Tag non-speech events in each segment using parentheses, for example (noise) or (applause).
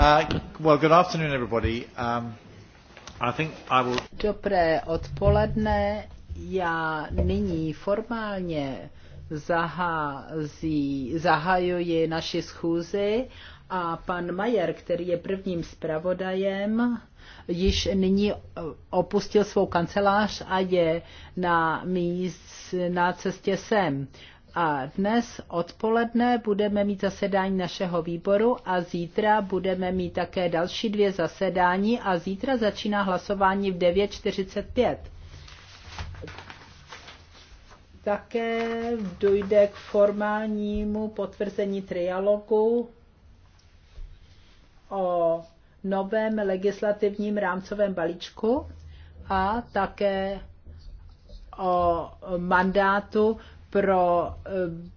Uh, well, good afternoon, everybody. Um, I think I will... Dobré odpoledne. Já nyní formálně zahází, zahajuji naši schůzi a pan Majer, který je prvním zpravodajem, již nyní uh, opustil svou kancelář a je na, míst, na cestě sem. A dnes odpoledne budeme mít zasedání našeho výboru a zítra budeme mít také další dvě zasedání a zítra začíná hlasování v 9.45. Také dojde k formálnímu potvrzení trialogu o novém legislativním rámcovém balíčku a také o mandátu pro eh,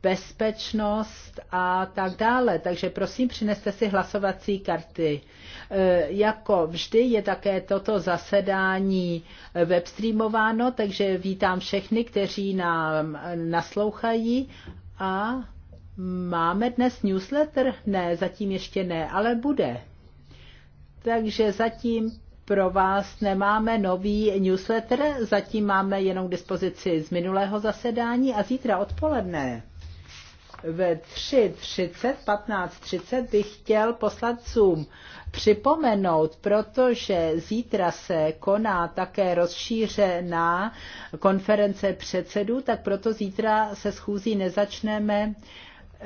bezpečnost a tak dále. Takže prosím, přineste si hlasovací karty. Eh, jako vždy je také toto zasedání eh, webstreamováno, takže vítám všechny, kteří nám naslouchají a máme dnes newsletter? Ne, zatím ještě ne, ale bude. Takže zatím pro vás nemáme nový newsletter, zatím máme jenom k dispozici z minulého zasedání a zítra odpoledne ve 3.30, 15.30 bych chtěl poslancům připomenout, protože zítra se koná také rozšířená konference předsedů, tak proto zítra se schůzí nezačneme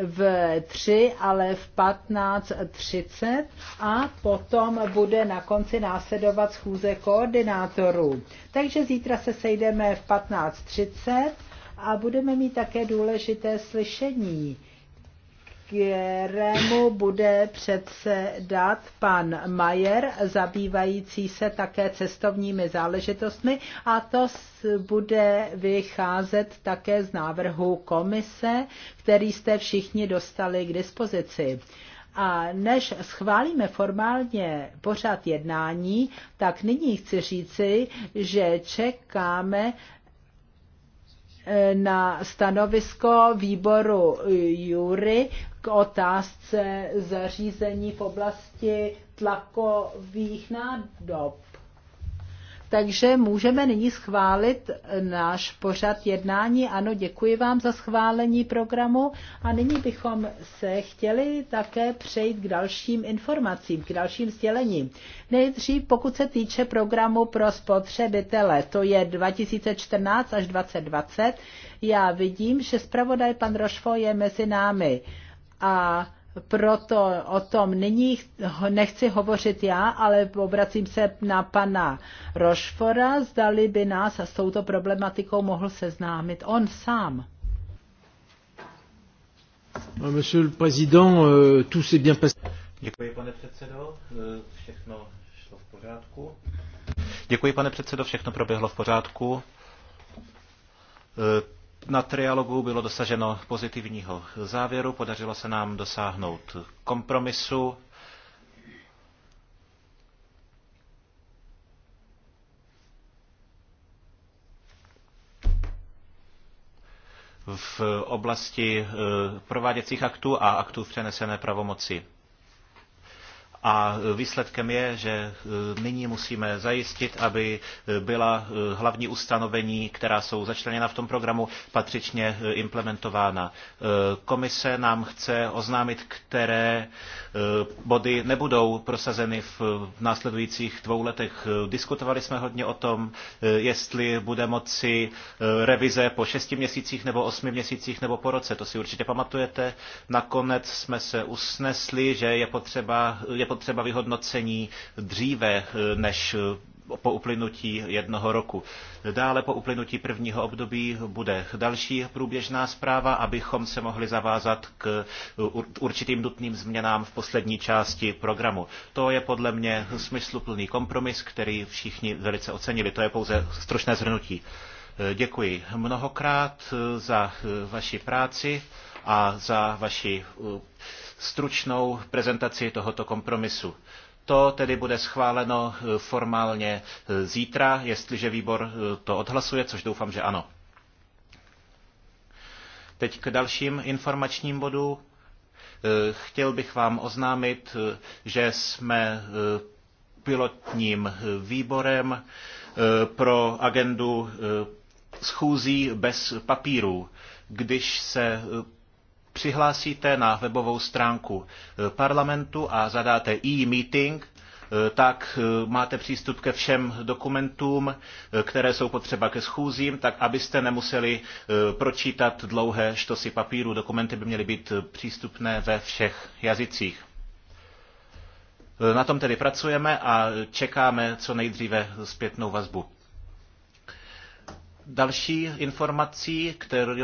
v 3, ale v 15.30 a potom bude na konci následovat schůze koordinátorů. Takže zítra se sejdeme v 15.30 a budeme mít také důležité slyšení kterému bude předsedat pan Majer, zabývající se také cestovními záležitostmi a to bude vycházet také z návrhu komise, který jste všichni dostali k dispozici. A než schválíme formálně pořad jednání, tak nyní chci říci, že čekáme na stanovisko výboru Jury k otázce zařízení v oblasti tlakových nádob takže můžeme nyní schválit náš pořad jednání. Ano, děkuji vám za schválení programu a nyní bychom se chtěli také přejít k dalším informacím, k dalším sdělením. Nejdřív, pokud se týče programu pro spotřebitele, to je 2014 až 2020, já vidím, že zpravodaj pan Rošvo je mezi námi. A proto o tom nyní nechci hovořit já, ale obracím se na pana Rošfora, zdali by nás s touto problematikou mohl seznámit on sám. Ah, monsieur le Président, euh, tout s'est bien passé. Děkuji, pane předsedo. Eh, všechno šlo v pořádku. Děkuji, pane předsedo. Všechno proběhlo v pořádku. Eh, na trialogu bylo dosaženo pozitivního závěru, podařilo se nám dosáhnout kompromisu. v oblasti eh, prováděcích aktů a aktů v přenesené pravomoci. A výsledkem je, že eh, nyní musíme zajistit, aby eh, byla eh, hlavní ustanovení, která jsou začleněna v tom programu, patřičně implementována. Komise nám chce oznámit, které body nebudou prosazeny v následujících dvou letech. Diskutovali jsme hodně o tom, jestli bude moci revize po šesti měsících nebo osmi měsících nebo po roce. To si určitě pamatujete. Nakonec jsme se usnesli, že je potřeba, je potřeba potřeba vyhodnocení dříve eh, než eh, po uplynutí jednoho roku. Dále po uplynutí prvního období bude další průběžná zpráva, abychom se mohli zavázat k eh, určitým nutným změnám v poslední části programu. To je podle mě smysluplný kompromis, který všichni velice ocenili. To je pouze stručné zhrnutí. Děkuji mnohokrát za vaši práci a za vaši stručnou prezentaci tohoto kompromisu. To tedy bude schváleno e, formálně e, zítra, jestliže výbor e, to odhlasuje, což doufám, že ano. Teď k dalším informačním bodům. Chtěl bych vám oznámit, že jsme pilotním výborem pro agendu schůzí bez papírů. Když se přihlásíte na webovou stránku eh, parlamentu a zadáte e-meeting, eh, tak eh, máte přístup ke všem dokumentům, které jsou potřeba ke schůzím, tak abyste nemuseli pročítat dlouhé štosy papíru. Dokumenty by měly být přístupné ve všech jazycích. Na tom tedy pracujeme a čekáme co nejdříve zpětnou vazbu. Další informací,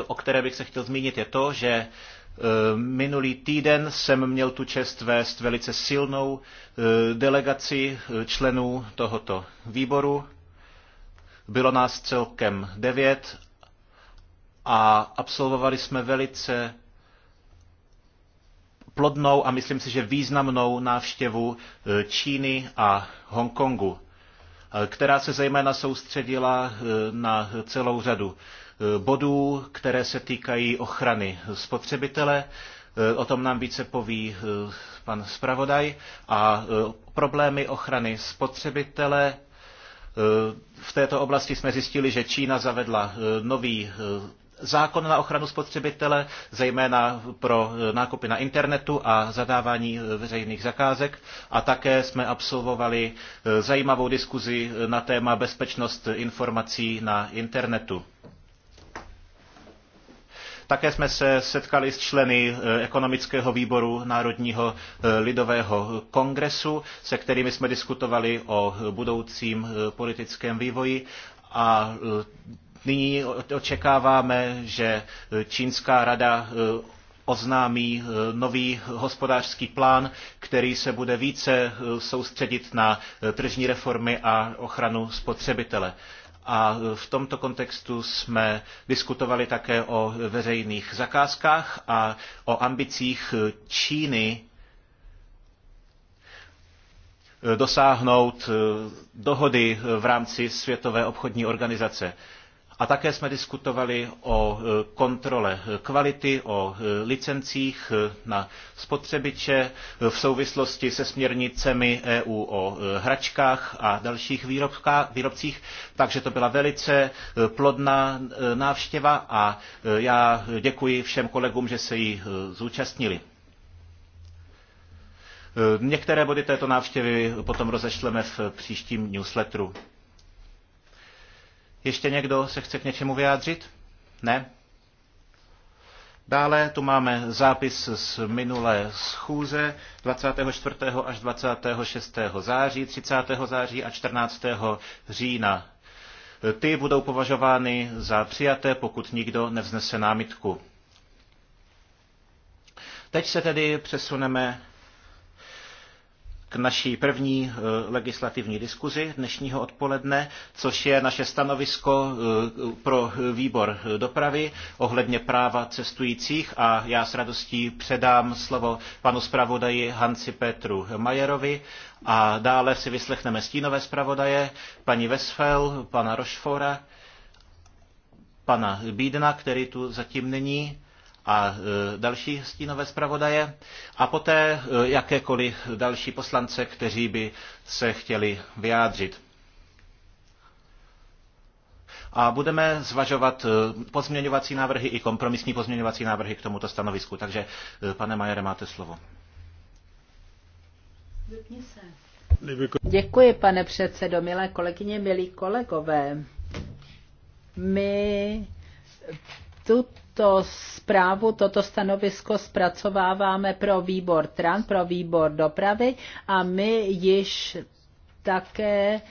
o které bych se chtěl zmínit, je to, že Eh, minulý týden jsem měl tu čest vést velice silnou eh, delegaci eh, členů tohoto výboru. Bylo nás celkem devět a absolvovali jsme velice plodnou a myslím si, že významnou návštěvu Číny a Hongkongu. Eh, která se zejména soustředila eh, na celou řadu eh, bodů, které se týkají ochrany spotřebitele. O tom nám více poví pan zpravodaj. A problémy ochrany spotřebitele v této oblasti jsme zjistili, že Čína zavedla nový zákon na ochranu spotřebitele, zejména pro eh, nákupy na internetu a zadávání eh, veřejných zakázek. A také jsme absolvovali eh, zajímavou diskuzi na téma bezpečnost informací na internetu. Také jsme se setkali s členy ekonomického výboru Národního lidového kongresu, se kterými jsme diskutovali o budoucím politickém vývoji a Nyní očekáváme, že Čínská rada eh, oznámí eh, nový hospodářský plán, který se bude více eh, soustředit na tržní reformy a ochranu spotřebitele. A v tomto kontextu jsme diskutovali také o veřejných zakázkách a o ambicích Číny dosáhnout dohody v rámci Světové obchodní organizace. A také jsme diskutovali o e, kontrole e, kvality, o e, licencích na spotřebiče v souvislosti se směrnicemi EU o hračkách a dalších výrobcích. Takže to byla velice plodná návštěva a já děkuji všem kolegům, že se jí zúčastnili. Některé body této návštěvy potom rozešleme v příštím newsletteru. Ještě někdo se chce k něčemu vyjádřit? Ne? Dále tu máme zápis z minulé schůze 24. až 26. září, 30. září a 14. října. Ty budou považovány za přijaté, pokud nikdo nevznese námitku. Teď se tedy přesuneme k naší první eh, legislativní diskuzi dnešního odpoledne, což je naše stanovisko eh, pro výbor eh, dopravy ohledně práva cestujících a já s radostí předám slovo panu zpravodaji Hanci Petru Majerovi a dále si vyslechneme stínové zpravodaje, paní Vesfel, pana Rošfora, pana Bídna, který tu zatím není, a e, další stínové zpravodaje a poté e, jakékoliv další poslance, kteří by se chtěli vyjádřit. A budeme zvažovat e, pozměňovací návrhy i kompromisní pozměňovací návrhy k tomuto stanovisku. Takže, pane Majere, máte slovo. Děkuji, pane předsedo, milé kolegyně, milí kolegové. My tuto tuto zprávu, toto stanovisko zpracováváme pro výbor TRAN, pro výbor dopravy a my již také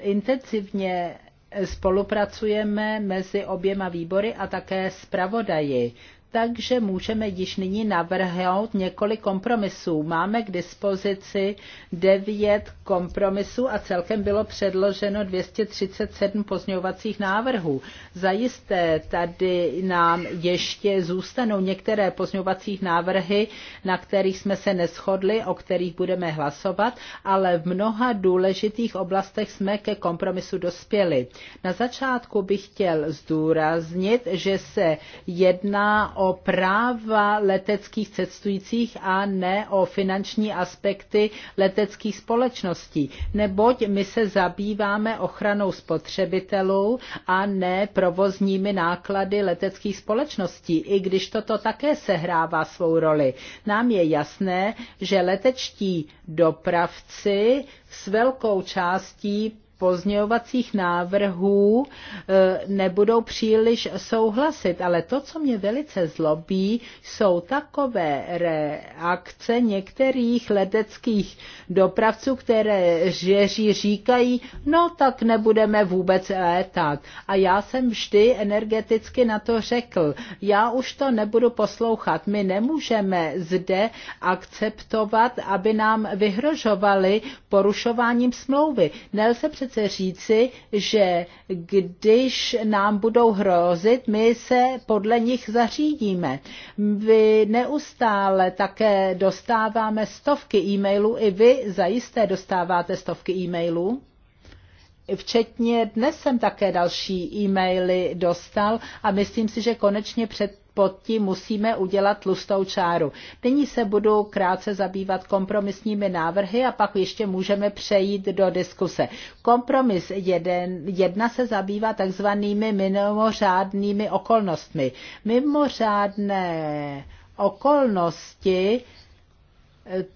intenzivně spolupracujeme mezi oběma výbory a také zpravodaji takže můžeme již nyní navrhnout několik kompromisů. Máme k dispozici devět kompromisů a celkem bylo předloženo 237 pozňovacích návrhů. Zajisté tady nám ještě zůstanou některé pozňovacích návrhy, na kterých jsme se neschodli, o kterých budeme hlasovat, ale v mnoha důležitých oblastech jsme ke kompromisu dospěli. Na začátku bych chtěl zdůraznit, že se jedná o o práva leteckých cestujících a ne o finanční aspekty leteckých společností, neboť my se zabýváme ochranou spotřebitelů a ne provozními náklady leteckých společností, i když toto také sehrává svou roli. Nám je jasné, že letečtí dopravci s velkou částí pozměňovacích návrhů e, nebudou příliš souhlasit, ale to, co mě velice zlobí, jsou takové reakce některých leteckých dopravců, které řeří, říkají, no tak nebudeme vůbec létat. A já jsem vždy energeticky na to řekl, já už to nebudu poslouchat, my nemůžeme zde akceptovat, aby nám vyhrožovali porušováním smlouvy. Nelze přece přece říci, že když nám budou hrozit, my se podle nich zařídíme. Vy neustále také dostáváme stovky e-mailů, i vy zajisté dostáváte stovky e-mailů. Včetně dnes jsem také další e-maily dostal a myslím si, že konečně před pod tím musíme udělat tlustou čáru. Nyní se budu krátce zabývat kompromisními návrhy a pak ještě můžeme přejít do diskuse. Kompromis jeden, jedna se zabývá takzvanými mimořádnými okolnostmi. Mimořádné okolnosti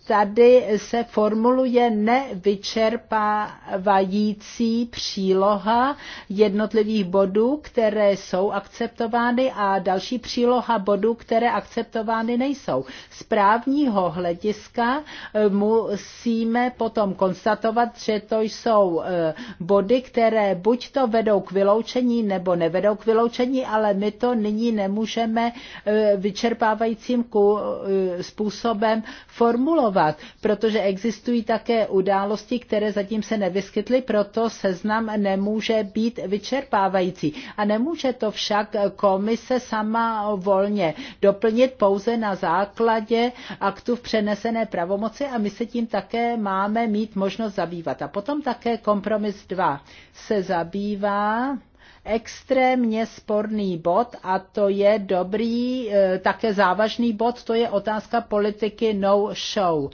tady se formuluje nevyčerpávající příloha jednotlivých bodů, které jsou akceptovány a další příloha bodů, které akceptovány nejsou. Z právního hlediska eh, musíme potom konstatovat, že to jsou eh, body, které buď to vedou k vyloučení nebo nevedou k vyloučení, ale my to nyní nemůžeme eh, vyčerpávajícím způsobem formulovat formulovat, protože existují také události, které zatím se nevyskytly, proto seznam nemůže být vyčerpávající. A nemůže to však komise sama volně doplnit pouze na základě aktu v přenesené pravomoci a my se tím také máme mít možnost zabývat. A potom také kompromis 2 se zabývá extrémně sporný bod a to je dobrý, e, také závažný bod, to je otázka politiky no show.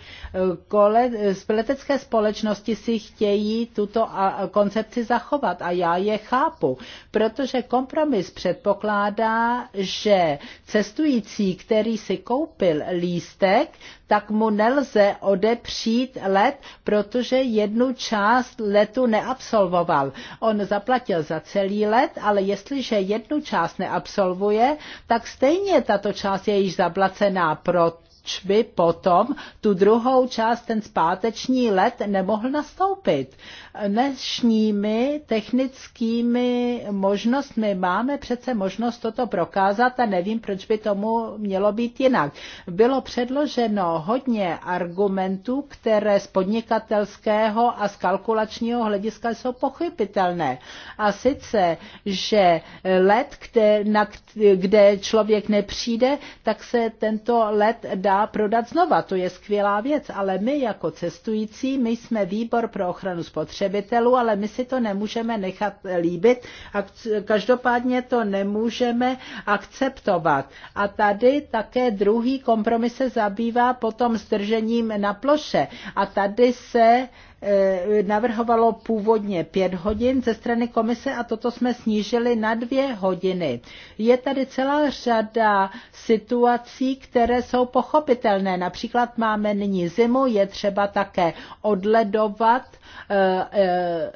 z e, e, letecké společnosti si chtějí tuto koncepci zachovat a já je chápu, protože kompromis předpokládá, že cestující, který si koupil lístek, tak mu nelze odepřít let, protože jednu část letu neabsolvoval. On zaplatil za celý let, ale jestliže jednu část neabsolvuje, tak stejně tato část je již zaplacená proto, by potom tu druhou část, ten zpáteční let, nemohl nastoupit. Dnešními technickými možnostmi máme přece možnost toto prokázat a nevím, proč by tomu mělo být jinak. Bylo předloženo hodně argumentů, které z podnikatelského a z kalkulačního hlediska jsou pochybitelné. A sice, že let, kde, na, kde člověk nepřijde, tak se tento let dá dá prodat znova. To je skvělá věc, ale my jako cestující, my jsme výbor pro ochranu spotřebitelů, ale my si to nemůžeme nechat líbit a každopádně to nemůžeme akceptovat. A tady také druhý kompromis se zabývá potom zdržením na ploše. A tady se Eh, navrhovalo původně pět hodin ze strany komise a toto jsme snížili na dvě hodiny. Je tady celá řada situací, které jsou pochopitelné. Například máme nyní zimu, je třeba také odledovat eh, eh,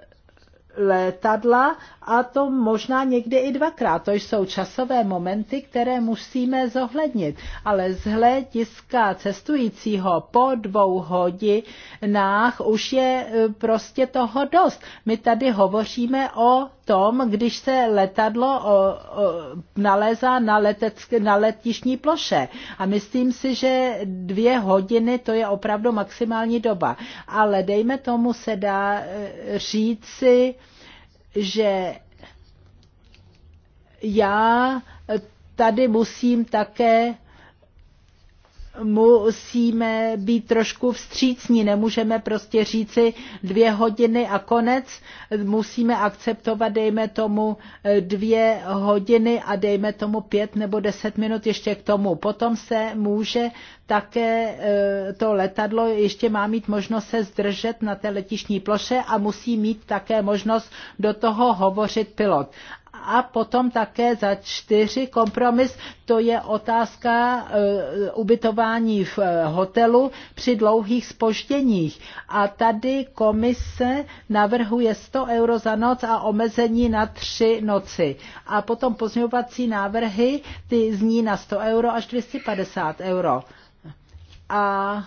létadla a to možná někdy i dvakrát. To jsou časové momenty, které musíme zohlednit. Ale z hlediska cestujícího po dvou hodinách už je e, prostě toho dost. My tady hovoříme o tom, když se letadlo o, o, nalézá na, leteck, na letišní ploše. A myslím si, že dvě hodiny to je opravdu maximální doba. Ale dejme tomu se dá e, říci, že já e, tady musím také musíme být trošku vstřícní, nemůžeme prostě říci dvě hodiny a konec, musíme akceptovat, dejme tomu, dvě hodiny a dejme tomu pět nebo deset minut ještě k tomu. Potom se může také e, to letadlo ještě má mít možnost se zdržet na té letišní ploše a musí mít také možnost do toho hovořit pilot a potom také za čtyři kompromis, to je otázka eh, ubytování v eh, hotelu při dlouhých spožděních. A tady komise navrhuje 100 euro za noc a omezení na tři noci. A potom pozměňovací návrhy, ty zní na 100 euro až 250 euro. A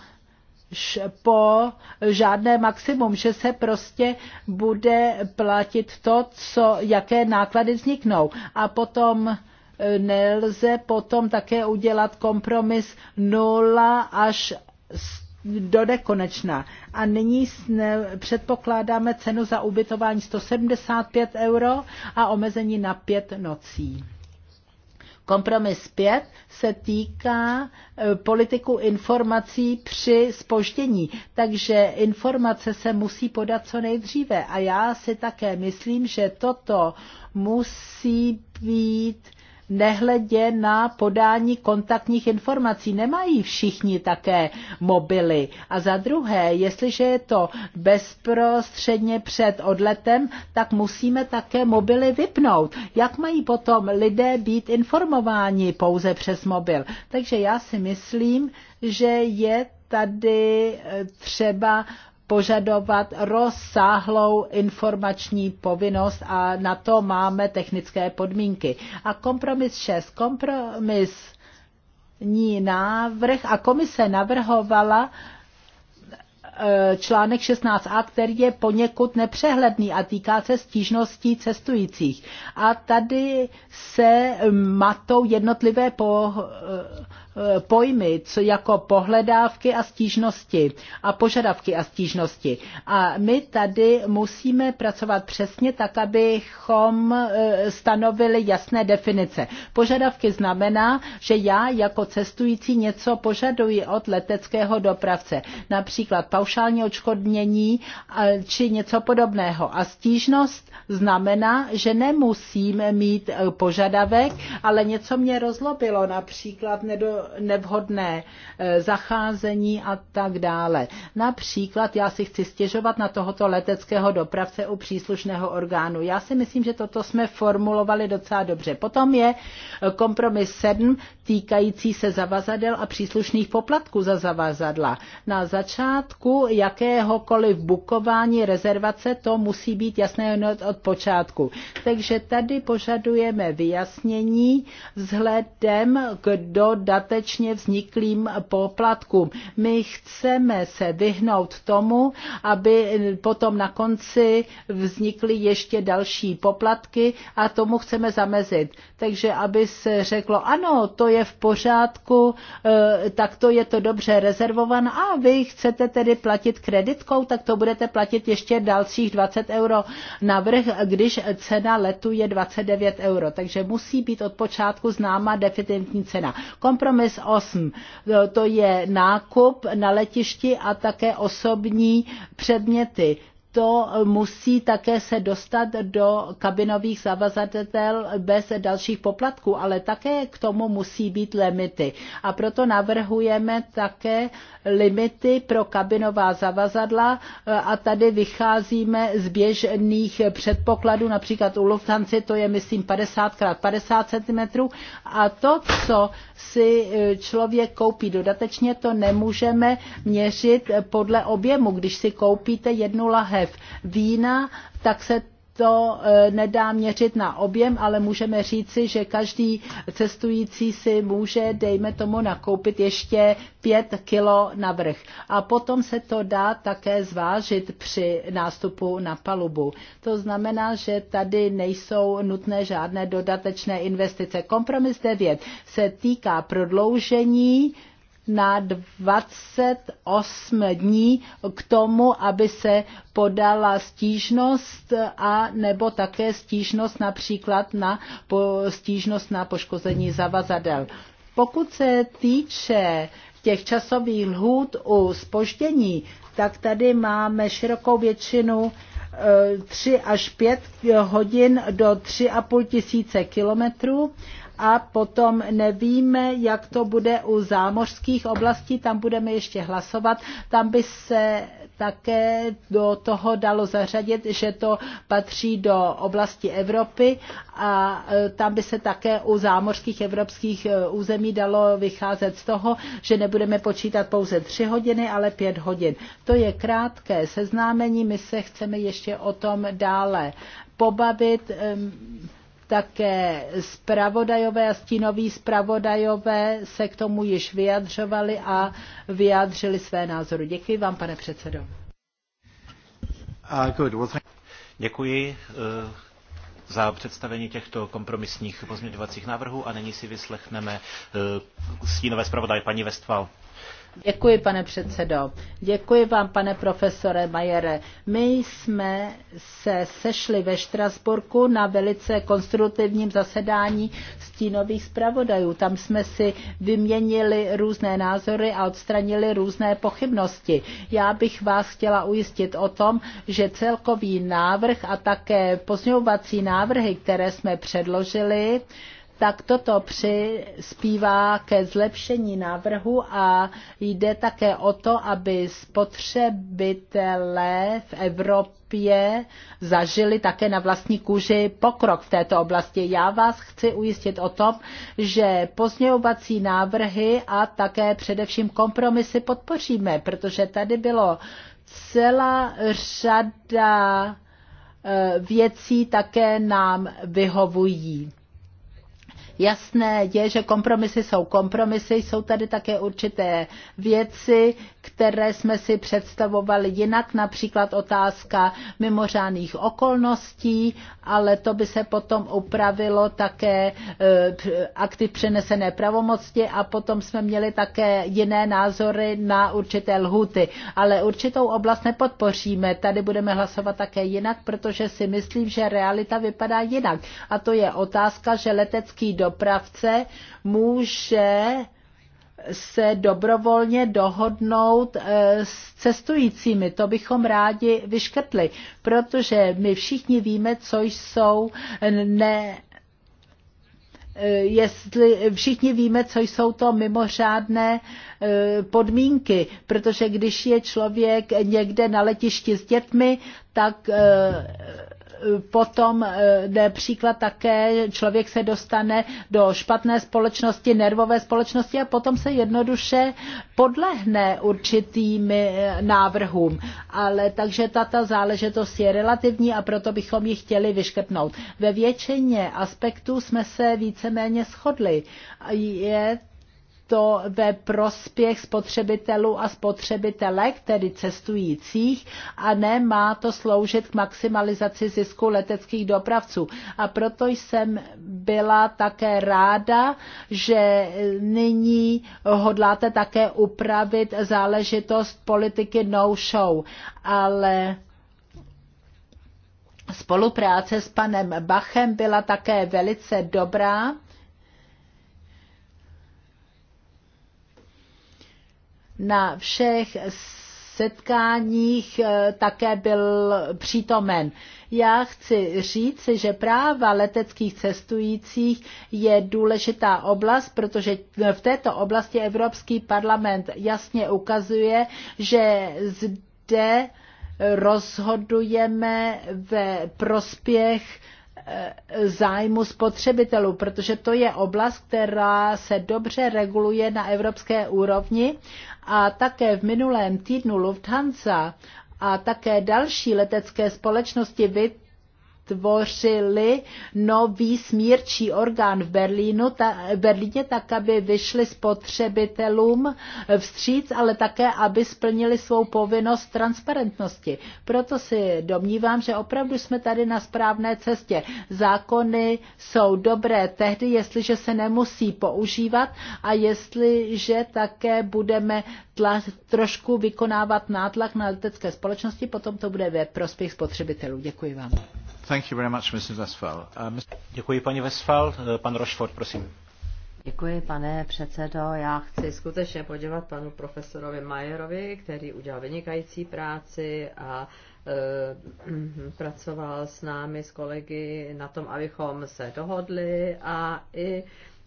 po žádné maximum, že se prostě bude platit to, co, jaké náklady vzniknou. A potom e, nelze potom také udělat kompromis 0 až do nekonečna. A nyní předpokládáme cenu za ubytování 175 euro a omezení na pět nocí. Kompromis 5 se týká e, politiku informací při spoždění, takže informace se musí podat co nejdříve. A já si také myslím, že toto musí být nehledě na podání kontaktních informací. Nemají všichni také mobily. A za druhé, jestliže je to bezprostředně před odletem, tak musíme také mobily vypnout. Jak mají potom lidé být informováni pouze přes mobil? Takže já si myslím, že je tady eh, třeba požadovat rozsáhlou informační povinnost a na to máme technické podmínky. A kompromis 6. Kompromis ní návrh a komise navrhovala eh, článek 16a, který je poněkud nepřehledný a týká se stížností cestujících. A tady se matou jednotlivé po, Eh, pojmy co jako pohledávky a stížnosti a požadavky a stížnosti. A my tady musíme pracovat přesně tak, abychom eh, stanovili jasné definice. Požadavky znamená, že já jako cestující něco požaduji od leteckého dopravce, například paušální odškodnění eh, či něco podobného. A stížnost znamená, že nemusím mít požadavek, ale něco mě rozlobilo, například nedo, nevhodné eh, zacházení a tak dále. Například já si chci stěžovat na tohoto leteckého dopravce u příslušného orgánu. Já si myslím, že toto jsme formulovali docela dobře. Potom je eh, kompromis 7 týkající se zavazadel a příslušných poplatků za zavazadla. Na začátku jakéhokoliv bukování rezervace to musí být jasné od počátku. Takže tady požadujeme vyjasnění vzhledem k dodat dodatečně vzniklým poplatkům. My chceme se vyhnout tomu, aby potom na konci vznikly ještě další poplatky a tomu chceme zamezit. Takže aby se řeklo, ano, to je v pořádku, eh, tak to je to dobře rezervované a vy chcete tedy platit kreditkou, tak to budete platit ještě dalších 20 euro navrh, když cena letu je 29 euro. Takže musí být od počátku známa definitivní cena. Kompromis Hermes 8. E, to je nákup na letišti a také osobní předměty to musí také se dostat do kabinových zavazatel bez dalších poplatků, ale také k tomu musí být limity. A proto navrhujeme také limity pro kabinová zavazadla a tady vycházíme z běžných předpokladů, například u Lufthansa to je myslím 50 x 50 cm a to, co si e, člověk koupí dodatečně, to nemůžeme měřit podle objemu. Když si koupíte jednu lahé lahev vína, tak se to e, nedá měřit na objem, ale můžeme říci, že každý cestující si může, dejme tomu, nakoupit ještě 5 kilo navrh. A potom se to dá také zvážit při nástupu na palubu. To znamená, že tady nejsou nutné žádné dodatečné investice. Kompromis 9 se týká prodloužení na 28 dní k tomu, aby se podala stížnost a nebo také stížnost například na stížnost na poškození zavazadel. Pokud se týče těch časových lhůt u spoždění, tak tady máme širokou většinu 3 eh, až 5 hodin do 3,5 tisíce kilometrů a potom nevíme, jak to bude u zámořských oblastí, tam budeme ještě hlasovat, tam by se také do toho dalo zařadit, že to patří do oblasti Evropy a e, tam by se také u zámořských evropských e, území dalo vycházet z toho, že nebudeme počítat pouze tři hodiny, ale pět hodin. To je krátké seznámení, my se chceme ještě o tom dále pobavit. Um, také zpravodajové a stínoví zpravodajové se k tomu již vyjadřovali a vyjádřili své názory. Děkuji vám, pane předsedo. Uh, Děkuji uh, za představení těchto kompromisních pozměňovacích návrhů a nyní si vyslechneme uh, stínové zpravodaj paní Vestval. Děkuji, pane předsedo. Děkuji vám, pane profesore Majere. My jsme se sešli ve Štrasburku na velice konstruktivním zasedání stínových zpravodajů. Tam jsme si vyměnili různé názory a odstranili různé pochybnosti. Já bych vás chtěla ujistit o tom, že celkový návrh a také pozňovací návrhy, které jsme předložili, tak toto přispívá ke zlepšení návrhu a jde také o to, aby spotřebitelé v Evropě zažili také na vlastní kůži pokrok v této oblasti. Já vás chci ujistit o tom, že pozměňovací návrhy a také především kompromisy podpoříme, protože tady bylo celá řada eh, věcí také nám vyhovují. Jasné je, že kompromisy jsou kompromisy, jsou tady také určité věci, které jsme si představovali jinak, například otázka mimořádných okolností, ale to by se potom upravilo také e, akty přenesené pravomocti a potom jsme měli také jiné názory na určité lhuty. Ale určitou oblast nepodpoříme, tady budeme hlasovat také jinak, protože si myslím, že realita vypadá jinak. A to je otázka, že letecký dopravce může se dobrovolně dohodnout eh, s cestujícími. To bychom rádi vyškrtli, protože my všichni víme, co jsou ne eh, jestli všichni víme, co jsou to mimořádné eh, podmínky, protože když je člověk někde na letišti s dětmi, tak potom eh, jde příklad také, člověk se dostane do špatné společnosti, nervové společnosti a potom se jednoduše podlehne určitým eh, návrhům. Ale takže tato záležitost je relativní a proto bychom ji chtěli vyškrtnout. Ve většině aspektů jsme se víceméně shodli. Je to ve prospěch spotřebitelů a spotřebitelek, tedy cestujících, a ne má to sloužit k maximalizaci zisku leteckých dopravců. A proto jsem byla také ráda, že nyní hodláte také upravit záležitost politiky no show. Ale spolupráce s panem Bachem byla také velice dobrá na všech setkáních eh, také byl přítomen. Já chci říct, že práva leteckých cestujících je důležitá oblast, protože v této oblasti Evropský parlament jasně ukazuje, že zde rozhodujeme ve prospěch eh, zájmu spotřebitelů, protože to je oblast, která se dobře reguluje na evropské úrovni a také v minulém týdnu Lufthansa a také další letecké společnosti vytvořili nový smírčí orgán v Berlínu, ta, Berlíně, tak aby vyšli spotřebitelům vstříc, ale také, aby splnili svou povinnost transparentnosti. Proto si domnívám, že opravdu jsme tady na správné cestě. Zákony jsou dobré tehdy, jestliže se nemusí používat a jestliže také budeme tla, trošku vykonávat nátlak na letecké společnosti, potom to bude ve prospěch spotřebitelů. Děkuji vám. Uh, Děkuji, paní uh, Pan prosím. Děkuji, pane předsedo. Já chci skutečně poděkovat panu profesorovi Majerovi, který udělal vynikající práci a uh, (clears throat) pracoval s námi, s kolegy na tom, abychom se dohodli a i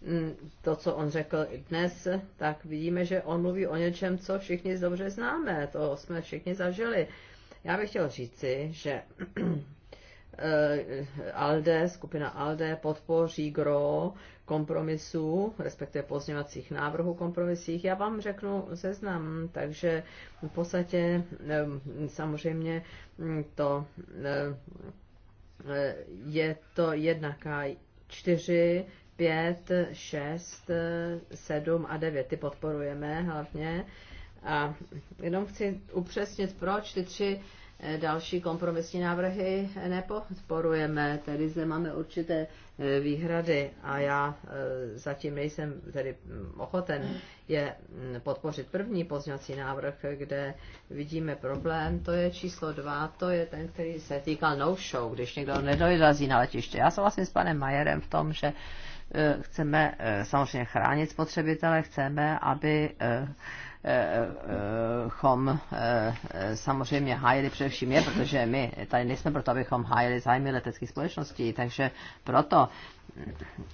mm, to, co on řekl dnes, tak vidíme, že on mluví o něčem, co všichni dobře známe, to jsme všichni zažili. Já bych chtěl říci, že (clears throat) Eh, ALDE, skupina ALDE podpoří gro kompromisů, respektive pozněvacích návrhů kompromisích. Já vám řeknu seznam, takže v podstatě eh, samozřejmě mm, to eh, je to jednaká 4, 5, 6, 7 a 9. Ty podporujeme hlavně. A jenom chci upřesnit, proč ty tři další kompromisní návrhy nepodporujeme, tedy zde máme určité e, výhrady a já e, zatím nejsem tedy mm, ochoten je mm, podpořit první pozňací návrh, kde vidíme problém, to je číslo dva, to je ten, který se týkal no-show, když někdo nedorazí na letiště. Já souhlasím s panem Majerem v tom, že e, chceme samozřejmě chránit spotřebitele, chceme, aby chom eh, eh, samozřejmě hájili především je, protože my tady nejsme proto, abychom hájili zájmy leteckých společností, takže proto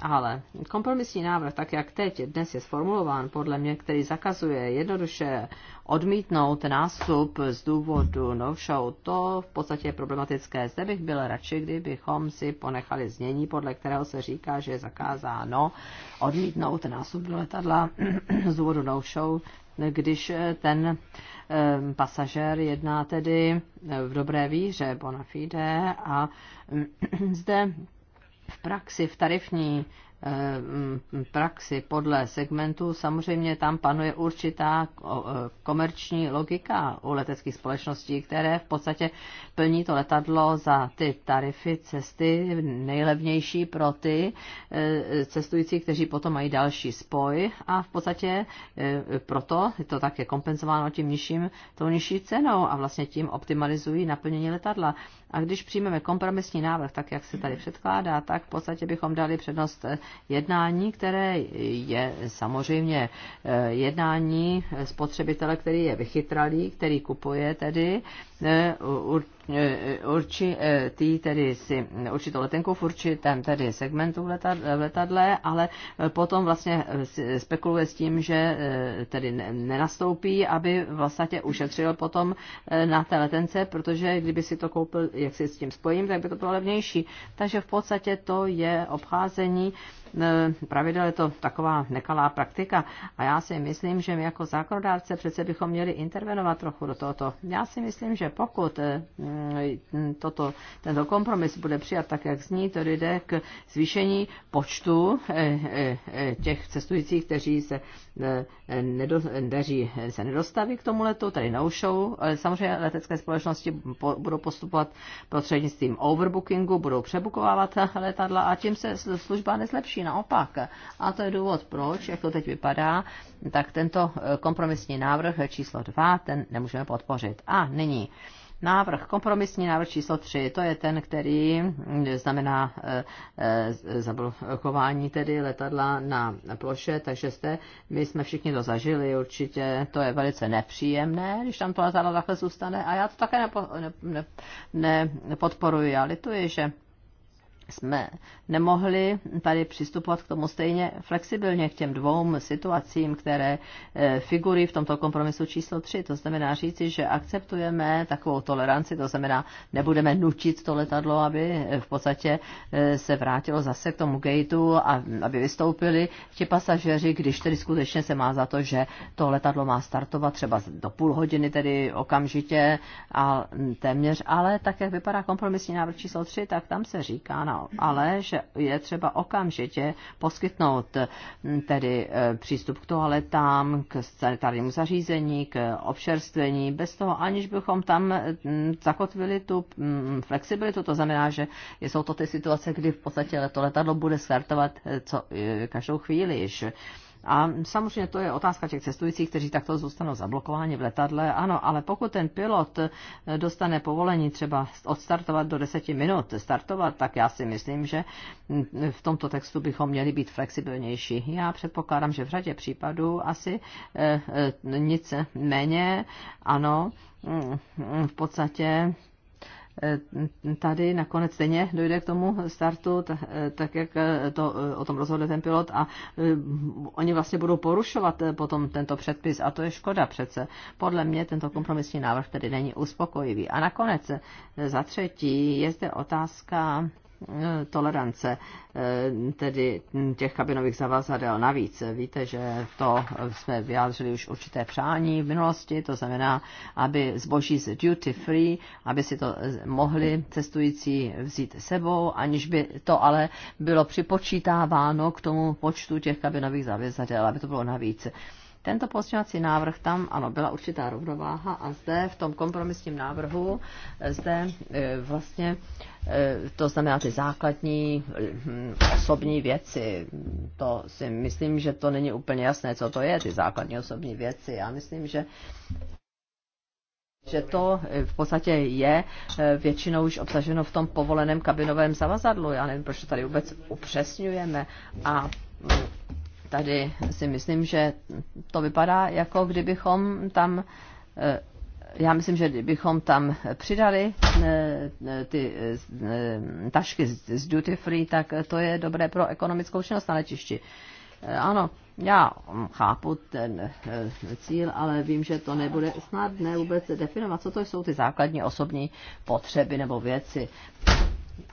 ale kompromisní návrh, tak jak teď dnes je sformulován, podle mě, který zakazuje jednoduše odmítnout nástup z důvodu no show, to v podstatě je problematické. Zde bych byl radši, kdybychom si ponechali znění, podle kterého se říká, že je zakázáno odmítnout nástup do letadla z důvodu no show, když ten pasažér jedná tedy v dobré víře bona fide a (clears throat) zde v praxi, v tarifní Eh, praxi podle segmentu, samozřejmě tam panuje určitá eh, komerční logika u leteckých společností, které v podstatě plní to letadlo za ty tarify cesty nejlevnější pro ty eh, cestující, kteří potom mají další spoj a v podstatě proto je to také kompenzováno tím nižším, tou nižší cenou a vlastně tím optimalizují naplnění letadla. A když přijmeme kompromisní návrh, tak jak se tady předkládá, tak v podstatě bychom dali přednost jednání, které je samozřejmě eh, jednání spotřebitele, který je vychytralý, který kupuje tedy eh, eh, určitý, tedy si určitou letenku v určitém tedy segmentu v letadle, ale potom vlastně spekuluje s tím, že tedy nenastoupí, aby vlastně ušetřil potom na té letence, protože kdyby si to koupil, jak si s tím spojím, tak by to bylo levnější. Takže v podstatě to je obcházení pravidel je to taková nekalá praktika a já si myslím, že my jako zákonodárce přece bychom měli intervenovat trochu do tohoto. Já si myslím, že pokud eh, toto, tento kompromis bude přijat tak, jak zní, to jde k zvýšení počtu eh, eh, těch cestujících, kteří se, nedo, kteří se nedostaví k tomu letu, tedy no show. Samozřejmě letecké společnosti budou postupovat prostřednictvím overbookingu, budou přebukovávat letadla a tím se služba nezlepší spíš naopak. A to je důvod, proč, jak to teď vypadá, tak tento eh, kompromisní návrh číslo 2, ten nemůžeme podpořit. A nyní návrh, kompromisní návrh číslo 3, to je ten, který hm, znamená eh, eh, zablokování tedy letadla na ploše, takže jste, my jsme všichni to zažili, určitě to je velice nepříjemné, když tam to letadlo takhle zůstane a já to také nepo, ne, ne, nepodporuji, ale to je, že jsme nemohli tady přistupovat k tomu stejně flexibilně, k těm dvou situacím, které eh, figurují v tomto kompromisu číslo 3. To znamená říci, že akceptujeme takovou toleranci, to znamená, nebudeme nutit to letadlo, aby eh, v podstatě eh, se vrátilo zase k tomu gateu a aby vystoupili ti pasažeři, když tedy skutečně se má za to, že to letadlo má startovat třeba do půl hodiny, tedy okamžitě a mm, téměř, ale tak, jak vypadá kompromisní návrh číslo 3, tak tam se říká na ale že je třeba okamžitě poskytnout mm, tedy e, přístup k toaletám, k sanitárnímu zařízení, k občerstvení, bez toho aniž bychom tam mm, zakotvili tu mm, flexibilitu. To znamená, že jsou to ty situace, kdy v podstatě to letadlo bude startovat e, co, e, každou chvíli že? A samozřejmě to je otázka těch cestujících, kteří takto zůstanou zablokováni v letadle. Ano, ale pokud ten pilot eh, dostane povolení třeba odstartovat do deseti minut, startovat, tak já si myslím, že mm, v tomto textu bychom měli být flexibilnější. Já předpokládám, že v řadě případů asi eh, eh, nic méně, ano, mm, v podstatě Eh, tady nakonec stejně dojde k tomu startu, tak, eh, tak jak eh, to, o tom rozhodne ten pilot a oni vlastně budou porušovat potom tento předpis a to je škoda přece. Podle mě tento kompromisní návrh tedy není uspokojivý. A nakonec za třetí je zde otázka tolerance, eh, tedy těch kabinových zavazadel navíc. Víte, že to jsme vyjádřili už určité přání v minulosti, to znamená, aby zboží z duty free, aby si to mohli cestující vzít sebou, aniž by to ale bylo připočítáváno k tomu počtu těch kabinových zavazadel, aby to bylo navíc. Tento pozměňovací návrh tam, ano, byla určitá rovnováha a zde v tom kompromisním návrhu, eh, zde eh, vlastně, eh, to znamená ty základní hm, osobní věci, to si myslím, že to není úplně jasné, co to je, ty základní osobní věci. Já myslím, že že to v podstatě je většinou už obsaženo v tom povoleném kabinovém zavazadlu. Já nevím, proč to tady vůbec upřesňujeme. A hm, tady si myslím, že to vypadá, jako kdybychom tam, eh, já myslím, že kdybychom tam přidali eh, eh, ty tašky z duty free, tak to je dobré pro ekonomickou činnost na letišti. Ano, já chápu ten cíl, ale vím, že to nebude snadné vůbec definovat, co to jsou ty základní osobní potřeby nebo věci.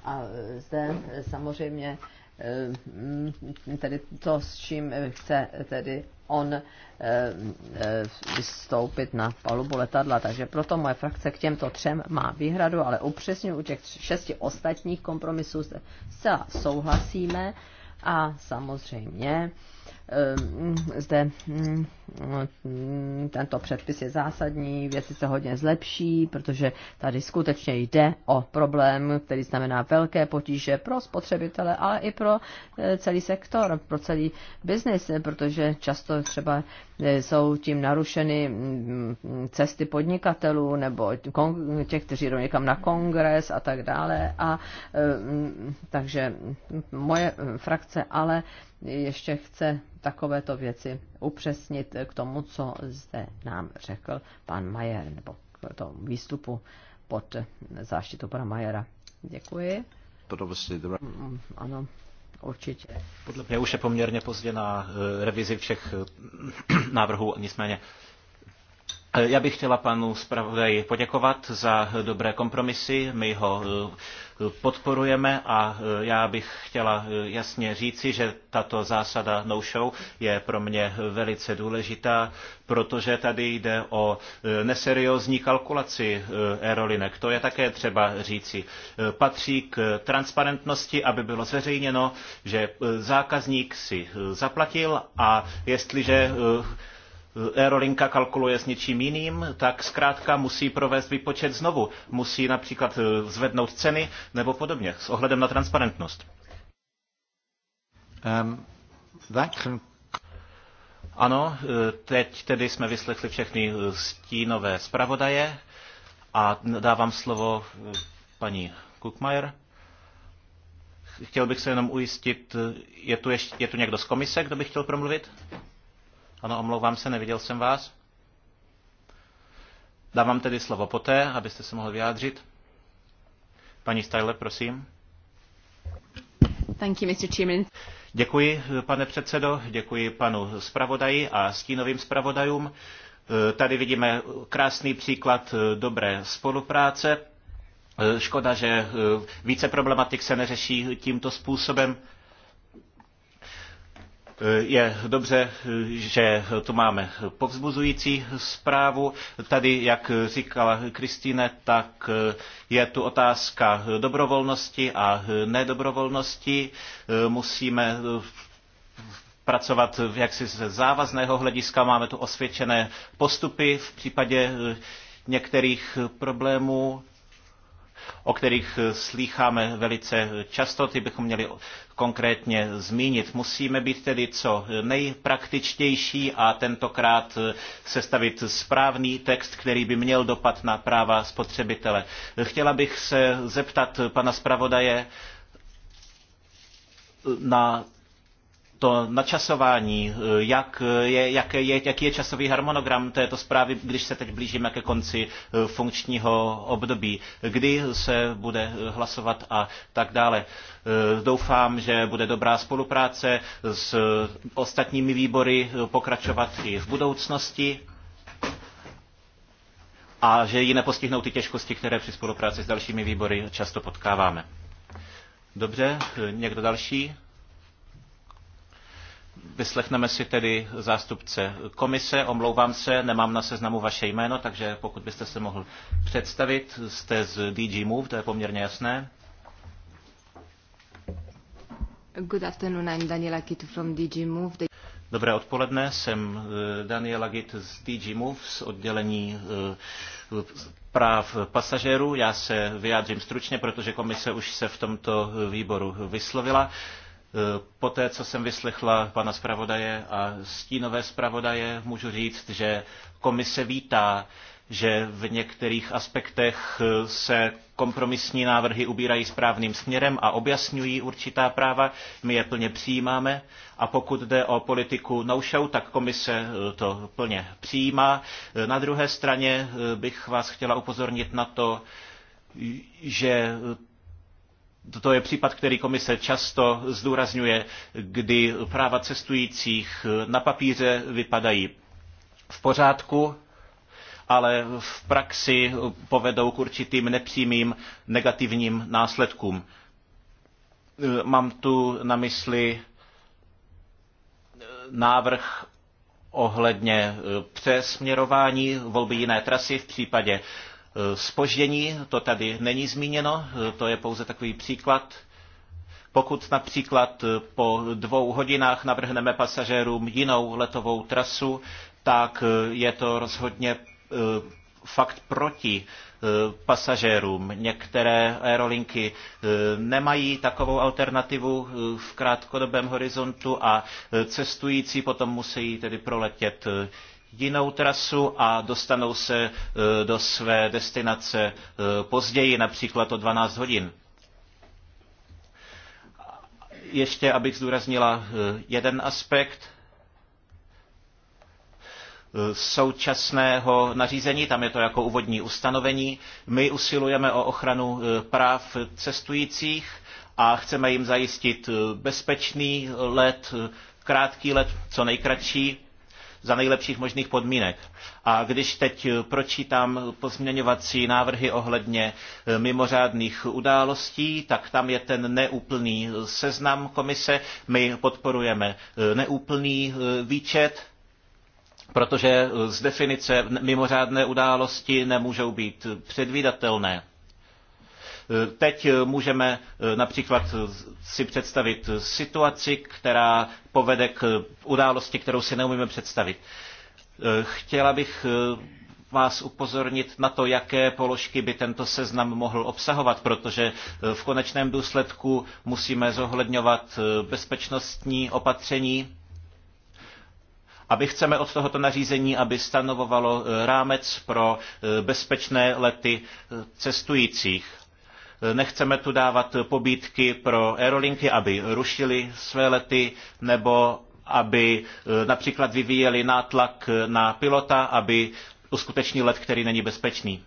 A zde samozřejmě Eh, mm, tedy to, s čím chce tedy on eh, eh, vystoupit na palubu letadla. Takže proto moje frakce k těmto třem má výhradu, ale upřesně u těch šesti ostatních kompromisů zcela souhlasíme a samozřejmě Ehm, zde mm, mm, tento předpis je zásadní, věci se hodně zlepší, protože tady skutečně jde o problém, který znamená velké potíže pro spotřebitele, ale i pro eh, celý sektor, pro celý biznis, protože často třeba jsou tím narušeny mm, cesty podnikatelů nebo těch, kteří jdou někam na kongres a tak dále. A mm, takže moje mm, frakce ale ještě chce takovéto věci upřesnit k tomu, co zde nám řekl pan Majer, nebo k tomu výstupu pod záštitu pana Majera. Děkuji. Ano, Určitě. Podle mě už je poměrně pozdě na eh, revizi všech eh, (clears throat) návrhů, nicméně Eh, já bych chtěla panu zpravodaji poděkovat za dobré kompromisy. My ho eh, podporujeme a eh, já bych chtěla jasně říci, že tato zásada no-show je pro mě velice důležitá, protože tady jde o neseriózní kalkulaci aerolinek. To je také třeba říci. Patří k transparentnosti, aby bylo zveřejněno, že zákazník si zaplatil a jestliže aerolinka kalkuluje s něčím jiným, tak zkrátka musí provést výpočet znovu. Musí například e, zvednout ceny nebo podobně s ohledem na transparentnost. Um, can... Ano, e, teď tedy jsme vyslechli všechny e, stínové zpravodaje a dávám slovo paní Kukmajer. Chtěl bych se jenom ujistit, je tu, ještě, je tu někdo z komise, kdo by chtěl promluvit? Ano, omlouvám se, neviděl jsem vás. Dávám tedy slovo poté, abyste se mohl vyjádřit. Paní Stajle, prosím. Thank you, Mr. Chairman. Děkuji, pane předsedo, děkuji panu zpravodaji a stínovým zpravodajům. Tady vidíme krásný příklad dobré spolupráce. Škoda, že více problematik se neřeší tímto způsobem. Eh, je dobře, že tu máme povzbuzující zprávu. Tady, jak říkala Kristýne, tak eh, je tu otázka dobrovolnosti a nedobrovolnosti. Eh, musíme pracovat jaksi ze závazného hlediska. Máme tu osvědčené postupy v případě některých problémů o kterých eh, slýcháme velice často, ty bychom měli konkrétně zmínit. Musíme být tedy co nejpraktičtější a tentokrát eh, sestavit správný text, který by měl dopad na práva spotřebitele. Chtěla bych se zeptat pana zpravodaje na to načasování, eh, jak je, jak je, jaký je časový harmonogram této zprávy, když se teď blížíme ke konci eh, funkčního období, kdy se bude eh, hlasovat a tak dále. Doufám, že bude dobrá spolupráce s ostatními výbory pokračovat i v budoucnosti a že ji nepostihnou ty těžkosti, které při spolupráci s dalšími výbory často potkáváme. Dobře, někdo další? Vyslechneme si tedy zástupce komise. Omlouvám se, nemám na seznamu vaše jméno, takže pokud byste se mohl představit, jste z DG Move, to je poměrně jasné. Good afternoon, I'm Daniela Kitu from DG Move. Dobré odpoledne, jsem eh, Daniela Git z DG Move z oddělení eh, práv pasažérů. Já se vyjádřím stručně, protože komise už se v tomto eh, výboru vyslovila. Eh, Poté, co jsem vyslechla pana zpravodaje a stínové zpravodaje, můžu říct, že komise vítá, že v některých aspektech eh, se kompromisní návrhy ubírají správným směrem a objasňují určitá práva. My je plně přijímáme a pokud jde o politiku no-show, tak komise eh, to plně přijímá. Na druhé straně bych vás chtěla upozornit na to, že to je případ, který komise často zdůrazňuje, kdy práva cestujících na papíře vypadají v pořádku, ale v praxi povedou k určitým nepřímým negativním následkům. Mám tu na mysli návrh ohledně přesměrování volby jiné trasy v případě Spoždění, to tady není zmíněno, to je pouze takový příklad. Pokud například po dvou hodinách navrhneme pasažérům jinou letovou trasu, tak je to rozhodně eh, fakt proti eh, pasažérům. Některé aerolinky eh, nemají takovou alternativu v krátkodobém horizontu a cestující potom musí tedy proletět jinou trasu a dostanou se e, do své destinace e, později, například o 12 hodin. Ještě abych zdůraznila e, jeden aspekt současného nařízení, tam je to jako úvodní ustanovení. My usilujeme o ochranu práv cestujících a chceme jim zajistit bezpečný let, krátký let, co nejkratší za nejlepších možných podmínek. A když teď eh, pročítám pozměňovací návrhy ohledně eh, mimořádných událostí, tak tam je ten neúplný eh, seznam komise. My podporujeme neúplný výčet protože z definice mimořádné události nemůžou být předvídatelné. Teď eh, můžeme eh, například eh, si představit situaci, která povede k události, kterou si neumíme představit. Chtěla bych vás upozornit na to, jaké položky by tento seznam mohl obsahovat, protože v konečném důsledku musíme zohledňovat bezpečnostní opatření, aby chceme od tohoto nařízení, aby stanovovalo rámec pro bezpečné lety cestujících. Nechceme tu dávat pobídky pro aerolinky, aby rušili své lety nebo aby eh, například vyvíjeli nátlak na pilota, aby uskutečnil let, který není bezpečný.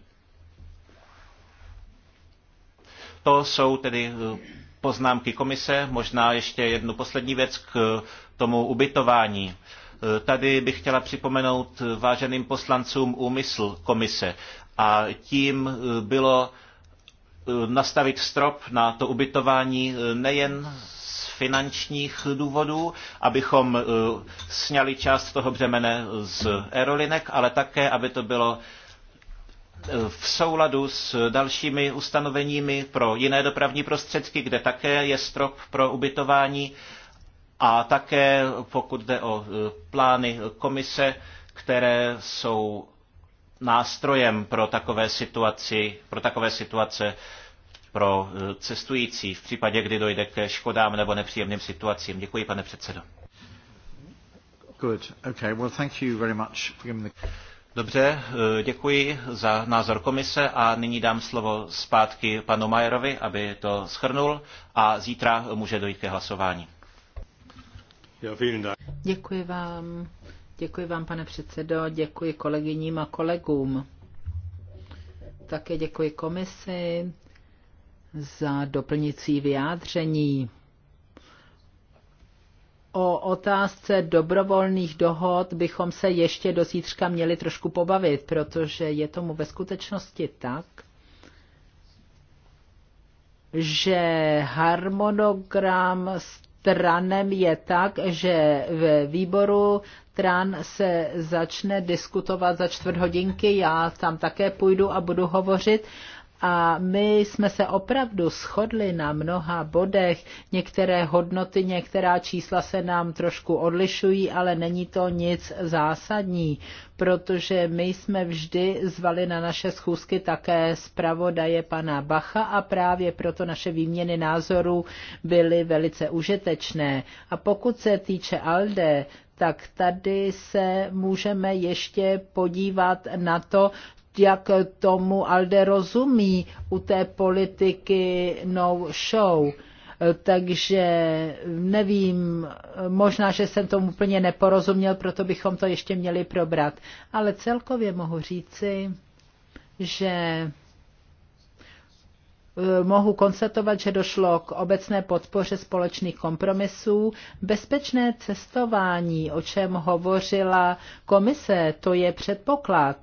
To jsou tedy eh, poznámky komise. Možná ještě jednu poslední věc k eh, tomu ubytování. Tady bych chtěla připomenout váženým poslancům úmysl komise. A tím bylo Eh, nastavit strop na to ubytování eh, nejen z finančních důvodů, abychom eh, sněli část toho břemene z aerolinek, ale také, aby to bylo v souladu s dalšími ustanoveními pro jiné dopravní prostředky, kde také je strop pro ubytování a také pokud jde o plány komise, které jsou nástrojem pro takové, situaci, pro takové situace pro eh, cestující v případě, kdy dojde ke škodám nebo nepříjemným situacím. Děkuji, pane předsedo. Good. Okay. Well, thank you very much Dobře, eh, děkuji za názor komise a nyní dám slovo zpátky panu Majerovi, aby to schrnul a zítra může dojít ke hlasování. Děkuji vám. Děkuji vám, pane předsedo, děkuji kolegyním a kolegům. Také děkuji komisi, za doplnicí vyjádření. O otázce dobrovolných dohod bychom se ještě do zítřka měli trošku pobavit, protože je tomu ve skutečnosti tak, že harmonogram stranem je tak, že ve výboru stran se začne diskutovat za čtvrt hodinky, já tam také půjdu a budu hovořit a my jsme se opravdu shodli na mnoha bodech. Některé hodnoty, některá čísla se nám trošku odlišují, ale není to nic zásadní, protože my jsme vždy zvali na naše schůzky také zpravodaje pana Bacha a právě proto naše výměny názorů byly velice užitečné. A pokud se týče ALDE, tak tady se můžeme ještě podívat na to, jak tomu Alde rozumí u té politiky no show. Takže nevím, možná, že jsem tomu úplně neporozuměl, proto bychom to ještě měli probrat. Ale celkově mohu říci, že eh, mohu konstatovat, že došlo k obecné podpoře společných kompromisů. Bezpečné cestování, o čem hovořila komise, to je předpoklad.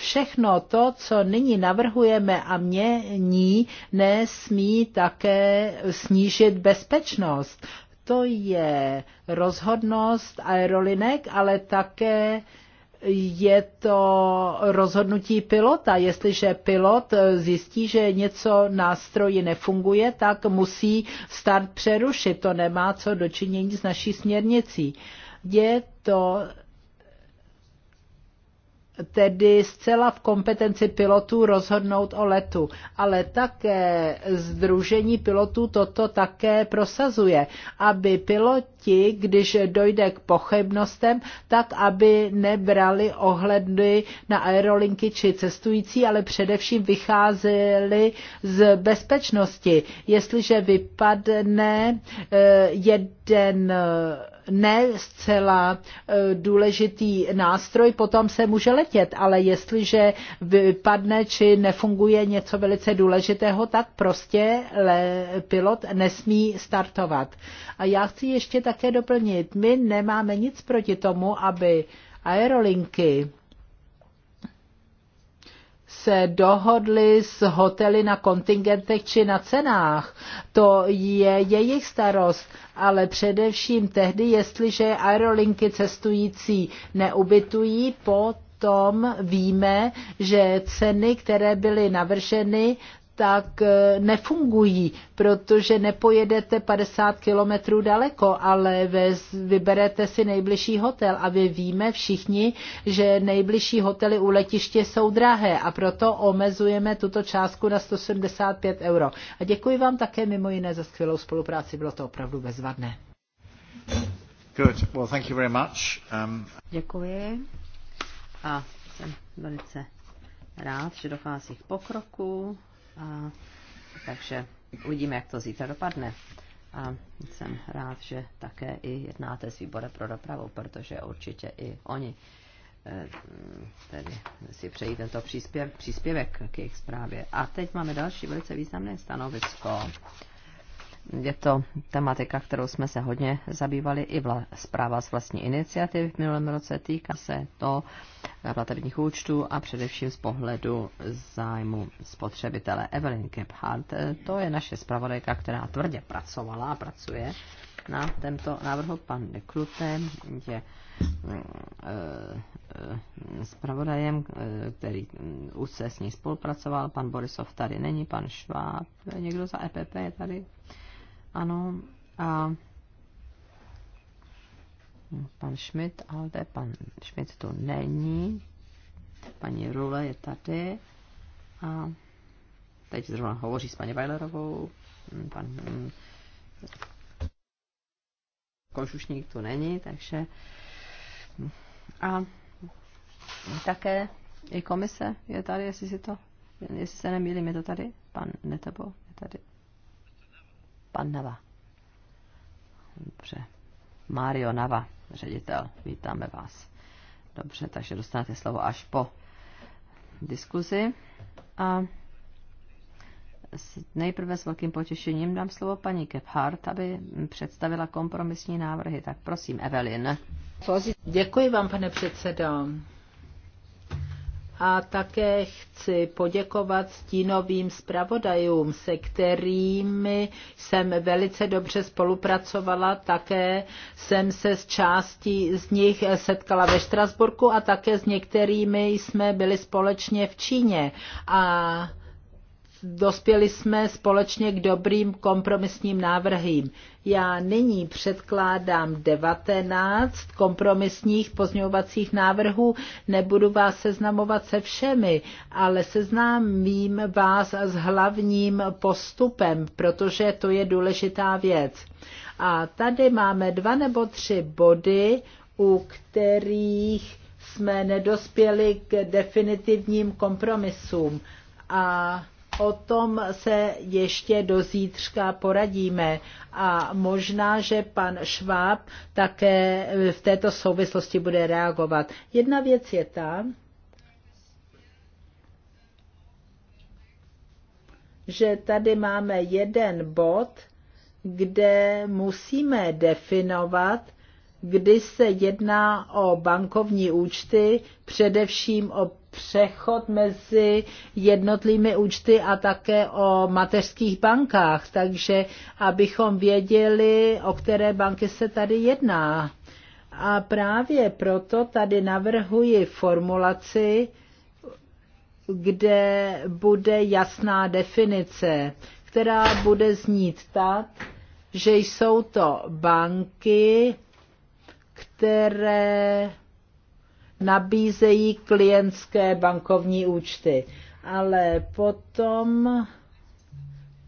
Všechno to, co nyní navrhujeme a mění, nesmí také snížit bezpečnost. To je rozhodnost aerolinek, ale také je to rozhodnutí pilota. Jestliže pilot zjistí, že něco na stroji nefunguje, tak musí start přerušit. To nemá co dočinění s naší směrnicí. Je to tedy zcela v kompetenci pilotů rozhodnout o letu. Ale také Združení pilotů toto také prosazuje, aby piloti ti, když dojde k pochybnostem, tak aby nebrali ohledy na aerolinky či cestující, ale především vycházeli z bezpečnosti. Jestliže vypadne eh, jeden eh, ne zcela eh, důležitý nástroj, potom se může letět, ale jestliže vypadne či nefunguje něco velice důležitého, tak prostě pilot nesmí startovat. A já chci ještě také doplnit. My nemáme nic proti tomu, aby aerolinky se dohodli s hotely na kontingentech či na cenách. To je jejich starost, ale především tehdy, jestliže aerolinky cestující neubytují, potom víme, že ceny, které byly navrženy, tak eh, nefungují, protože nepojedete 50 kilometrů daleko, ale vyberete si nejbližší hotel. A vy víme všichni, že nejbližší hotely u letiště jsou drahé a proto omezujeme tuto částku na 175 euro. A děkuji vám také mimo jiné za skvělou spolupráci, bylo to opravdu bezvadné. Good. Well, thank you very much. Um... Děkuji. A jsem velice rád, že dochází k pokroku a, takže uvidíme, jak to zítra dopadne. A jsem rád, že také i jednáte s výborem pro dopravu, protože určitě i oni eh, tedy si přejí tento příspěv, příspěvek k jejich zprávě. A teď máme další velice významné stanovisko je to tematika, kterou jsme se hodně zabývali i vla, zpráva z vlastní iniciativy v minulém roce. Týká se to platebních účtů a především z pohledu zájmu spotřebitele. Evelyn Gebhardt, to je naše zpravodajka, která tvrdě pracovala a pracuje na tento návrhu. Pan de Klute je eh, eh, zpravodajem, eh, který se s ní spolupracoval. Pan Borisov tady není, pan Šváb, někdo za EPP je tady. Ano. A pan Schmidt, ale pan Schmidt tu není. Paní Rule je tady. A teď zrovna hovoří s paní Weilerovou. Pan mm, Košušník tu není, takže... Mm, a také i komise je tady, jestli si to, jestli se nemýlím, je to tady? Pan Netebo je tady. Pan Nava. Dobře. Mario Nava, ředitel, vítáme vás. Dobře, takže dostanete slovo až po diskuzi. A nejprve s velkým potěšením dám slovo paní Kephart, aby představila kompromisní návrhy. Tak prosím, Evelyn. Děkuji vám, pane předsedo a také chci poděkovat stínovým zpravodajům, se kterými jsem velice dobře spolupracovala. Také jsem se s částí z nich setkala ve Štrasburku a také s některými jsme byli společně v Číně. A dospěli jsme společně k dobrým kompromisním návrhům. Já nyní předkládám 19 kompromisních pozměňovacích návrhů. Nebudu vás seznamovat se všemi, ale seznámím vás s hlavním postupem, protože to je důležitá věc. A tady máme dva nebo tři body, u kterých jsme nedospěli k definitivním kompromisům. A O tom se ještě do zítřka poradíme a možná, že pan Šváb také v této souvislosti bude reagovat. Jedna věc je ta, že tady máme jeden bod, kde musíme definovat, kdy se jedná o bankovní účty, především o přechod mezi jednotlivými účty a také o mateřských bankách, takže abychom věděli, o které banky se tady jedná. A právě proto tady navrhuji formulaci, kde bude jasná definice, která bude znít tak, že jsou to banky, které nabízejí klientské bankovní účty. Ale potom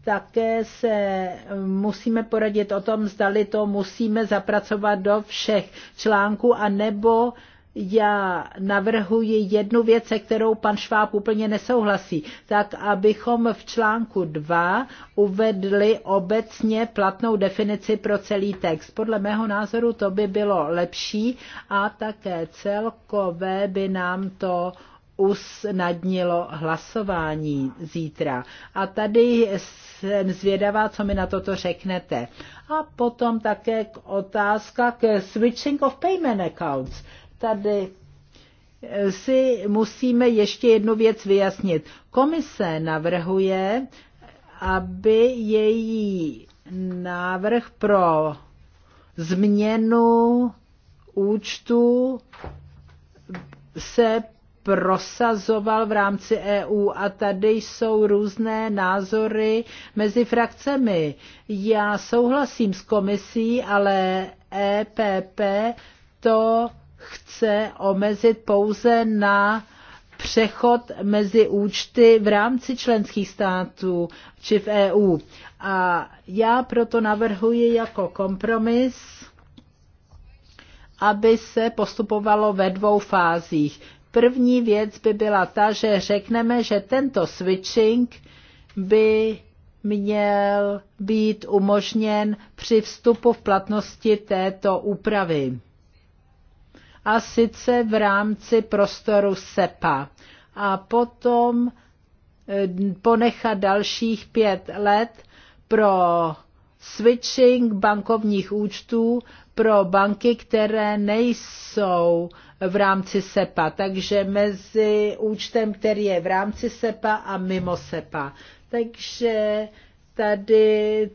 také se musíme poradit o tom, zdali to musíme zapracovat do všech článků, anebo já navrhuji jednu věc, se kterou pan Šváb úplně nesouhlasí, tak abychom v článku 2 uvedli obecně platnou definici pro celý text. Podle mého názoru to by bylo lepší a také celkové by nám to usnadnilo hlasování zítra. A tady jsem zvědavá, co mi na toto řeknete. A potom také otázka k switching of payment accounts tady eh, si musíme ještě jednu věc vyjasnit. Komise navrhuje, aby její návrh pro změnu účtu se prosazoval v rámci EU a tady jsou různé názory mezi frakcemi. Já souhlasím s komisí, ale EPP to chce omezit pouze na přechod mezi účty v rámci členských států či v EU. A já proto navrhuji jako kompromis, aby se postupovalo ve dvou fázích. První věc by byla ta, že řekneme, že tento switching by měl být umožněn při vstupu v platnosti této úpravy a sice v rámci prostoru SEPA. A potom eh, ponechat dalších pět let pro switching bankovních účtů pro banky, které nejsou v rámci SEPA, takže mezi účtem, který je v rámci SEPA a mimo SEPA. Takže tady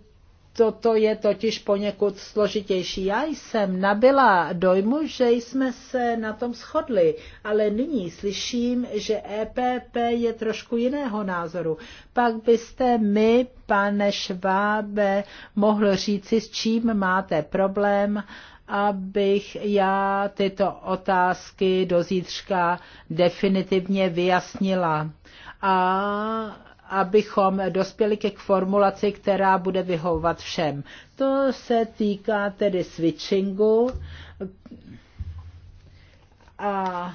Toto je totiž poněkud složitější. Já jsem nabila dojmu, že jsme se na tom shodli, ale nyní slyším, že EPP je trošku jiného názoru. Pak byste mi, pane Švábe, mohl říci, s čím máte problém, abych já tyto otázky do zítřka definitivně vyjasnila. A abychom dospěli ke formulaci, která bude vyhovovat všem. To se týká tedy switchingu a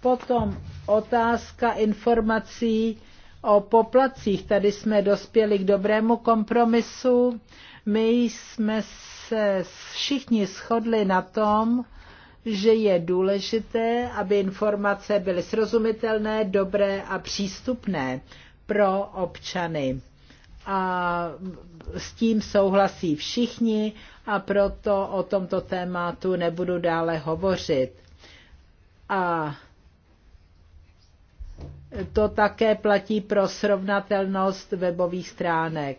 potom otázka informací o poplacích. Tady jsme dospěli k dobrému kompromisu. My jsme se všichni shodli na tom, že je důležité, aby informace byly srozumitelné, dobré a přístupné pro občany. A s tím souhlasí všichni a proto o tomto tématu nebudu dále hovořit. A to také platí pro srovnatelnost webových stránek.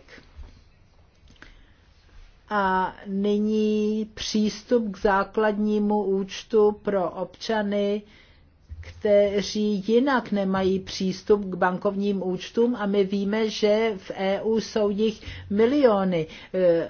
A nyní přístup k základnímu účtu pro občany kteří jinak nemají přístup k bankovním účtům a my víme, že v EU jsou jich miliony. E,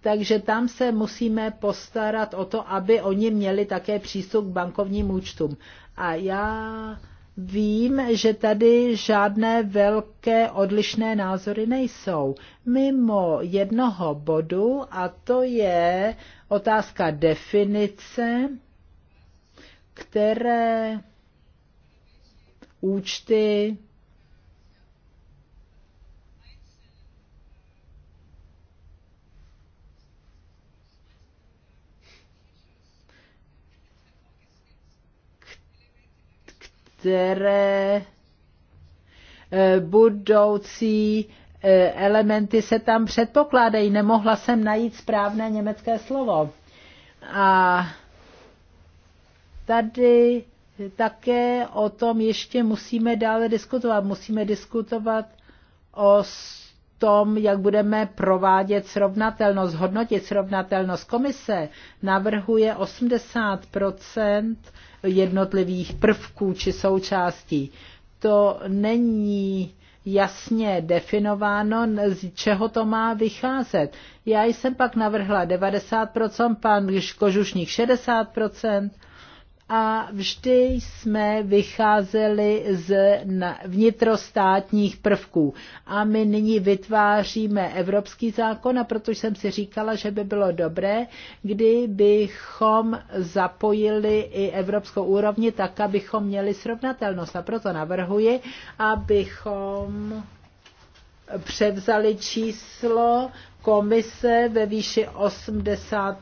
takže tam se musíme postarat o to, aby oni měli také přístup k bankovním účtům. A já Vím, že tady žádné velké odlišné názory nejsou. Mimo jednoho bodu, a to je otázka definice které účty které eh, budoucí eh, elementy se tam předpokládají. Nemohla jsem najít správné německé slovo. A Tady také o tom ještě musíme dále diskutovat. Musíme diskutovat o tom, jak budeme provádět srovnatelnost, hodnotit srovnatelnost. Komise navrhuje 80 jednotlivých prvků či součástí. To není jasně definováno, z čeho to má vycházet. Já jsem pak navrhla 90%, pan Kožušník 60%, a vždy jsme vycházeli z vnitrostátních prvků. A my nyní vytváříme evropský zákon a protože jsem si říkala, že by bylo dobré, kdybychom zapojili i evropskou úrovni tak, abychom měli srovnatelnost. A proto navrhuji, abychom převzali číslo komise ve výši 80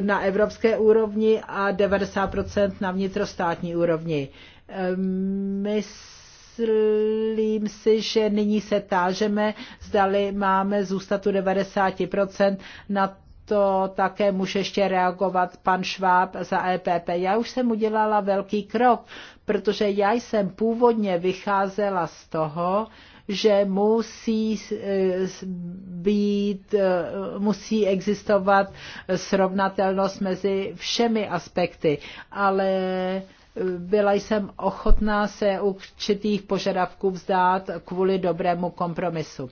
na evropské úrovni a 90% na vnitrostátní úrovni. Ehm, myslím si, že nyní se tážeme, zdali máme zůstat u 90%. Na to také může ještě reagovat pan Šváb za EPP. Já už jsem udělala velký krok, protože já jsem původně vycházela z toho, že musí být, e, musí existovat srovnatelnost mezi všemi aspekty, ale e, byla jsem ochotná se určitých požadavků vzdát kvůli dobrému kompromisu.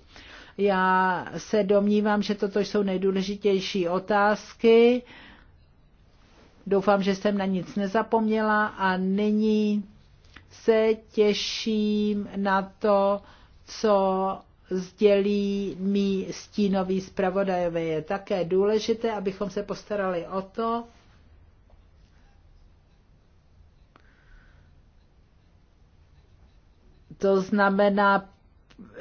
Já se domnívám, že toto jsou nejdůležitější otázky. Doufám, že jsem na nic nezapomněla a nyní se těším na to, co sdělí mý stínový zpravodajové. Je také důležité, abychom se postarali o to, to znamená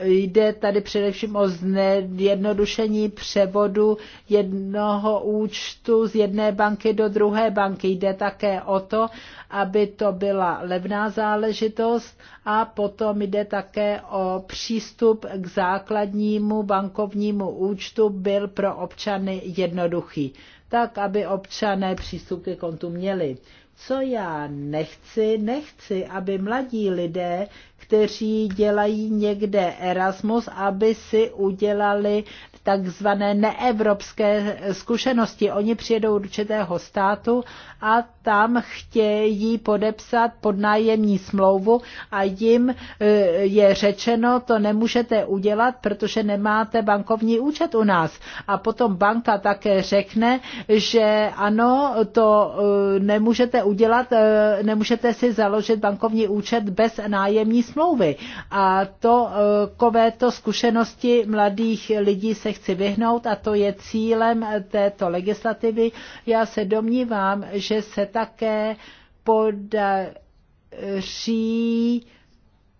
jde tady především o zjednodušení převodu jednoho účtu z jedné banky do druhé banky. Jde také o to, aby to byla levná záležitost a potom jde také o přístup k základnímu bankovnímu účtu byl pro občany jednoduchý, tak aby občané přístup ke kontu měli. Co já nechci, nechci, aby mladí lidé, kteří dělají někde Erasmus, aby si udělali takzvané neevropské zkušenosti. Oni přijedou do určitého státu a tam chtějí podepsat podnájemní smlouvu a jim e, je řečeno, to nemůžete udělat, protože nemáte bankovní účet u nás. A potom banka také řekne, že ano, to e, nemůžete udělat, e, nemůžete si založit bankovní účet bez nájemní smlouvy. A to kovéto zkušenosti mladých lidí se chci vyhnout a to je cílem této legislativy. Já se domnívám, že se také podaří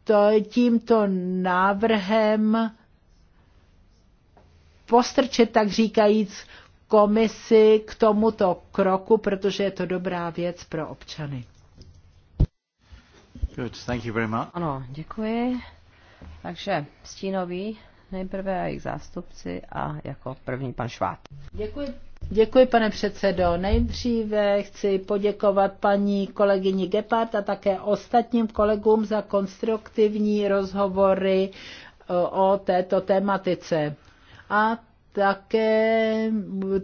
to, tímto návrhem postrčit, tak říkajíc, komisi k tomuto kroku, protože je to dobrá věc pro občany. Good, thank you very much. Ano, děkuji. Takže stínový nejprve jejich zástupci a jako první pan Švát. Děkuji. Děkuji, pane předsedo. Nejdříve chci poděkovat paní kolegyni Gepard a také ostatním kolegům za konstruktivní rozhovory e, o této tematice. A také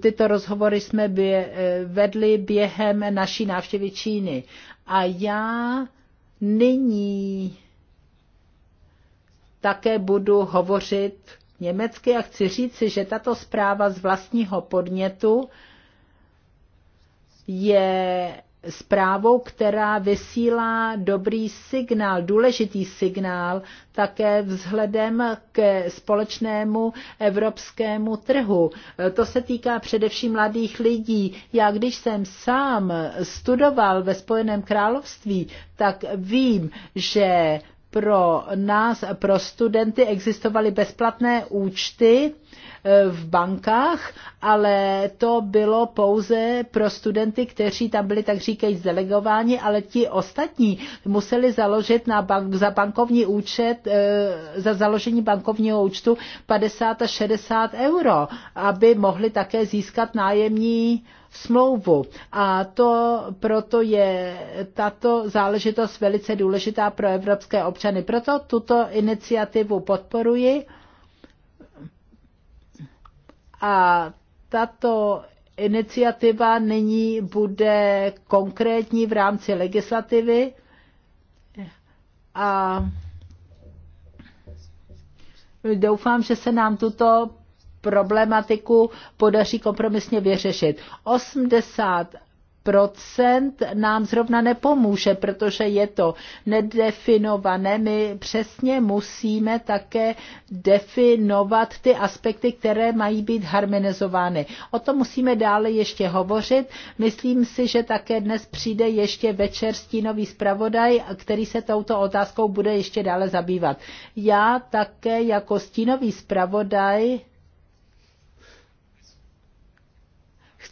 tyto rozhovory jsme e, vedli během naší návštěvy Číny. A já nyní také budu hovořit německy a chci říci, že tato zpráva z vlastního podnětu je zprávou, která vysílá dobrý signál, důležitý signál také vzhledem k společnému evropskému trhu. To se týká především mladých lidí. Já když jsem sám studoval ve Spojeném království, tak vím, že pro nás, pro studenty existovaly bezplatné účty e, v bankách, ale to bylo pouze pro studenty, kteří tam byli tak říkají zdelegováni, ale ti ostatní museli založit na bank, za bankovní účet, e, za založení bankovního účtu 50 a 60 euro, aby mohli také získat nájemní smlouvu. A to proto je tato záležitost velice důležitá pro evropské občany. Proto tuto iniciativu podporuji. A tato iniciativa nyní bude konkrétní v rámci legislativy a doufám, že se nám tuto problematiku podaří kompromisně vyřešit. 80 procent nám zrovna nepomůže, protože je to nedefinované. My přesně musíme také definovat ty aspekty, které mají být harmonizovány. O tom musíme dále ještě hovořit. Myslím si, že také dnes přijde ještě večer stínový zpravodaj, který se touto otázkou bude ještě dále zabývat. Já také jako stínový zpravodaj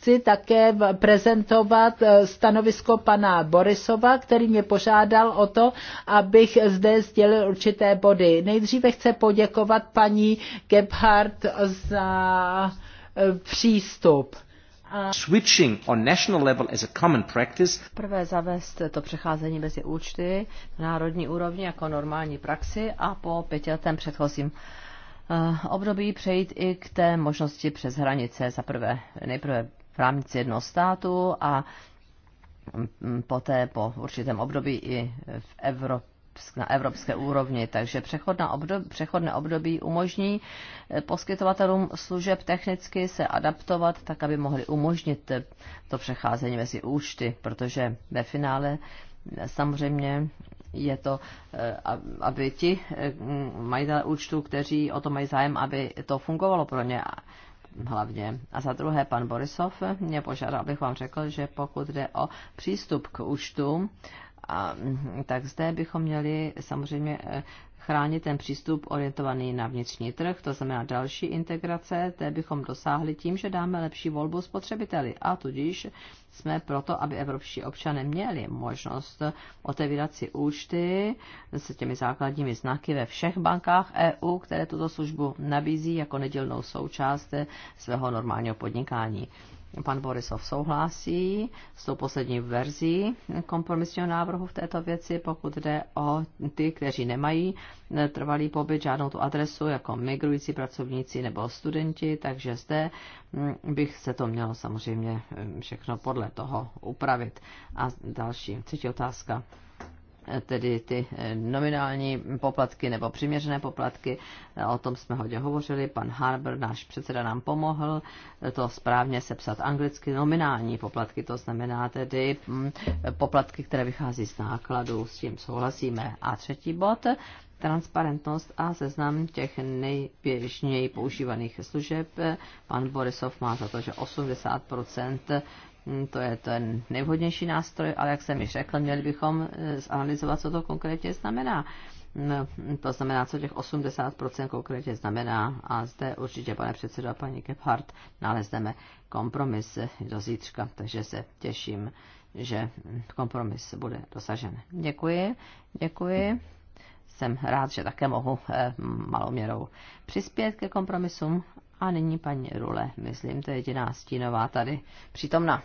chci také prezentovat eh, stanovisko pana Borisova, který mě požádal o to, abych zde sdělil určité body. Nejdříve chci poděkovat paní Gebhardt za eh, přístup. Switching on national level a common practice. Prvé zavést to přecházení mezi účty na národní úrovni jako normální praxi a po pětiletém předchozím eh, období přejít i k té možnosti přes hranice. Za prvé, nejprve rámci jednoho státu a poté po určitém období i v Evropě na evropské úrovni. Takže období, přechodné období umožní eh, poskytovatelům služeb technicky se adaptovat tak, aby mohli umožnit eh, to přecházení mezi účty, protože ve finále eh, samozřejmě je to, aby ti majitelé účtu, kteří o to mají zájem, aby to fungovalo pro ně hlavně. A za druhé, pan Borisov mě požádal, abych vám řekl, že pokud jde o přístup k účtům, a, tak zde bychom měli samozřejmě chránit ten přístup orientovaný na vnitřní trh, to znamená další integrace, té bychom dosáhli tím, že dáme lepší volbu spotřebiteli a tudíž jsme proto, aby evropští občané měli možnost otevírat si účty s těmi základními znaky ve všech bankách EU, které tuto službu nabízí jako nedělnou součást svého normálního podnikání. Pan Borisov souhlasí s tou poslední verzí kompromisního návrhu v této věci, pokud jde o ty, kteří nemají eh, trvalý pobyt, žádnou tu adresu, jako migrující pracovníci nebo studenti, takže zde hm, bych se to mělo samozřejmě hm, všechno podle toho upravit. A další, třetí otázka tedy ty eh, nominální poplatky nebo přiměřené poplatky. Eh, o tom jsme hodně hovořili. Pan Harbour, náš předseda, nám pomohl eh, to správně sepsat anglicky. Nominální poplatky, to znamená tedy hm, poplatky, které vychází z nákladů, s tím souhlasíme. A třetí bod, transparentnost a seznam těch nejběžněji používaných služeb. Pan Borisov má za to, že 80 Mm, to je ten nejvhodnější nástroj, ale jak jsem již řekl, měli bychom eh, zanalizovat, co to konkrétně znamená. No, to znamená, co těch 80% konkrétně znamená. A zde určitě, pane předsedo a paní Gebhardt, nalezneme kompromis eh, do zítřka, takže se těším, že kompromis bude dosažen. Děkuji, děkuji. Jsem rád, že také mohu eh, malou měrou přispět ke kompromisům a nyní paní Rule, myslím, to je jediná stínová tady přítomna.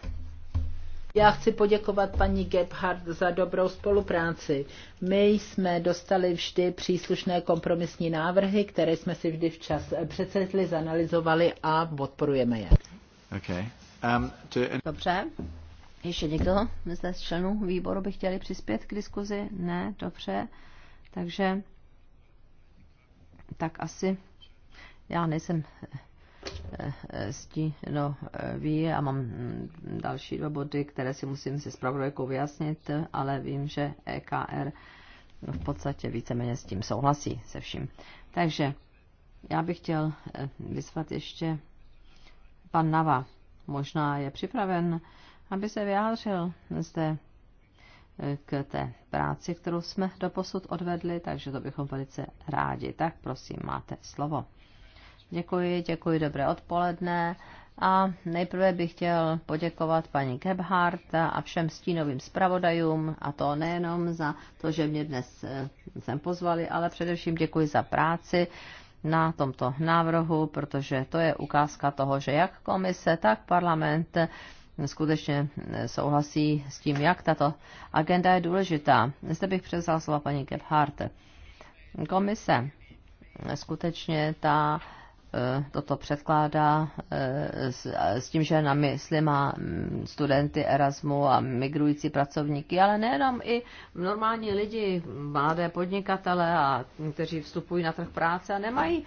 Já chci poděkovat paní Gebhardt za dobrou spolupráci. My jsme dostali vždy příslušné kompromisní návrhy, které jsme si vždy včas přecetli, zanalizovali a podporujeme je. Okay. Um, to... Dobře. Ještě někdo z členů výboru by chtěli přispět k diskuzi? Ne, dobře. Takže tak asi já nejsem eh, eh, stínový a mám mm, další dva body, které si musím se spravodajkou vyjasnit, ale vím, že EKR v podstatě víceméně s tím souhlasí se vším. Takže já bych chtěl eh, vyzvat ještě pan Nava. Možná je připraven, aby se vyjádřil zde k té práci, kterou jsme doposud odvedli, takže to bychom velice rádi. Tak prosím, máte slovo. Děkuji, děkuji, dobré odpoledne. A nejprve bych chtěl poděkovat paní Gebhardt a všem stínovým zpravodajům, a to nejenom za to, že mě dnes eh, sem pozvali, ale především děkuji za práci na tomto návrhu, protože to je ukázka toho, že jak komise, tak parlament eh, skutečně eh, souhlasí s tím, jak tato agenda je důležitá. Zde bych převzal slova paní Gebhardt. Komise skutečně ta Eh, toto předkládá eh, s, eh, s tím, že na mysli má mm, studenty Erasmu a migrující pracovníky, ale nejenom i normální lidi, mladé podnikatele, a, kteří vstupují na trh práce a nemají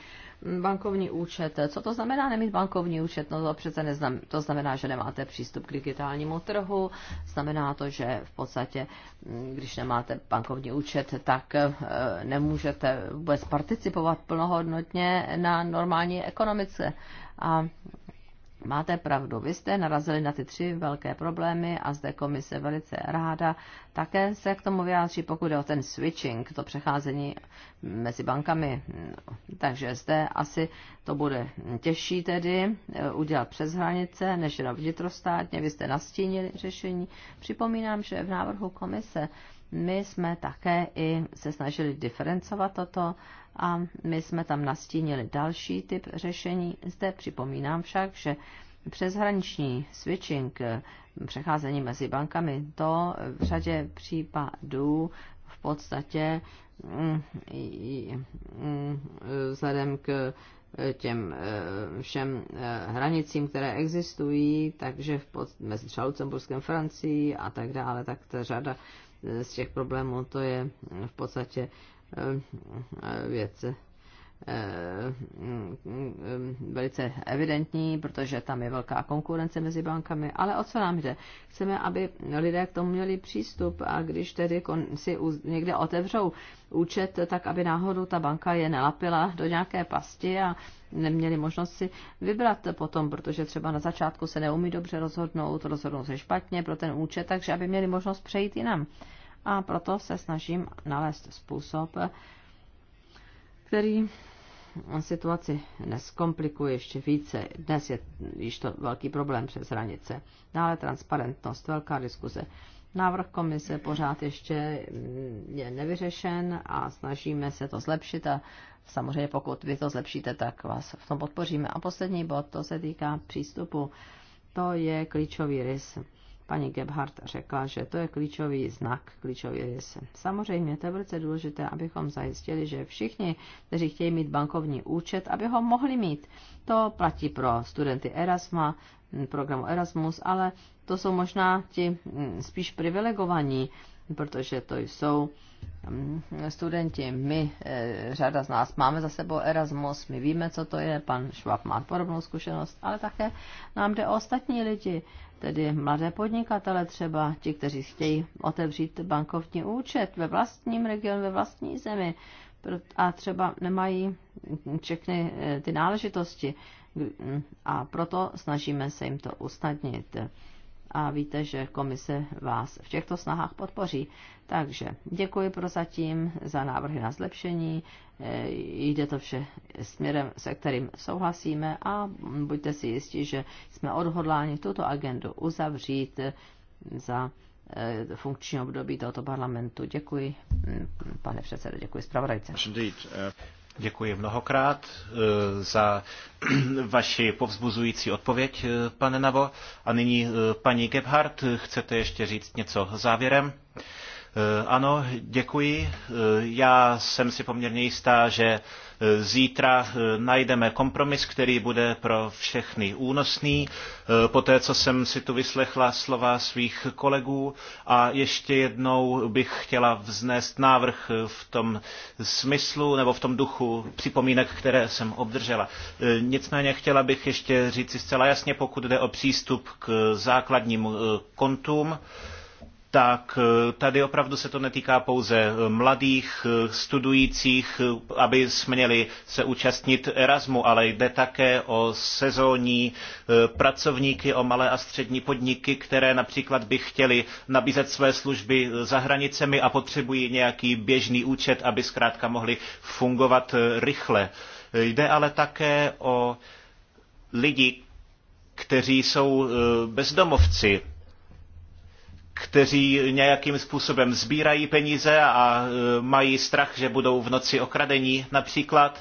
bankovní účet. Co to znamená nemít bankovní účet? No to přece neznam, to znamená, že nemáte přístup k digitálnímu trhu, znamená to, že v podstatě, mm, když nemáte bankovní účet, tak eh, nemůžete vůbec participovat plnohodnotně na normální ekonomice. A Máte pravdu, vy jste narazili na ty tři velké problémy a zde komise velice ráda také se k tomu vyjádří, pokud je o ten switching, to přecházení mezi bankami. Takže zde asi to bude těžší tedy eh, udělat přes hranice, než jenom vnitrostátně. Vy jste nastínili řešení. Připomínám, že v návrhu komise my jsme také i se snažili diferencovat toto a my jsme tam nastínili další typ řešení. Zde připomínám však, že přeshraniční switching, přecházení mezi bankami, to v řadě případů v podstatě mm, mm, vzhledem k těm eh, všem eh, hranicím, které existují, takže v pod, mezi třeba Lucemburskem, Francií a tak dále, tak ta řada eh, z těch problémů to je v podstatě věc Eh, velice evidentní, protože tam je velká konkurence mezi bankami, ale o co nám jde? Chceme, aby lidé k tomu měli přístup a když tedy si někde otevřou účet, tak aby náhodou ta banka je nelapila do nějaké pasti a neměli možnost si vybrat potom, protože třeba na začátku se neumí dobře rozhodnout, rozhodnou se špatně pro ten účet, takže aby měli možnost přejít jinam. A proto se snažím nalézt způsob, který situaci neskomplikuje ještě více. Dnes je již to velký problém přes hranice. Dále transparentnost, velká diskuze. Návrh komise pořád ještě je nevyřešen a snažíme se to zlepšit a samozřejmě pokud vy to zlepšíte, tak vás v tom podpoříme. A poslední bod, to se týká přístupu. To je klíčový rys paní Gebhardt řekla, že to je klíčový znak, klíčový rys. Samozřejmě to je velice důležité, abychom zajistili, že všichni, kteří chtějí mít bankovní účet, aby ho mohli mít. To platí pro studenty Erasma, programu Erasmus, ale to jsou možná ti mm, spíš privilegovaní, protože to jsou mm, studenti. My, eh, řada z nás, máme za sebou Erasmus, my víme, co to je, pan Švab má podobnou zkušenost, ale také nám jde o ostatní lidi, tedy mladé podnikatele třeba, ti, kteří chtějí otevřít bankovní účet ve vlastním regionu, ve vlastní zemi a třeba nemají všechny eh, ty náležitosti mm, a proto snažíme se jim to usnadnit a víte, že komise vás v těchto snahách podpoří. Takže děkuji prozatím za návrhy na zlepšení, eh, jde to vše směrem, se kterým souhlasíme a buďte si jistí, že jsme odhodláni tuto agendu uzavřít za eh, funkční období tohoto parlamentu. Děkuji, mm, pane předsedo, děkuji zpravodajce. Eh. Děkuji mnohokrát eh, za (clears throat) vaši povzbuzující odpověď, eh, pane Navo. A nyní eh, paní Gebhardt, chcete ještě říct něco závěrem? Eh, ano, děkuji. Eh, já jsem si poměrně jistá, že eh, zítra najdeme kompromis, který bude pro všechny únosný. Poté, co jsem si tu vyslechla slova svých kolegů a ještě jednou bych chtěla vznést návrh v tom smyslu nebo v tom duchu připomínek, které jsem obdržela. Nicméně chtěla bych ještě říci zcela jasně, pokud jde o přístup k základním kontům, tak eh, tady opravdu se to netýká pouze eh, mladých eh, studujících, aby směli se účastnit Erasmu, ale jde také o sezónní pracovníky, o malé a střední podniky, které například by chtěli nabízet své služby za hranicemi a potřebují nějaký běžný účet, aby zkrátka mohli fungovat rychle. Jde ale také o lidi, kteří jsou bezdomovci, kteří nějakým způsobem sbírají peníze a e, mají strach, že budou v noci okradení například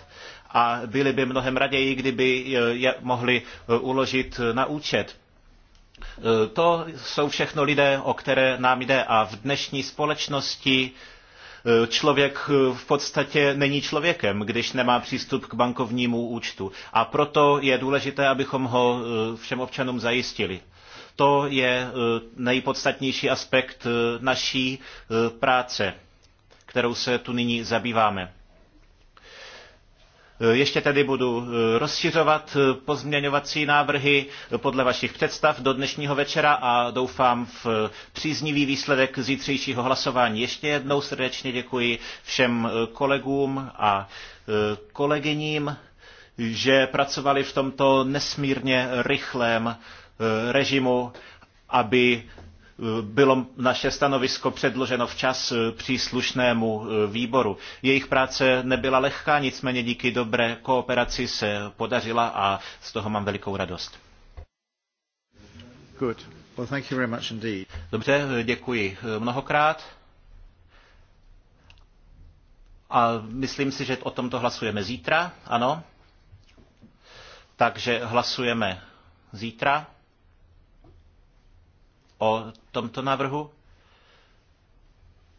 a byli by mnohem raději, kdyby je mohli e, uložit na účet. E, to jsou všechno lidé, o které nám jde a v dnešní společnosti člověk v podstatě není člověkem, když nemá přístup k bankovnímu účtu. A proto je důležité, abychom ho všem občanům zajistili. To je eh, nejpodstatnější aspekt eh, naší eh, práce, kterou se tu nyní zabýváme. Ještě tedy budu rozšiřovat pozměňovací návrhy podle vašich představ do dnešního večera a doufám v příznivý výsledek zítřejšího hlasování. Ještě jednou srdečně děkuji všem kolegům a kolegyním, že pracovali v tomto nesmírně rychlém Eh, režimu, aby eh, bylo naše stanovisko předloženo včas eh, příslušnému výboru. Jejich práce nebyla lehká, nicméně díky dobré kooperaci se podařila a z toho mám velikou radost. Good. Well, thank you very much indeed. Dobře, děkuji mnohokrát. A myslím si, že o tomto hlasujeme zítra, ano. Takže hlasujeme zítra o tomto návrhu?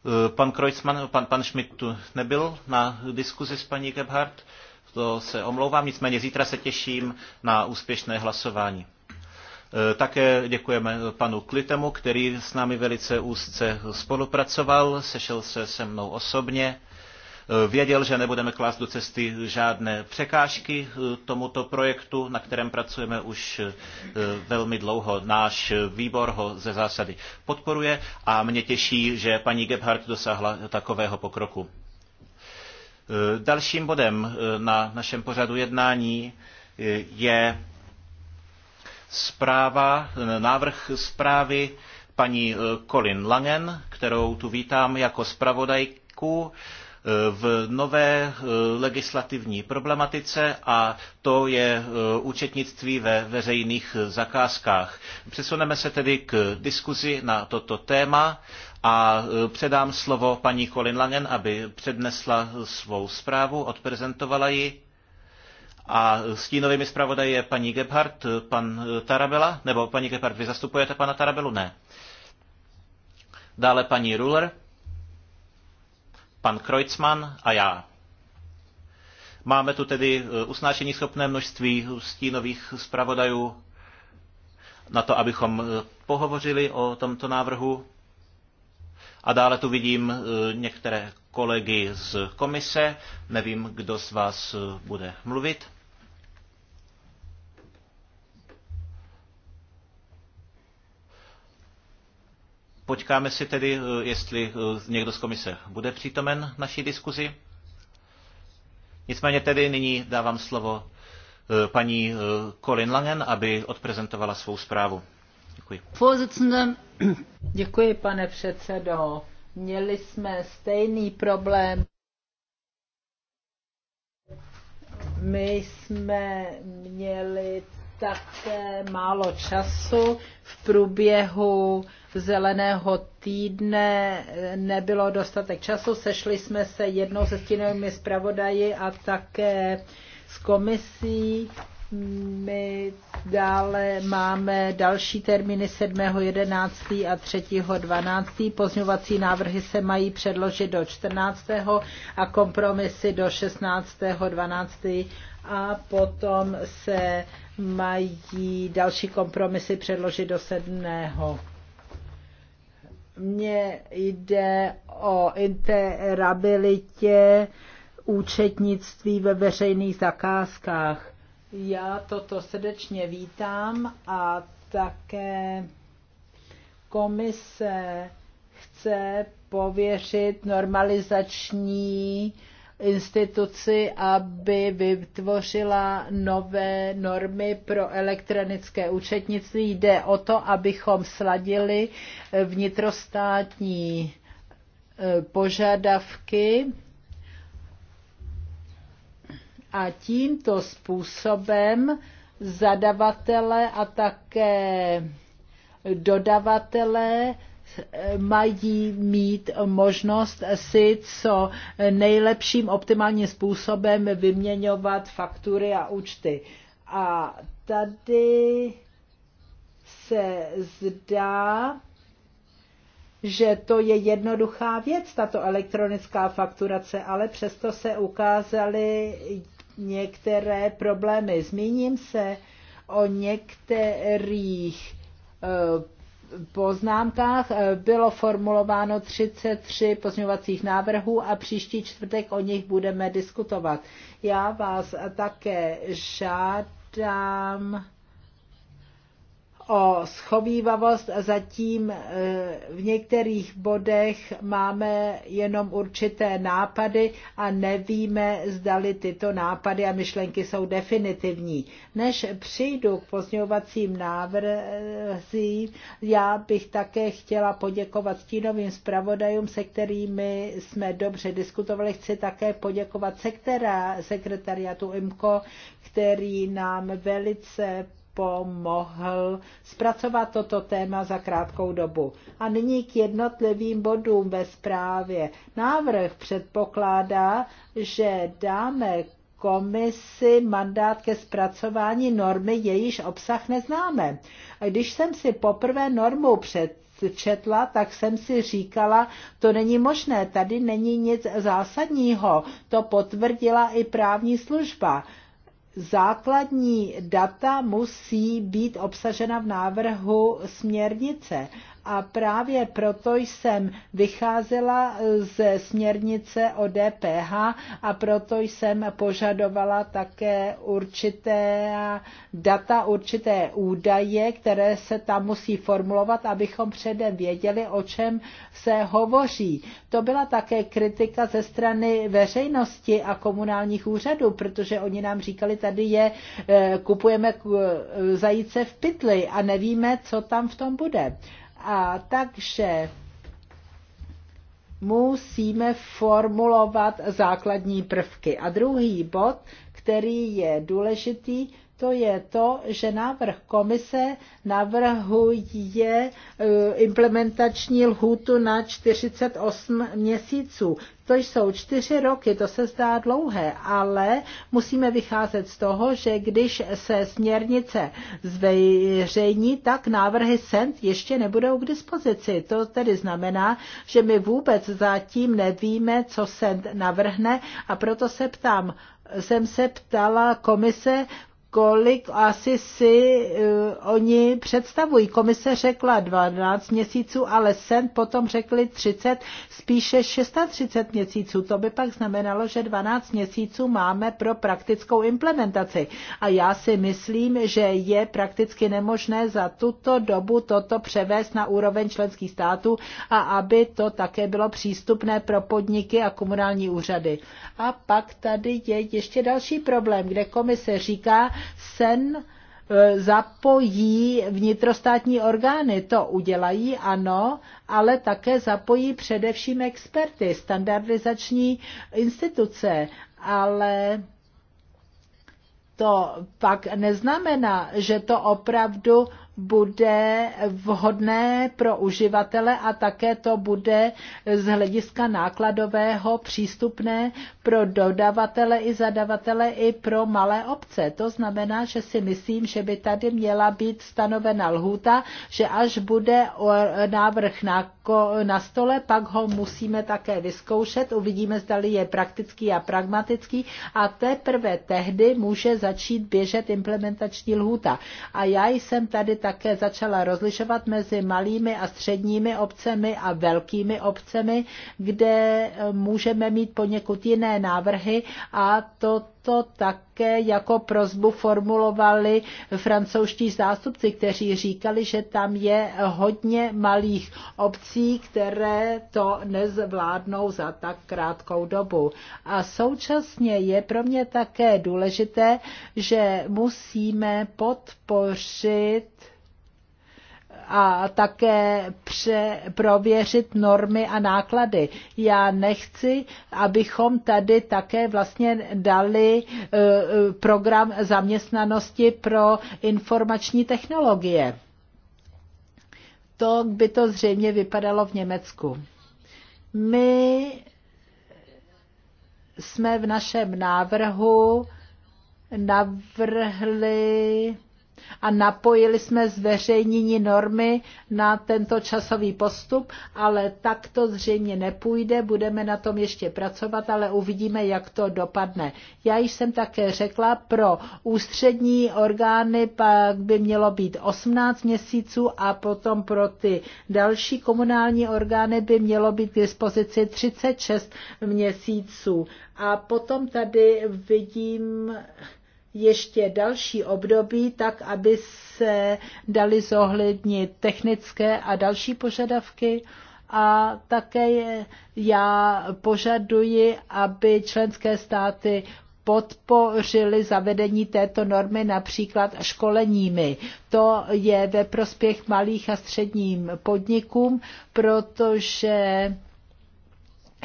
Eh, pan Kreuzmann, pan, pan Schmidt tu nebyl na diskuzi s paní Gebhardt, to se omlouvám, nicméně zítra se těším na úspěšné hlasování. Eh, také děkujeme panu Klitemu, který s námi velice úzce spolupracoval, sešel se se mnou osobně. Eh, věděl, že nebudeme klást do cesty žádné překážky eh, tomuto projektu, na kterém pracujeme už eh, velmi dlouho. Náš výbor ho ze zásady podporuje a mě těší, že paní Gebhardt dosáhla takového pokroku. Dalším bodem na našem pořadu jednání je zpráva, návrh zprávy paní Colin Langen, kterou tu vítám jako zpravodajku v nové eh, legislativní problematice a to je eh, účetnictví ve veřejných zakázkách. Přesuneme se tedy k diskuzi na toto téma a eh, předám slovo paní Colin Langen, aby přednesla svou zprávu, odprezentovala ji. A stínovými zpravodaji je paní Gebhardt, pan Tarabela, nebo paní Gebhardt, vy zastupujete pana Tarabelu? Ne. Dále paní Ruler pan Kreutzmann a já. Máme tu tedy eh, usnášení schopné množství stínových zpravodajů na to, abychom eh, pohovořili o tomto návrhu. A dále tu vidím eh, některé kolegy z komise. Nevím, kdo z vás bude mluvit. Počkáme si tedy, eh, jestli eh, někdo z komise bude přítomen naší diskuzi. Nicméně tedy nyní dávám slovo eh, paní Colin Langen, aby odprezentovala svou zprávu. Děkuji. Děkuji, pane předsedo. Měli jsme stejný problém. My jsme měli také málo času v průběhu zeleného týdne nebylo dostatek času. Sešli jsme se jednou se stínovými zpravodaji a také s komisí. My dále máme další termíny 7.11. a 3.12. Pozňovací návrhy se mají předložit do 14. a kompromisy do 16.12. a potom se mají další kompromisy předložit do 7 mně jde o interabilitě účetnictví ve veřejných zakázkách. Já toto srdečně vítám a také komise chce pověřit normalizační uh, instituci, aby vytvořila nové normy pro elektronické účetnictví. Jde o to, abychom sladili vnitrostátní e, požadavky a tímto způsobem zadavatele a také dodavatele mají mít možnost si co nejlepším optimálním způsobem vyměňovat faktury a účty. A tady se zdá, že to je jednoduchá věc, tato elektronická fakturace, ale přesto se ukázaly některé problémy. Zmíním se o některých eh, poznámkách eh, bylo formulováno 33 pozměňovacích návrhů a příští čtvrtek o nich budeme diskutovat. Já vás také žádám o schovývavost, zatím e, v některých bodech máme jenom určité nápady a nevíme, zdali tyto nápady a myšlenky jsou definitivní. Než přijdu k pozňovacím návrzím, já bych také chtěla poděkovat stínovým zpravodajům, se kterými jsme dobře diskutovali. Chci také poděkovat sekretariatu IMCO, který nám velice pomohl zpracovat toto téma za krátkou dobu. A nyní k jednotlivým bodům ve zprávě. Návrh předpokládá, že dáme komisi mandát ke zpracování normy, jejíž obsah neznáme. A když jsem si poprvé normu přečetla, tak jsem si říkala, to není možné, tady není nic zásadního. To potvrdila i právní služba základní data musí být obsažena v návrhu směrnice a právě proto jsem vycházela e, ze směrnice o DPH a proto jsem požadovala také určité data, určité údaje, které se tam musí formulovat, abychom předem věděli, o čem se hovoří. To byla také kritika ze strany veřejnosti a komunálních úřadů, protože oni nám říkali, tady je, e, kupujeme e, zajíce v pytli a nevíme, co tam v tom bude. A takže musíme formulovat základní prvky. A druhý bod, který je důležitý, to je to, že návrh komise navrhuje e, implementační lhůtu na 48 měsíců. To jsou čtyři roky, to se zdá dlouhé, ale musíme vycházet z toho, že když se směrnice zveřejní, tak návrhy SENT ještě nebudou k dispozici. To tedy znamená, že my vůbec zatím nevíme, co SENT navrhne a proto se ptám, jsem se ptala komise, kolik asi si uh, oni představují. Komise řekla 12 měsíců, ale sen potom řekli 30, spíše 630 měsíců. To by pak znamenalo, že 12 měsíců máme pro praktickou implementaci. A já si myslím, že je prakticky nemožné za tuto dobu toto převést na úroveň členských států a aby to také bylo přístupné pro podniky a komunální úřady. A pak tady je ještě další problém, kde komise říká, sen eh, zapojí vnitrostátní orgány. To udělají, ano, ale také zapojí především experty, standardizační instituce, ale to pak neznamená, že to opravdu bude vhodné pro uživatele a také to bude z hlediska nákladového přístupné pro dodavatele i zadavatele i pro malé obce. To znamená, že si myslím, že by tady měla být stanovena lhůta, že až bude návrh na, na stole, pak ho musíme také vyzkoušet, uvidíme, zda je praktický a pragmatický a teprve tehdy může začít běžet implementační lhůta. A já jsem tady tak také začala rozlišovat mezi malými a středními obcemi a velkými obcemi, kde eh, můžeme mít poněkud jiné návrhy a to to také jako prozbu formulovali francouzští zástupci, kteří říkali, že tam je hodně malých obcí, které to nezvládnou za tak krátkou dobu. A současně je pro mě také důležité, že musíme podpořit a také pře- prověřit normy a náklady. Já nechci, abychom tady také vlastně dali e, e, program zaměstnanosti pro informační technologie. To by to zřejmě vypadalo v Německu. My jsme v našem návrhu navrhli a napojili jsme zveřejnění normy na tento časový postup, ale tak to zřejmě nepůjde, budeme na tom ještě pracovat, ale uvidíme, jak to dopadne. Já jsem také řekla, pro ústřední orgány pak by mělo být 18 měsíců a potom pro ty další komunální orgány by mělo být k dispozici 36 měsíců. A potom tady vidím, ještě další období, tak aby se dali zohlednit technické a další požadavky a také já požaduji, aby členské státy podpořili zavedení této normy například školeními. To je ve prospěch malých a středním podnikům, protože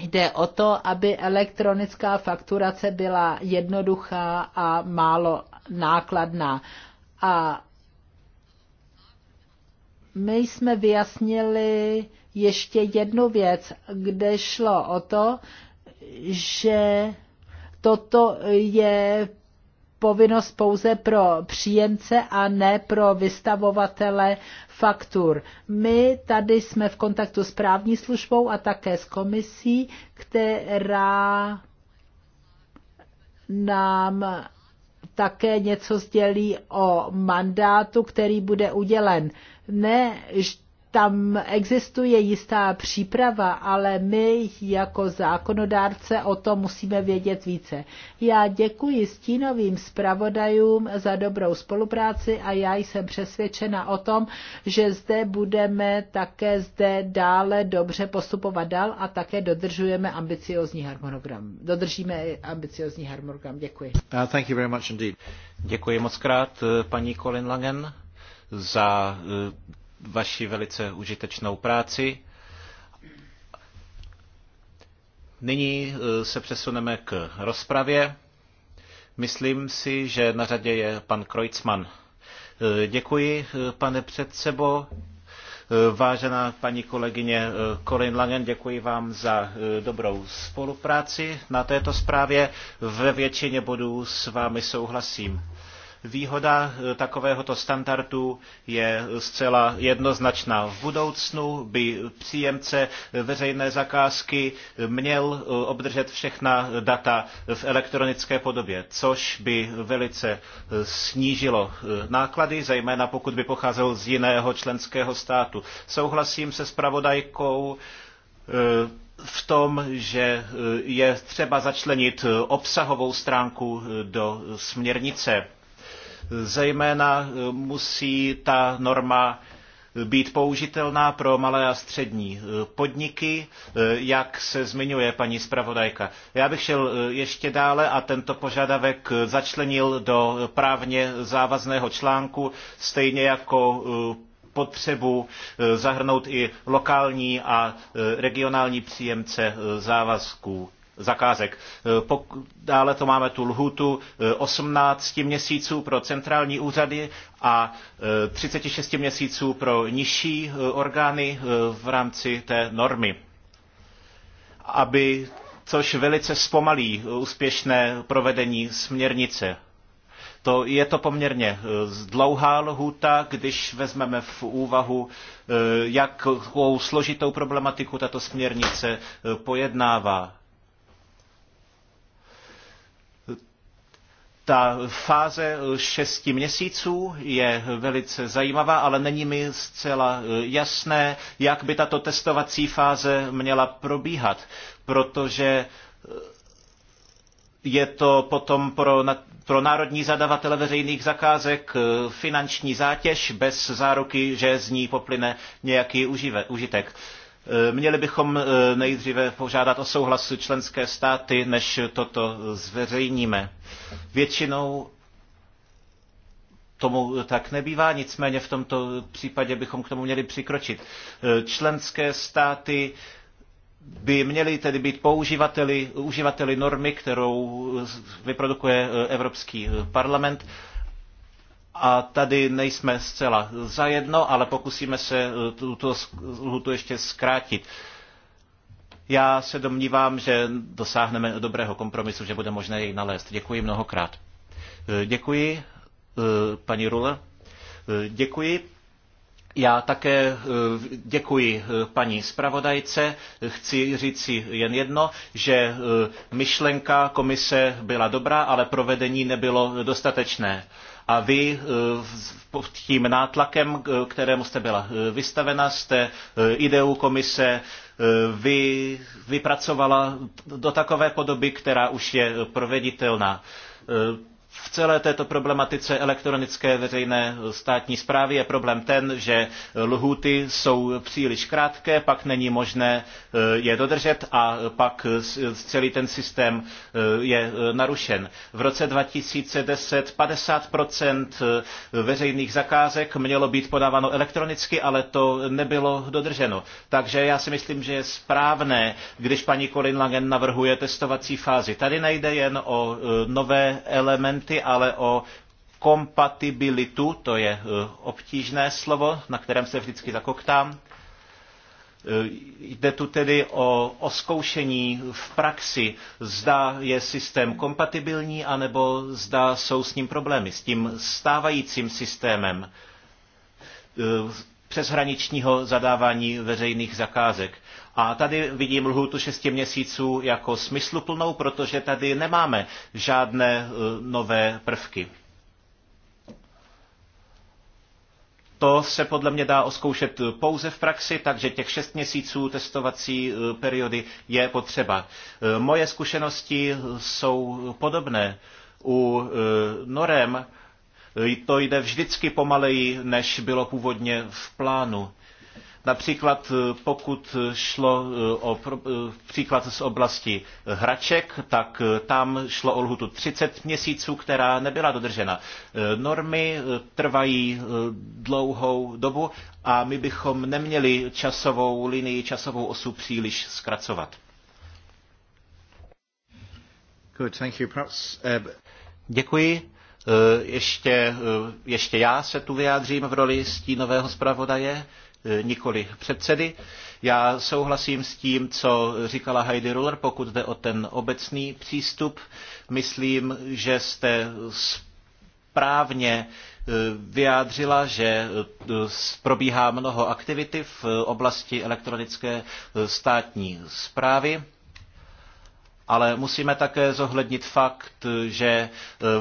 Jde o to, aby elektronická fakturace byla jednoduchá a málo nákladná. A my jsme vyjasnili ještě jednu věc, kde šlo o to, že toto je povinnost pouze pro příjemce a ne pro vystavovatele faktur. My tady jsme v kontaktu s právní službou a také s komisí, která nám také něco sdělí o mandátu, který bude udělen. Ne tam existuje jistá příprava, ale my jako zákonodárce o tom musíme vědět více. Já děkuji stínovým zpravodajům za dobrou spolupráci a já jsem přesvědčena o tom, že zde budeme také zde dále dobře postupovat dál a také dodržujeme ambiciozní harmonogram. Dodržíme ambiciozní harmonogram. Děkuji. Uh, thank you very much indeed. Děkuji moc krát, eh, paní Colin Langen za eh, vaši velice užitečnou práci. Nyní eh, se přesuneme k rozpravě. Myslím si, že na řadě je pan Krojcman. Eh, děkuji, eh, pane předsebo. Vážená paní kolegyně Colin Langen, děkuji vám za dobrou spolupráci na této zprávě. Ve většině bodů s vámi souhlasím. Výhoda eh, takovéhoto standardu je zcela jednoznačná. V budoucnu by příjemce veřejné zakázky měl eh, obdržet všechna data v elektronické podobě, což by velice eh, snížilo náklady, zejména pokud by pocházel z jiného členského státu. Souhlasím se spravodajkou v tom, že je třeba začlenit obsahovou stránku do směrnice Zejména eh, musí ta norma být použitelná pro malé a střední eh, podniky, eh, jak se zmiňuje paní zpravodajka. Já bych šel ještě dále a tento požadavek začlenil do právně závazného článku, stejně jako potřebu zahrnout i lokální a regionální příjemce závazků zakázek. Eh, dále to máme tu lhutu 18 eh, měsíců pro centrální úřady a 36 eh, měsíců pro nižší orgány v rámci té normy. Aby, což velice zpomalí úspěšné provedení směrnice. To je to poměrně dlouhá lhůta, když vezmeme v úvahu, jakou složitou problematiku tato směrnice pojednává Ta fáze šesti měsíců je velice zajímavá, ale není mi zcela eh, jasné, jak by tato testovací fáze měla probíhat, protože eh, je to potom pro, pro národní zadavatele veřejných zakázek eh, finanční zátěž bez záruky, že z ní poplyne nějaký užitek. Eh, měli bychom eh, nejdříve požádat o souhlas členské státy, než toto zveřejníme. Většinou tomu tak nebývá, nicméně v tomto případě bychom k tomu měli přikročit. Eh, členské státy by měly tedy být používateli, uživateli normy, kterou vyprodukuje Evropský parlament a tady nejsme zcela zajedno, ale pokusíme se eh, tuto lhutu ještě zkrátit. Já se domnívám, že dosáhneme dobrého kompromisu, že bude možné jej nalézt. Děkuji mnohokrát. Eh, děkuji, eh, paní Rule. Děkuji. Já také děkuji paní zpravodajce. Chci říci jen jedno, že myšlenka komise byla dobrá, ale provedení nebylo dostatečné a vy eh, pod tím nátlakem, eh, kterému jste byla eh, vystavena, jste ideu komise vy, vypracovala do takové podoby, která už je proveditelná v celé této problematice elektronické veřejné státní správy je problém ten, že lhůty jsou příliš krátké, pak není možné eh, je dodržet a pak celý ten systém eh, je eh, narušen. V roce 2010 50% veřejných zakázek mělo být podáváno elektronicky, ale to nebylo dodrženo. Takže já si myslím, že je správné, když paní Colin Langen navrhuje testovací fázi. Tady nejde jen o nové elementy, patenty, ale o kompatibilitu, to je e, obtížné slovo, na kterém se vždycky zakoktám. E, jde tu tedy o, o zkoušení v praxi, zda je systém kompatibilní, anebo zda jsou s ním problémy, s tím stávajícím systémem e, přeshraničního zadávání veřejných zakázek. A tady vidím lhůtu 6 měsíců jako smysluplnou, protože tady nemáme žádné e, nové prvky. To se podle mě dá oskoušet pouze v praxi, takže těch šest měsíců testovací e, periody je potřeba. E, moje zkušenosti jsou podobné. U norem to jde vždycky pomaleji, než bylo původně v plánu. Například eh, pokud šlo eh, o eh, příklad z oblasti hraček, tak tam šlo o lhutu 30 měsíců, která nebyla dodržena. Normy trvají dlouhou dobu a my bychom neměli časovou linii, časovou osu příliš zkracovat. Good, thank you. Perhaps, uh... Děkuji. Ještě, ještě já se tu vyjádřím v roli stínového zpravodaje. E, nikoli předsedy. Já souhlasím s tím, co říkala Heidi Ruller, pokud jde o ten obecný přístup. Myslím, že jste správně e, vyjádřila, že e, probíhá mnoho aktivity v oblasti elektronické státní zprávy ale musíme také zohlednit fakt, že e,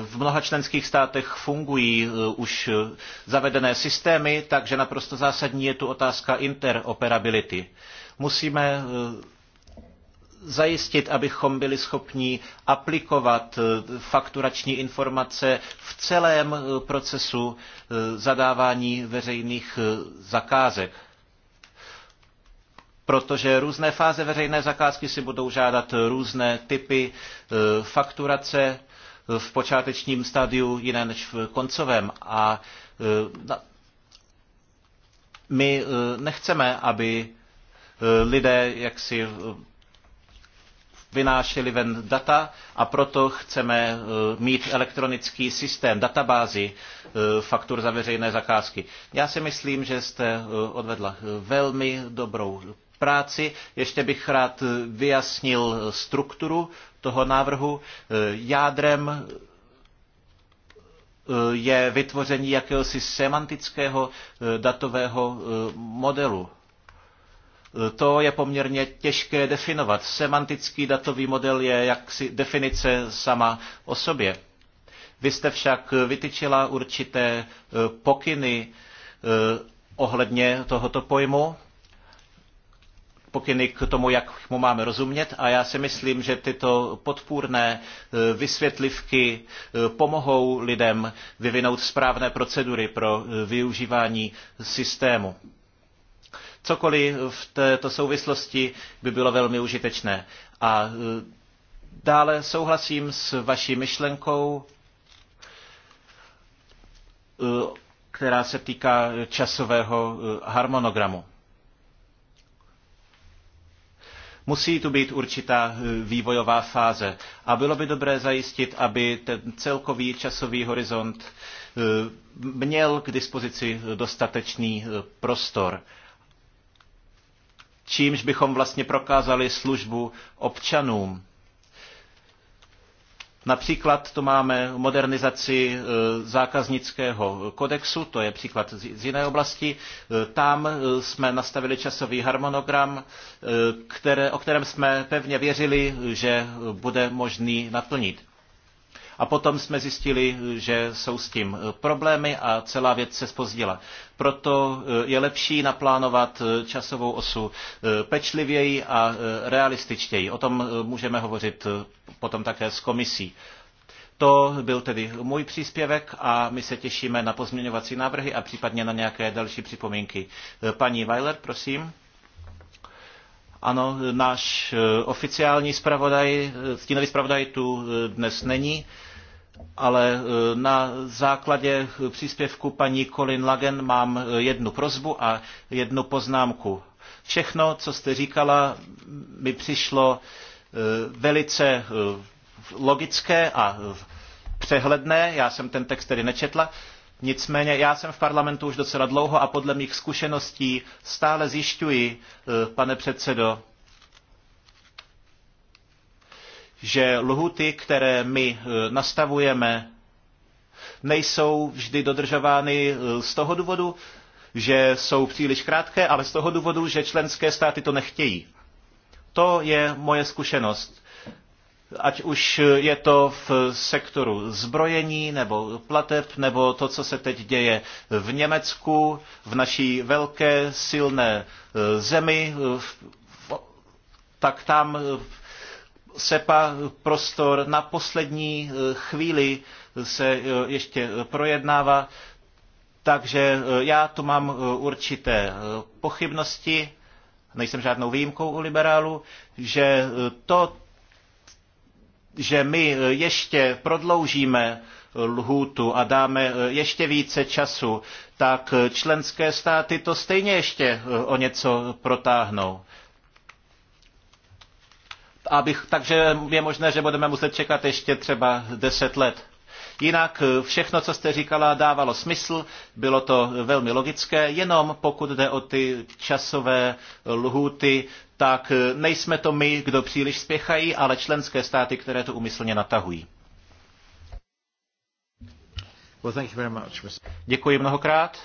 v mnoha členských státech fungují e, už zavedené systémy, takže naprosto zásadní je tu otázka interoperability. Musíme e, zajistit, abychom byli schopni aplikovat fakturační informace v celém procesu zadávání veřejných zakázek protože různé fáze veřejné zakázky si budou žádat různé typy e, fakturace v počátečním stadiu jiné než v koncovém. A e, my e, nechceme, aby lidé jaksi vynášeli ven data a proto chceme mít elektronický systém, databázi faktur za veřejné zakázky. Já si myslím, že jste odvedla velmi dobrou práci. Ještě bych rád vyjasnil strukturu toho návrhu. Jádrem eh, je vytvoření jakéhosi semantického eh, datového eh, modelu. To je poměrně těžké definovat. Semantický datový model je jaksi definice sama o sobě. Vy jste však vytyčila určité pokyny ohledně tohoto pojmu pokyny k tomu, jak mu máme rozumět a já si myslím, že tyto podpůrné e, vysvětlivky e, pomohou lidem vyvinout správné procedury pro e, využívání systému. Cokoliv v této souvislosti by bylo velmi užitečné. A dále souhlasím s vaší myšlenkou, která se týká časového harmonogramu. Musí tu být určitá eh, vývojová fáze a bylo by dobré zajistit, aby ten celkový časový horizont eh, měl k dispozici dostatečný eh, prostor čímž bychom vlastně prokázali službu občanům Například to máme modernizaci e, zákaznického kodexu, to je příklad z jiné oblasti. E, tam e, jsme nastavili časový harmonogram, které, o kterém jsme pevně věřili, že bude možný naplnit a potom jsme zjistili, že jsou s tím eh, problémy a celá věc se spozdila. Proto eh, je lepší naplánovat eh, časovou osu pečlivěji a realističtěji. O tom můžeme hovořit potom také s komisí. To byl tedy můj příspěvek a my se těšíme na pozměňovací návrhy a případně na nějaké další připomínky. Paní Weiler, prosím. Ano, náš oficiální zpravodaj, stínový zpravodaj tu dnes není ale e, na základě příspěvku paní Colin Lagen mám e, jednu prozbu a jednu poznámku. Všechno, co jste říkala, mi přišlo e, velice logické a přehledné. Já jsem ten text tedy nečetla. Nicméně já jsem v parlamentu už docela dlouho a podle mých zkušeností stále zjišťuji, pane předsedo, že lhuty, které my e, nastavujeme, nejsou vždy dodržovány e, z toho důvodu, že jsou příliš krátké, ale z toho důvodu, že členské státy to nechtějí. To je moje zkušenost. Ať už je to v sektoru zbrojení nebo plateb, nebo to, co se teď děje v Německu, v naší velké silné e, zemi, tak tam SEPA prostor na poslední eh, chvíli se eh, ještě projednává, takže eh, já tu mám určité pochybnosti, nejsem žádnou výjimkou u liberálu, že to, že my ještě prodloužíme lhůtu a dáme ještě více času, tak členské státy to stejně ještě o něco protáhnou abych, takže je možné, že budeme muset čekat ještě třeba 10 let. Jinak eh, všechno, co jste říkala, dávalo smysl, bylo to velmi logické, jenom pokud jde o ty časové lhuty, tak eh, nejsme to my, kdo příliš spěchají, ale členské státy, které to umyslně natahují. Děkuji mnohokrát.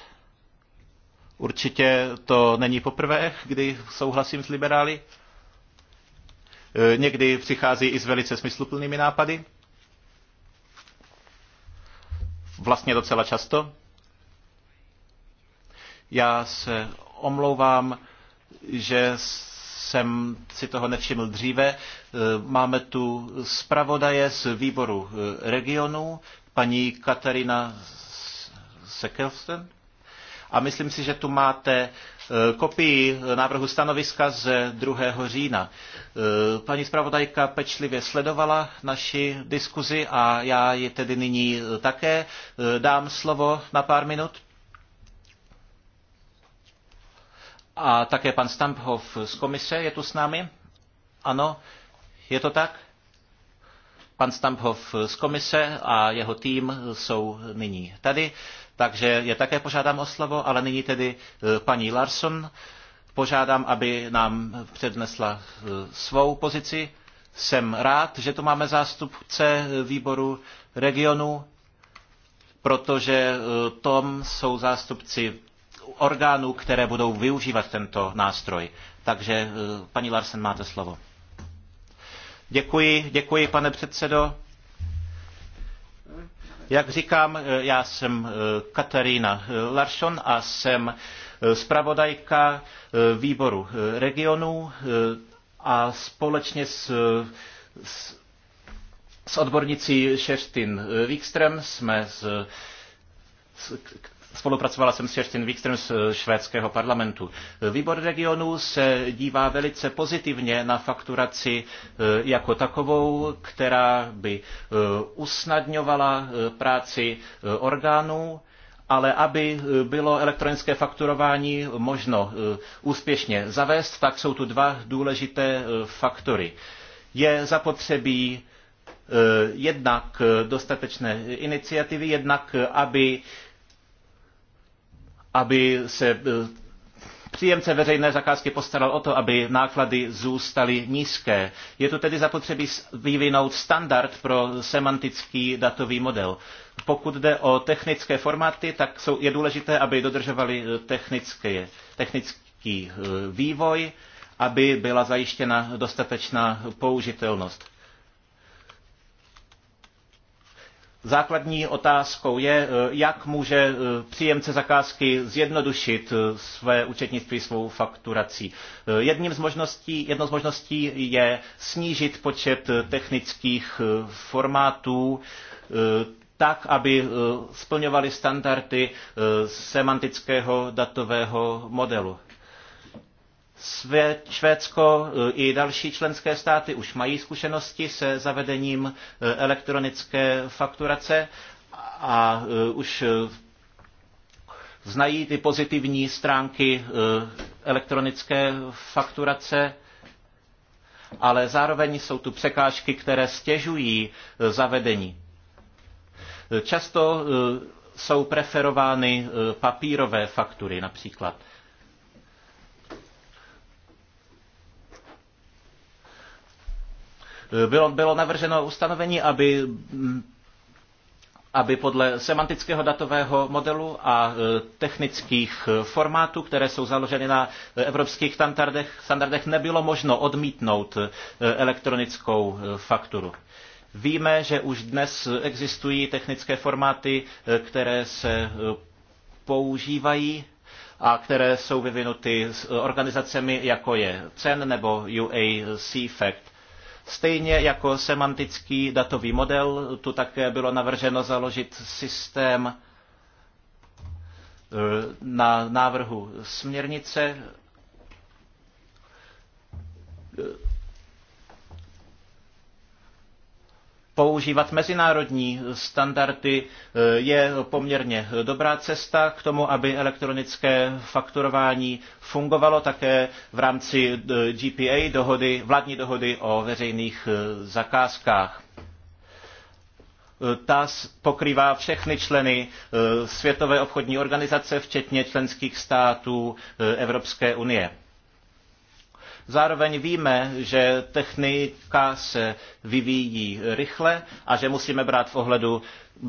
Určitě to není poprvé, kdy souhlasím s liberály. E, někdy přichází i s velice smysluplnými nápady. Vlastně docela často. Já se omlouvám, že jsem si toho nevšiml dříve. E, máme tu zpravodaje z výboru e, regionu, paní Katarina Sekelsten a myslím si, že tu máte e, kopii návrhu stanoviska z 2. října. E, paní zpravodajka pečlivě sledovala naši diskuzi a já ji tedy nyní e, také dám slovo na pár minut. A také pan Stamphoff z komise je tu s námi. Ano, je to tak? Pan Stamphoff z komise a jeho tým jsou nyní tady takže je také požádám o slovo, ale nyní tedy e, paní Larson požádám, aby nám přednesla e, svou pozici. Jsem rád, že tu máme zástupce e, výboru regionu, protože tom jsou zástupci orgánů, které budou využívat tento nástroj. Takže paní Larsen, máte slovo. Děkuji, děkuji, pane předsedo. Jak říkám, eh, já jsem eh, Katarína eh, Larsson a jsem zpravodajka výboru regionů a společně s, s, s odbornicí Šeftin Wikström jsme z, z Spolupracovala jsem s Justin Wikström z eh, švédského parlamentu. Výbor regionů se dívá velice pozitivně na fakturaci eh, jako takovou, která by eh, usnadňovala práci orgánů ale aby bylo elektronické fakturování možno úspěšně zavést, tak jsou tu dva důležité faktory. Je zapotřebí jednak dostatečné iniciativy, jednak aby aby se eh, Příjemce veřejné zakázky postaral o to, aby náklady zůstaly nízké. Je tu tedy zapotřebí vyvinout standard pro semantický datový model. Pokud jde o technické formáty, tak jsou, je důležité, aby dodržovali eh, technické, technický eh, vývoj, aby byla zajištěna dostatečná použitelnost. Základní otázkou je, eh, jak může eh, příjemce zakázky zjednodušit eh, své účetnictví svou fakturací. Jedním z možností, jednou z možností je snížit počet technických formátů, tak, aby splňovaly standardy semantického datového modelu. Švédsko eh, i další členské státy už mají zkušenosti se zavedením eh, elektronické fakturace a eh, už znají ty pozitivní stránky elektronické fakturace, ale zároveň jsou tu překážky, které stěžují zavedení. Často jsou preferovány papírové faktury například. Bylo, bylo navrženo ustanovení, aby aby podle semantického datového modelu a e, technických e, formátů, které jsou založeny na e, evropských standardech, standardech nebylo možno odmítnout elektronickou fakturu. Víme, že už dnes existují technické formáty, které se používají a které jsou vyvinuty organizacemi, jako je CEN nebo UAC Fact. Stejně jako semantický datový model, tu také bylo navrženo založit systém e, na návrhu směrnice e, používat mezinárodní standardy eh, je poměrně dobrá cesta k tomu, aby elektronické fakturování fungovalo také v rámci eh, GPA, dohody, vládní dohody o veřejných eh, zakázkách. Ta pokrývá všechny členy Světové obchodní organizace, včetně členských států Evropské unie. Zároveň víme, že technika se vyvíjí rychle a že musíme brát v ohledu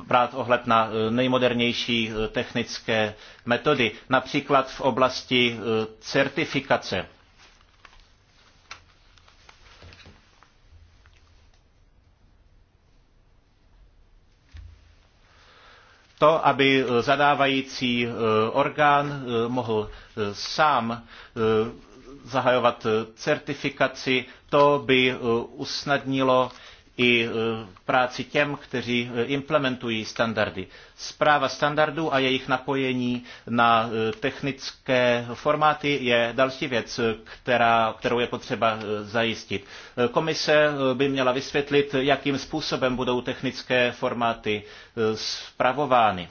brát ohled na eh, nejmodernější eh, technické metody, například v oblasti eh, certifikace. to, aby zadávající orgán mohl sám zahajovat eh, certifikaci. To by eh, usnadnilo i eh, práci těm, kteří implementují standardy. Zpráva standardů a jejich napojení na technické formáty je další věc, která, kterou je potřeba zajistit. Komise by měla vysvětlit, jakým způsobem budou technické formáty zpravovány.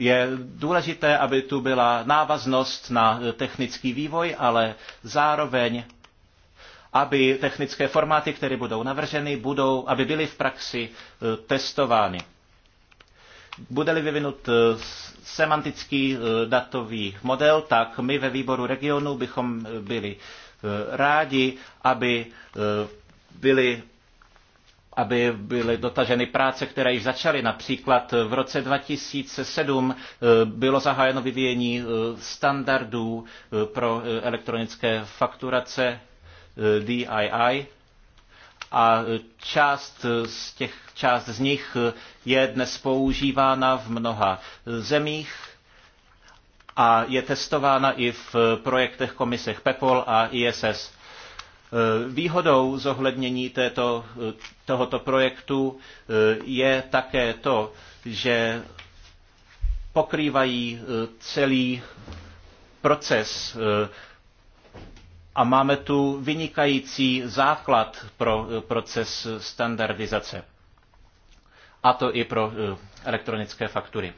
Je důležité, aby tu byla návaznost na technický vývoj, ale zároveň aby technické formáty, které budou navrženy, budou, aby byly v praxi e, testovány. Bude-li vyvinut e, semantický e, datový model, tak my ve výboru regionu bychom byli rádi, aby byly aby byly dotaženy práce, které již začaly. Například v roce 2007 eh, bylo zahájeno vyvíjení eh, standardů eh, pro elektronické fakturace DII a část z, těch, část z nich je dnes používána v mnoha zemích a je testována i v projektech komisech PEPOL a ISS. Eh, výhodou zohlednění této, eh, tohoto projektu eh, je také to, že pokrývají celý proces a máme tu vynikající základ pro proces standardizace. A to i pro elektronické faktury.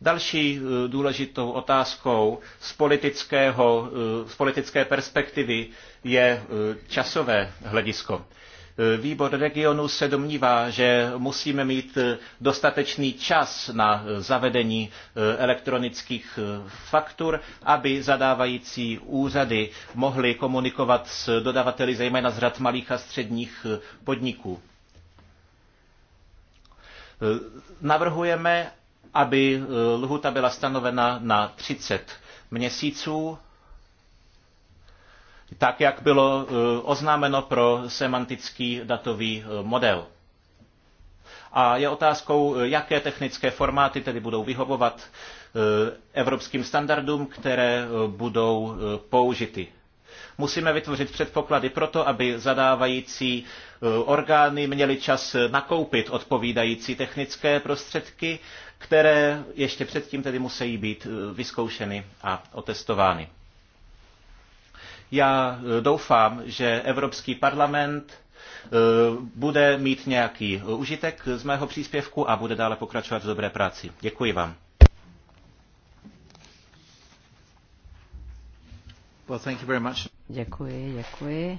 Další eh, důležitou otázkou z, politického, eh, z politické perspektivy je eh, časové hledisko. Výbor regionu se domnívá, že musíme mít dostatečný čas na zavedení elektronických faktur, aby zadávající úřady mohly komunikovat s dodavateli zejména z řad malých a středních podniků. Navrhujeme, aby eh, lhuta byla stanovena na 30 měsíců, tak jak bylo eh, oznámeno pro semantický datový eh, model. A je otázkou, jaké technické formáty tedy budou vyhovovat evropským standardům, které budou použity. Musíme vytvořit předpoklady pro to, aby zadávající eh, orgány měly čas nakoupit odpovídající technické prostředky, které ještě předtím tedy musí být eh, vyzkoušeny a otestovány. Já eh, doufám, že Evropský parlament bude mít nějaký užitek z mého příspěvku a bude dále pokračovat v dobré práci. Děkuji vám. Well, thank you very much. Děkuji, děkuji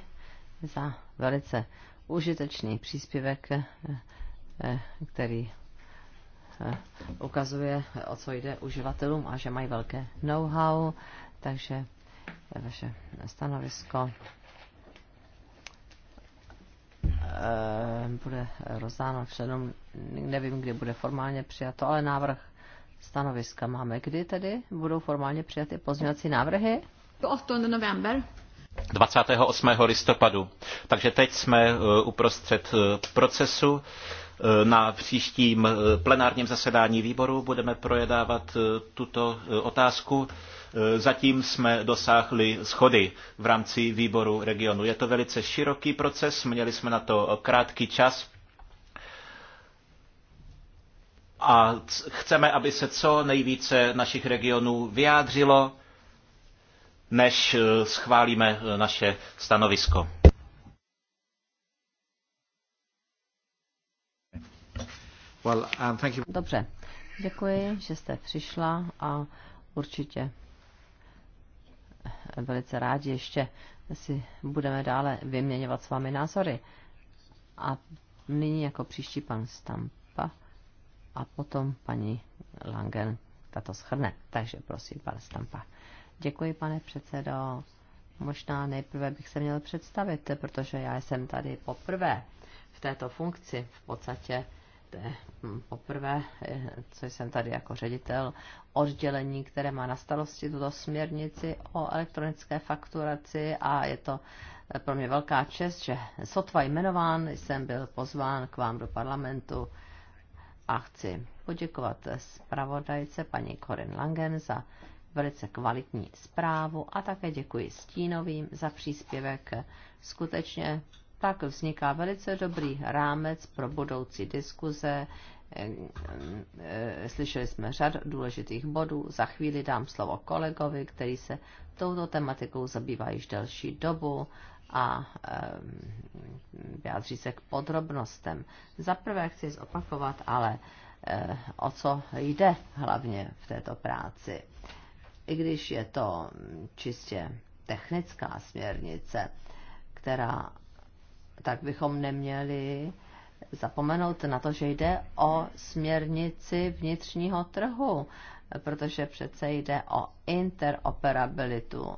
za velice užitečný příspěvek, eh, eh, který eh, ukazuje, o co jde uživatelům a že mají velké know-how, takže vaše stanovisko bude rozdáno členům, nevím, kdy bude formálně přijato, ale návrh stanoviska máme. Kdy tedy budou formálně přijaty pozměňovací návrhy? 8. november. 28. listopadu. Takže teď jsme e, uprostřed e, procesu. E, na příštím plenárním zasedání výboru budeme projednávat tuto otázku. Zatím jsme dosáhli schody v rámci výboru regionu. Je to velice široký proces, měli jsme na to krátký čas, a chceme, aby se co nejvíce našich regionů vyjádřilo než eh, schválíme eh, naše stanovisko. Dobře, děkuji, že jste přišla a určitě velice rádi ještě si budeme dále vyměňovat s vámi názory. A nyní jako příští pan Stampa a potom paní Langen tato schrne. Takže prosím, pan Stampa. Děkuji, pane předsedo. Možná nejprve bych se měl představit, protože já jsem tady poprvé v této funkci. V podstatě to je hm, poprvé, co jsem tady jako ředitel oddělení, které má na starosti tuto směrnici o elektronické fakturaci a je to pro mě velká čest, že sotva jmenován jsem byl pozván k vám do parlamentu a chci poděkovat zpravodajce paní Corin Langen za velice kvalitní zprávu a také děkuji Stínovým za příspěvek. Skutečně tak vzniká velice dobrý rámec pro budoucí diskuze. Slyšeli jsme řad důležitých bodů. Za chvíli dám slovo kolegovi, který se touto tematikou zabývá již delší dobu a vyjádří se k podrobnostem. Za prvé chci zopakovat, ale eh, o co jde hlavně v této práci i když je to čistě technická směrnice, která tak bychom neměli zapomenout na to, že jde o směrnici vnitřního trhu, protože přece jde o interoperabilitu.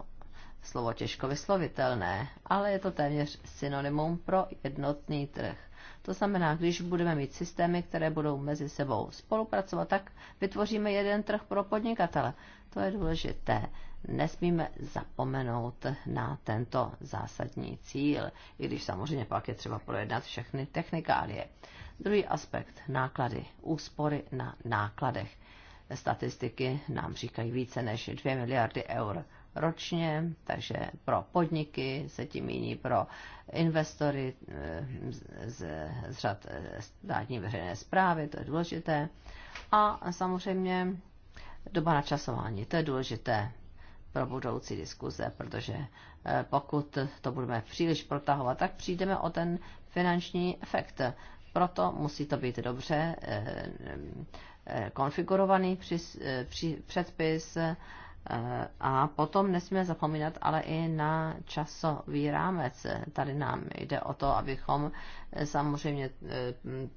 Slovo těžko vyslovitelné, ale je to téměř synonymum pro jednotný trh. To znamená, když budeme mít systémy, které budou mezi sebou spolupracovat, tak vytvoříme jeden trh pro podnikatele. To je důležité. Nesmíme zapomenout na tento zásadní cíl, i když samozřejmě pak je třeba projednat všechny technikálie. Druhý aspekt, náklady, úspory na nákladech. Statistiky nám říkají více než 2 miliardy eur ročně, takže pro podniky se tím míní pro investory eh, z, z řad eh, státní veřejné zprávy, to je důležité. A samozřejmě doba načasování, to je důležité pro budoucí diskuze, protože eh, pokud to budeme příliš protahovat, tak přijdeme o ten finanční efekt. Proto musí to být dobře konfigurovaný při, při, předpis a potom nesmíme zapomínat ale i na časový rámec. Tady nám jde o to, abychom samozřejmě e,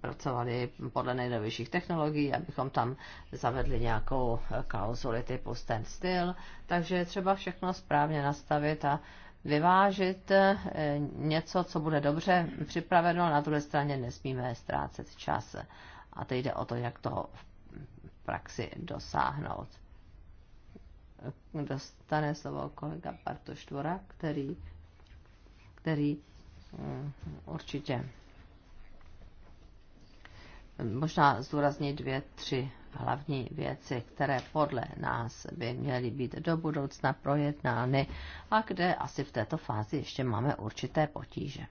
pracovali podle nejnovějších technologií, abychom tam zavedli nějakou klauzuli typu stand still. Takže je třeba všechno správně nastavit a vyvážit e, něco, co bude dobře připraveno, na druhé straně nesmíme ztrácet čas. A teď jde o to, jak to v praxi dosáhnout dostane slovo kolega Bartoš Tvora, který, který eh, určitě možná zdůrazní dvě, tři hlavní věci, které podle nás by měly být do budoucna projednány a kde asi v této fázi ještě máme určité potíže.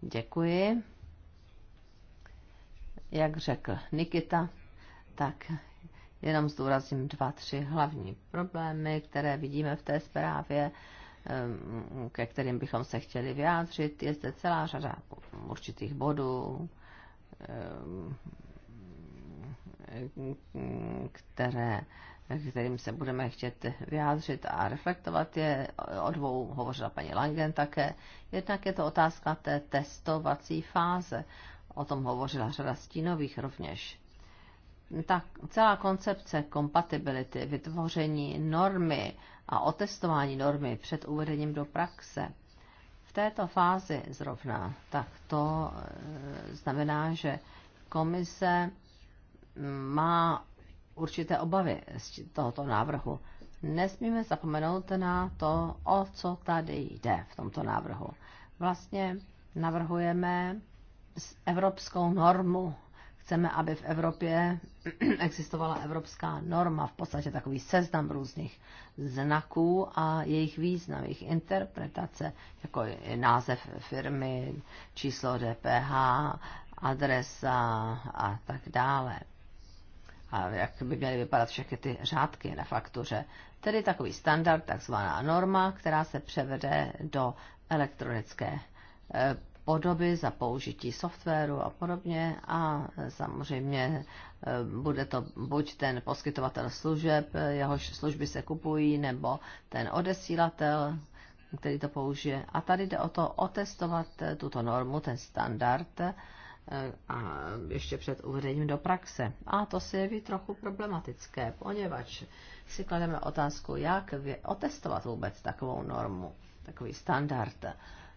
Děkuji. Jak řekl Nikita, tak Jenom zdůrazním dva, tři hlavní problémy, které vidíme v té zprávě, ehm, ke kterým bychom se chtěli vyjádřit. Je zde celá řada určitých bodů, ehm, které, kterým se budeme chtět vyjádřit a reflektovat je. O dvou hovořila paní Langen také. Jednak je to otázka té testovací fáze. O tom hovořila řada stínových rovněž ta celá koncepce kompatibility, vytvoření normy a otestování normy před uvedením do praxe, v této fázi zrovna, tak to eh, znamená, že komise mm, má určité obavy z tohoto návrhu. Nesmíme zapomenout na to, o co tady jde v tomto návrhu. Vlastně navrhujeme evropskou normu Chceme, aby v Evropě (clears throat) existovala evropská norma, v podstatě takový seznam různých znaků a jejich význam, jejich interpretace, jako je název firmy, číslo DPH, adresa a tak dále. A jak by měly vypadat všechny ty řádky na faktuře. Tedy takový standard, takzvaná norma, která se převede do elektronické eh, podoby, za použití softwaru a podobně a samozřejmě e, bude to buď ten poskytovatel služeb, jehož služby se kupují, nebo ten odesílatel, který to použije. A tady jde o to otestovat tuto normu, ten standard, e, a ještě před uvedením do praxe. A to se jeví trochu problematické, poněvadž si klademe otázku, jak otestovat vůbec takovou normu, takový standard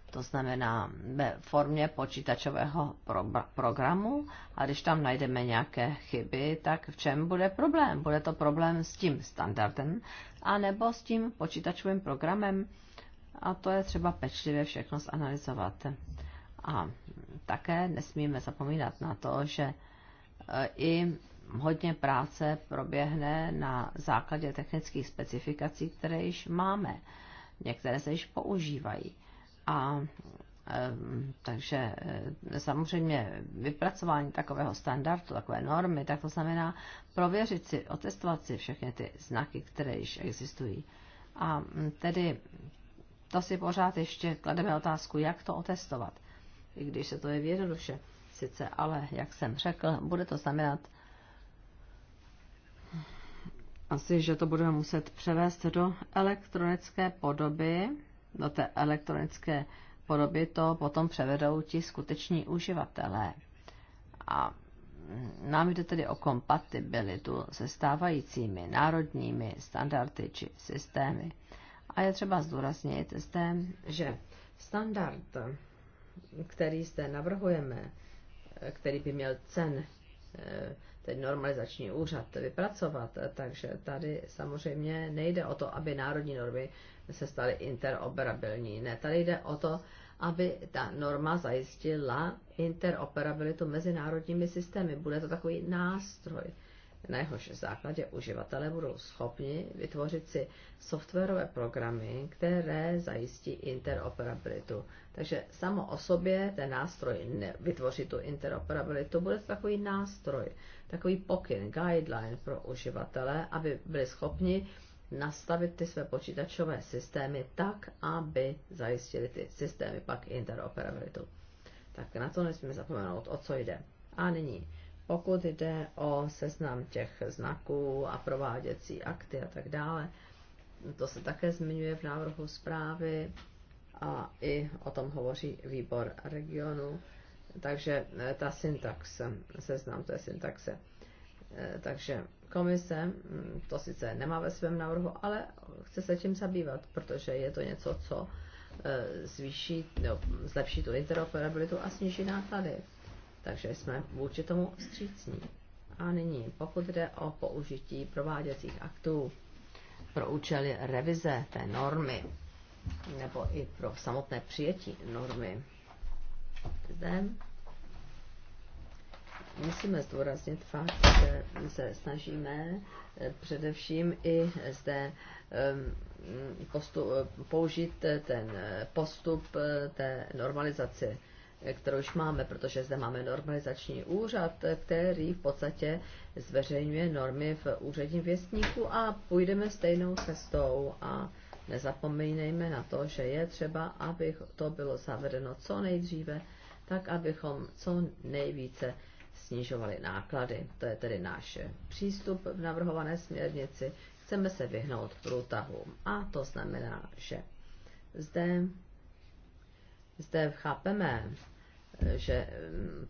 to znamená ve formě počítačového pro, programu a když tam najdeme nějaké chyby, tak v čem bude problém? Bude to problém s tím standardem anebo s tím počítačovým programem a to je třeba pečlivě všechno zanalizovat. A také nesmíme zapomínat na to, že e, i hodně práce proběhne na základě technických specifikací, které již máme. Některé se již používají a eh, takže eh, samozřejmě vypracování takového standardu, takové normy, tak to znamená prověřit si, otestovat si všechny ty znaky, které již existují. A mm, tedy to si pořád ještě klademe otázku, jak to otestovat. I když se to je jednoduše, sice, ale jak jsem řekl, bude to znamenat asi, že to budeme muset převést do elektronické podoby, do té elektronické podoby to potom převedou ti skuteční uživatelé. A nám jde tedy o kompatibilitu se stávajícími národními standardy či systémy. A je třeba zdůraznit zde, že standard, který zde navrhujeme, který by měl cen, eh, ten normalizační úřad vypracovat, takže tady samozřejmě nejde o to, aby národní normy se staly interoperabilní. Ne, tady jde o to, aby ta norma zajistila interoperabilitu mezinárodními systémy. Bude to takový nástroj, na jehož základě uživatelé budou schopni vytvořit si softwarové programy, které zajistí interoperabilitu. Takže samo o sobě ten nástroj vytvoří tu interoperabilitu, bude to takový nástroj, takový pokyn, guideline pro uživatele, aby byli schopni nastavit ty své počítačové systémy tak, aby zajistili ty systémy pak interoperabilitu. Tak na to nesmíme zapomenout, o co jde. A nyní, pokud jde o seznam těch znaků a prováděcí akty a tak dále, to se také zmiňuje v návrhu zprávy a i o tom hovoří výbor regionu. Takže eh, ta syntax, seznam, to je syntaxe. Eh, takže komise mm, to sice nemá ve svém návrhu, ale chce se tím zabývat, protože je to něco, co eh, zvýší, no, zlepší tu interoperabilitu a sníží náklady. Takže jsme vůči tomu vstřícní. A nyní, pokud jde o použití prováděcích aktů pro účely revize té normy, nebo i pro samotné přijetí normy, zde musíme zdůraznit fakt, že se snažíme eh, především i zde ehm, eh, eh, postup, použít ten postup té normalizace, kterou už máme, protože zde máme normalizační úřad, který v podstatě zveřejňuje normy v úředním věstníku a půjdeme stejnou cestou a nezapomeňme na to, že je třeba, aby to bylo zavedeno co nejdříve, tak abychom co nejvíce snižovaly náklady. To je tedy náš přístup v navrhované směrnici. Chceme se vyhnout průtahům a to znamená, že zde, zde chápeme, že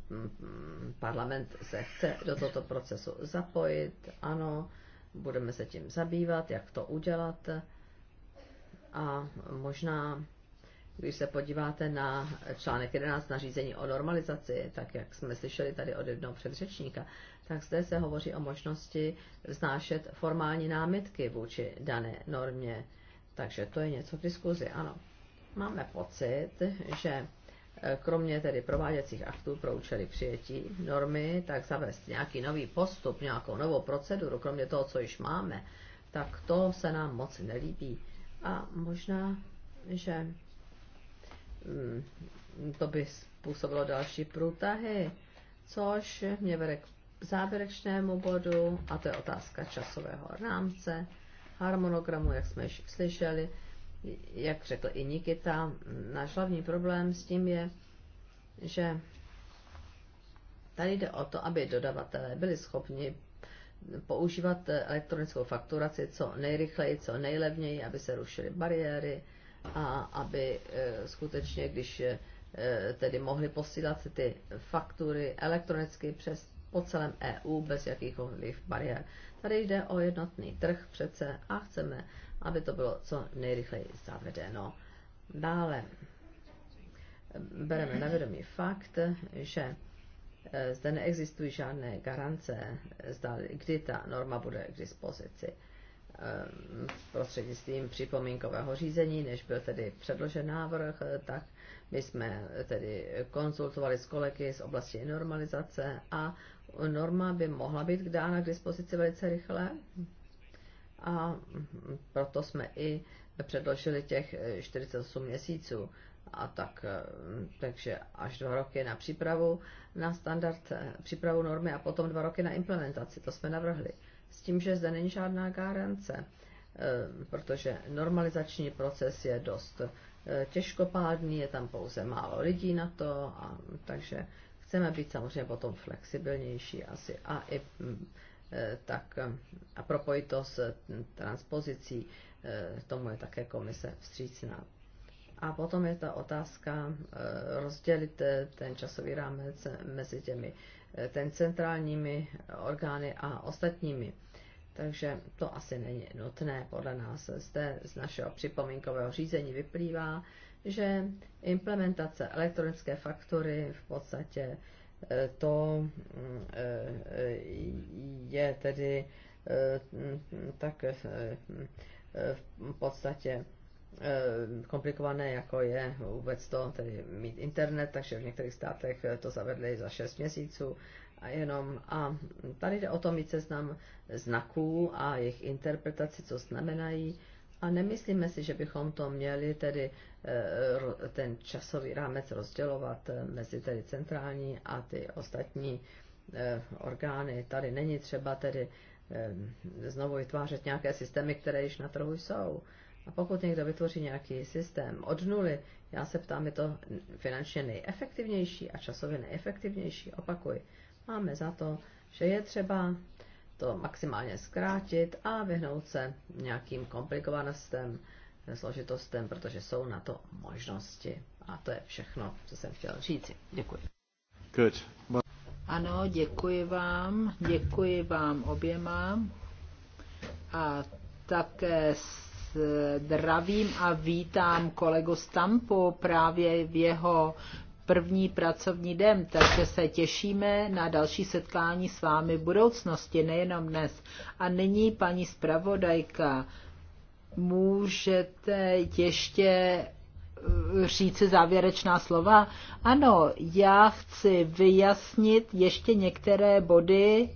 mm, mm, parlament se chce do tohoto procesu zapojit. Ano, budeme se tím zabývat, jak to udělat. A možná když se podíváte na článek 11 řízení o normalizaci, tak jak jsme slyšeli tady od jednoho předřečníka, tak zde se hovoří o možnosti vznášet formální námitky vůči dané normě. Takže to je něco k diskuzi, ano. Máme pocit, že eh, kromě tedy prováděcích aktů pro účely přijetí normy, tak zavést nějaký nový postup, nějakou novou proceduru, kromě toho, co již máme, tak to se nám moc nelíbí. A možná, že Mm, to by způsobilo další průtahy, což mě vede k závěrečnému bodu, a to je otázka časového rámce, harmonogramu, jak jsme již slyšeli, jak řekl i Nikita, náš hlavní problém s tím je, že tady jde o to, aby dodavatelé byli schopni používat elektronickou fakturaci co nejrychleji, co nejlevněji, aby se rušily bariéry, a aby e, skutečně, když e, tedy mohli posílat ty faktury elektronicky přes po celém EU bez jakýchkoliv bariér. Tady jde o jednotný trh přece a chceme, aby to bylo co nejrychleji zavedeno. Dále bereme na vědomí fakt, že e, zde neexistují žádné garance, kdy ta norma bude k dispozici. Ehm, prostřednictvím připomínkového řízení, než byl tedy předložen návrh, eh, tak my jsme tedy konzultovali s kolegy z oblasti normalizace a norma by mohla být dána k dispozici velice rychle a proto jsme i předložili těch 48 eh, měsíců a tak, eh, takže až dva roky na přípravu na standard, přípravu normy a potom dva roky na implementaci, to jsme navrhli s tím, že zde není žádná garance, eh, protože normalizační proces je dost eh, těžkopádný, je tam pouze málo lidí na to, a, takže chceme být samozřejmě potom flexibilnější asi a i mm, eh, tak a propojit to s mm, transpozicí, tomu je také komise vstřícná. A potom je ta otázka rozdělit ten časový rámec mezi těmi Eh, ten centrálními orgány a ostatními. Takže to asi není nutné. Podle nás zde z našeho připomínkového řízení vyplývá, že implementace elektronické faktury v podstatě eh, to mm, eh, je tedy mm, tak mm, v podstatě Eh, komplikované, jako je vůbec to, tedy mít internet, takže v některých státech eh, to zavedli za 6 měsíců a jenom. A tady jde o to mít seznam znaků a jejich interpretaci, co znamenají. A nemyslíme si, že bychom to měli tedy eh, ten časový rámec rozdělovat mezi tedy centrální a ty ostatní orgány. Tady není třeba tedy znovu vytvářet nějaké systémy, které již na trhu jsou. A pokud někdo vytvoří nějaký systém od nuly, já se ptám, je to finančně nejefektivnější a časově nejefektivnější? Opakuji, máme za to, že je třeba to maximálně zkrátit a vyhnout se nějakým komplikovanostem, složitostem, protože jsou na to možnosti. A to je všechno, co jsem chtěl říci. Děkuji. Good. Well... Ano, děkuji vám, děkuji vám oběma a také zdravím a vítám kolegu Stampu právě v jeho první pracovní den, takže se těšíme na další setkání s vámi v budoucnosti, nejenom dnes. A nyní, paní zpravodajka, můžete ještě eh, říci závěrečná slova? Ano, já chci vyjasnit ještě některé body,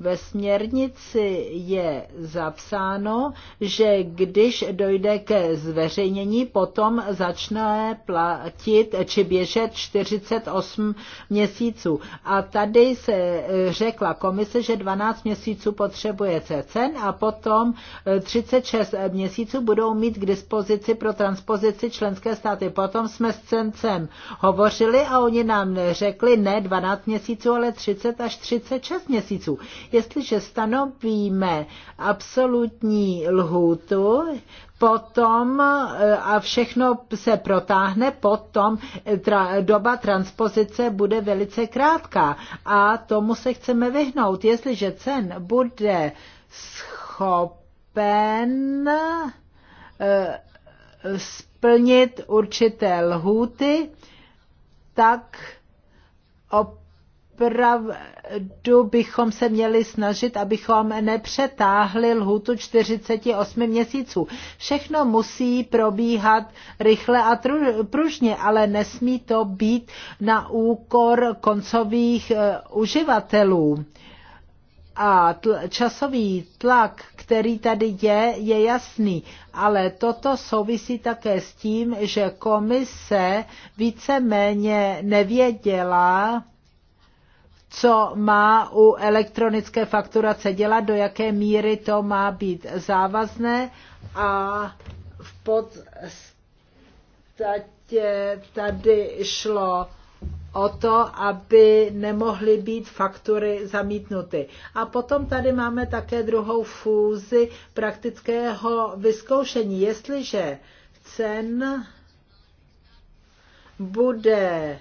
ve směrnici je zapsáno, že když dojde ke zveřejnění, potom začne platit či běžet 48 měsíců. A tady se eh, řekla komise, že 12 měsíců potřebuje cen a potom 36 eh, měsíců budou mít k dispozici pro transpozici členské státy. Potom jsme s cencem hovořili a oni nám řekli ne 12 měsíců, ale 30 až 36 měsíců. Jestliže stanovíme absolutní lhůtu, potom eh, a všechno se protáhne, potom eh, tra, doba transpozice bude velice krátká a tomu se chceme vyhnout. Jestliže cen bude schopen eh, splnit určité lhůty, tak op opravdu bychom se měli snažit, abychom nepřetáhli lhutu 48 měsíců. Všechno musí probíhat rychle a pružně, ale nesmí to být na úkor koncových eh, uživatelů a tl- časový tlak, který tady je, je jasný. Ale toto souvisí také s tím, že komise víceméně nevěděla, co má u elektronické fakturace dělat, do jaké míry to má být závazné a v podstatě tady šlo o to, aby nemohly být faktury zamítnuty. A potom tady máme také druhou fúzi praktického vyzkoušení. Jestliže cen bude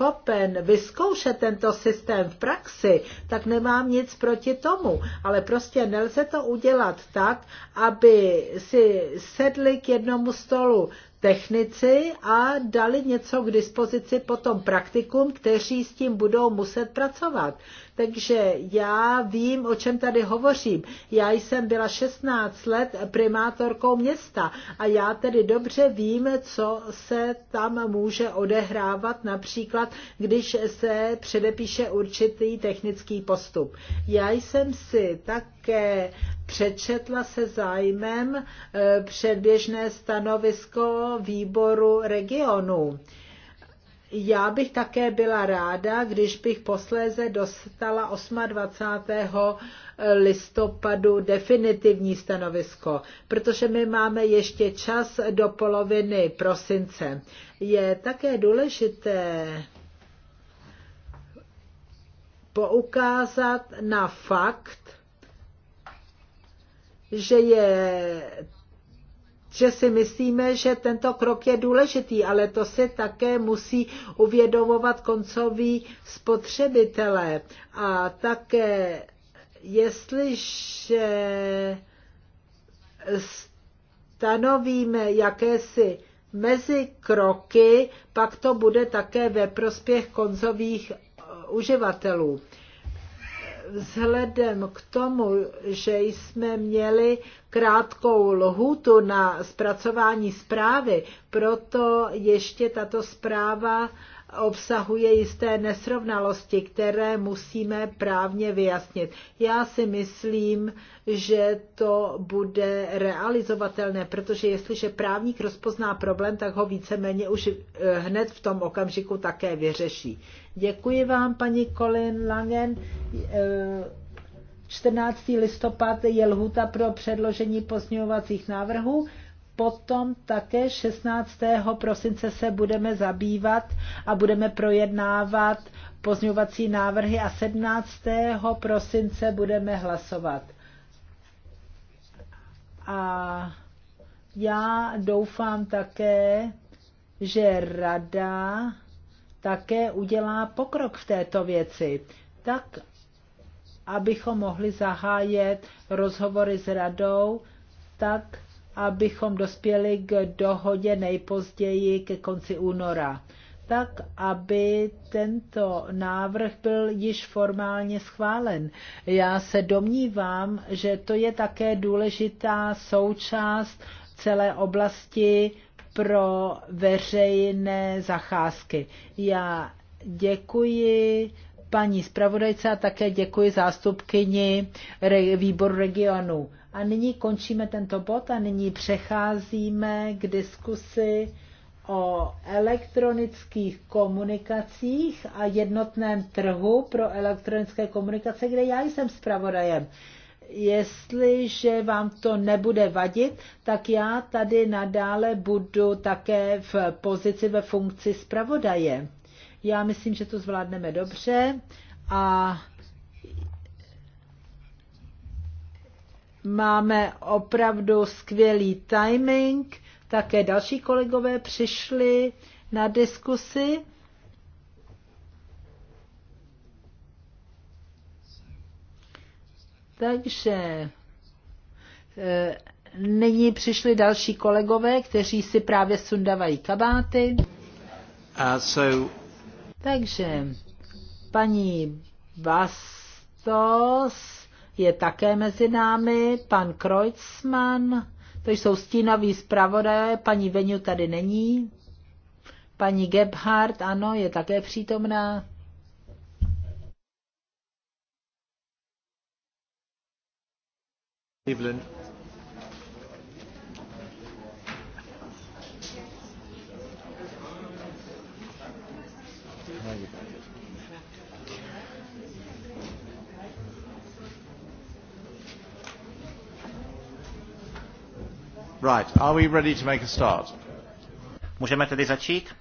schopen vyzkoušet tento systém v praxi, tak nemám nic proti tomu. Ale prostě nelze to udělat tak, aby si sedli k jednomu stolu technici a dali něco k dispozici potom praktikům, kteří s tím budou muset pracovat takže já vím, o čem tady hovořím. Já jsem byla 16 let primátorkou města a já tedy dobře vím, co se tam může odehrávat, například když se předepíše určitý technický postup. Já jsem si také přečetla se zájmem eh, předběžné stanovisko výboru regionu já bych také byla ráda, když bych posléze dostala 28. listopadu definitivní stanovisko, protože my máme ještě čas do poloviny prosince. Je také důležité poukázat na fakt, že je že si myslíme, že tento krok je důležitý, ale to si také musí uvědomovat koncoví spotřebitelé. A také, jestliže stanovíme jakési mezi kroky, pak to bude také ve prospěch koncových e, uživatelů vzhledem k tomu, že jsme měli krátkou lhůtu na zpracování zprávy, proto ještě tato zpráva obsahuje jisté nesrovnalosti, které musíme právně vyjasnit. Já si myslím, že to bude realizovatelné, protože jestliže právník rozpozná problém, tak ho víceméně už eh, hned v tom okamžiku také vyřeší. Děkuji vám, paní Colin Langen. 14. Eh, listopad je lhuta pro předložení pozměňovacích návrhů potom také 16. prosince se budeme zabývat a budeme projednávat pozňovací návrhy a 17. prosince budeme hlasovat. A já doufám také, že rada také udělá pokrok v této věci, tak abychom mohli zahájet rozhovory s radou, tak abychom dospěli k dohodě nejpozději ke konci února tak, aby tento návrh byl již formálně schválen. Já se domnívám, že to je také důležitá součást celé oblasti pro veřejné zacházky. Já děkuji paní zpravodajce a také děkuji zástupkyni výboru regionu. A nyní končíme tento bod a nyní přecházíme k diskusi o elektronických komunikacích a jednotném trhu pro elektronické komunikace, kde já jsem zpravodajem. Jestliže vám to nebude vadit, tak já tady nadále budu také v pozici ve funkci zpravodaje. Já myslím, že to zvládneme dobře a Máme opravdu skvělý timing, také další kolegové přišli na diskusi. Takže eh, nyní přišli další kolegové, kteří si právě sundavají kabáty. Uh, so... Takže paní Bastos je také mezi námi, pan Kreutzmann, to jsou stínoví zpravodajové, paní Veniu tady není, paní Gebhardt, ano, je také přítomná. Evelyn. Right, are we ready to make a start? Můžeme tedy začít?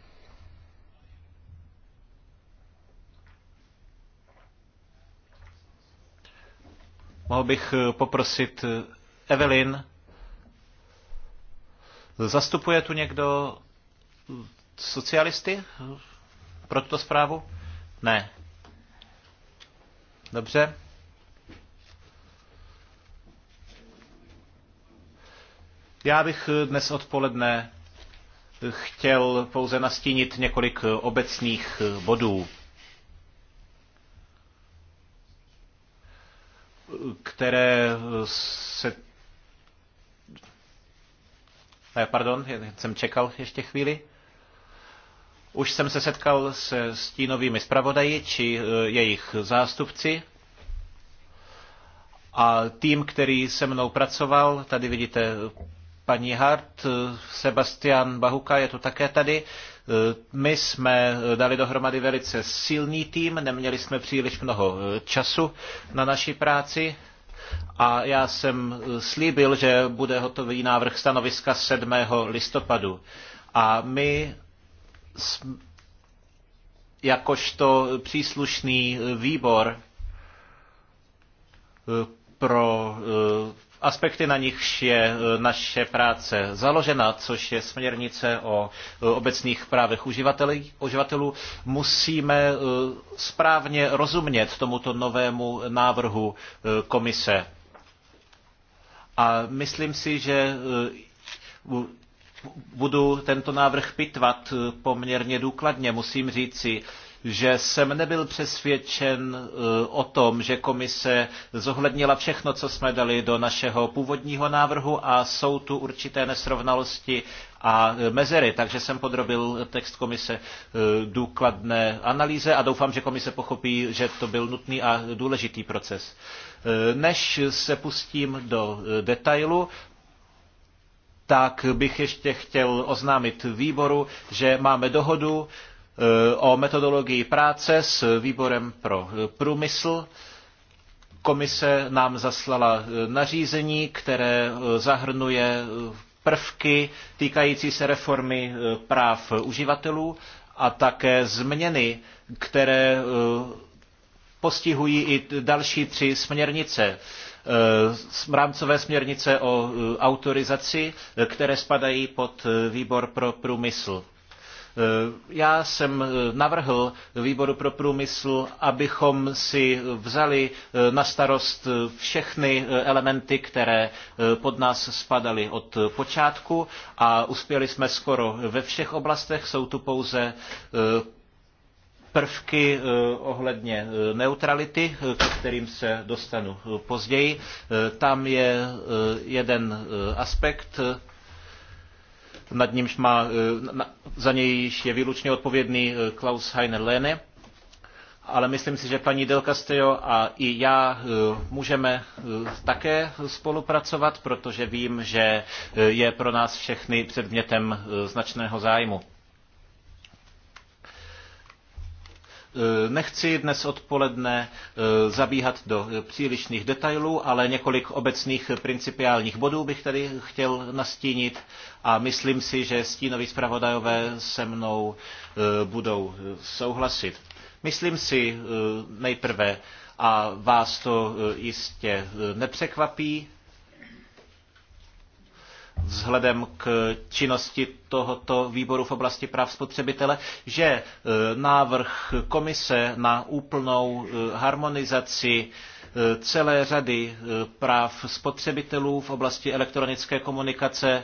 Mohl bych eh, poprosit eh, Evelyn. Zastupuje tu někdo eh, socialisty pro tuto zprávu? Ne. Dobře. Já bych eh, dnes odpoledne eh, chtěl pouze nastínit několik eh, obecných bodů, které se. Pardon, jsem čekal ještě chvíli. Už jsem se setkal se stínovými zpravodaji či jejich zástupci. A tým, který se mnou pracoval, tady vidíte paní Hart, eh, Sebastian Bahuka je tu také tady. Eh, my jsme eh, dali dohromady velice silný tým, neměli jsme příliš mnoho času na naši práci a já jsem slíbil, že bude hotový návrh stanoviska 7. listopadu. A my jakožto příslušný výbor pro aspekty, na nichž je e, naše práce založena, což je směrnice o e, obecných právech uživatelů, musíme e, správně rozumět tomuto novému návrhu komise. A myslím si, že budu tento návrh pitvat poměrně důkladně. Musím říci, že jsem nebyl přesvědčen eh, o tom, že komise zohlednila všechno, co jsme dali do našeho původního návrhu a jsou tu určité nesrovnalosti a eh, mezery, takže jsem podrobil text komise eh, důkladné analýze a doufám, že komise pochopí, že to byl nutný a důležitý proces. Než se pustím do detailu, tak bych ještě chtěl oznámit výboru, že máme dohodu Eh, o metodologii práce s výborem pro eh, průmysl. Komise nám zaslala eh, nařízení, které zahrnuje prvky týkající se reformy práv uživatelů a také změny, které postihují i další tři směrnice rámcové směrnice o autorizaci, které spadají pod výbor pro průmysl. Eh, já jsem eh, navrhl výboru pro průmysl, abychom si vzali eh, na starost všechny elementy, které pod nás spadaly od počátku a uspěli jsme skoro ve všech oblastech. Jsou tu pouze prvky ohledně neutrality, ke kterým se dostanu později. Tam je jeden aspekt, nad nímž má, e, za něj je výlučně odpovědný e, Klaus Heiner Lehne. Ale myslím si, že paní Del Castillo a i já e, můžeme také spolupracovat, protože vím, že je pro nás všechny předmětem značného zájmu. Eh, nechci dnes odpoledne eh, zabíhat do eh, přílišných detailů, ale několik obecných principiálních bodů bych tady chtěl nastínit a myslím si, že stínoví zpravodajové se mnou budou souhlasit. Myslím si nejprve, a vás to jistě nepřekvapí, vzhledem k činnosti tohoto výboru v oblasti práv spotřebitele, že e, návrh komise na úplnou e, harmonizaci e, celé řady práv spotřebitelů v oblasti elektronické komunikace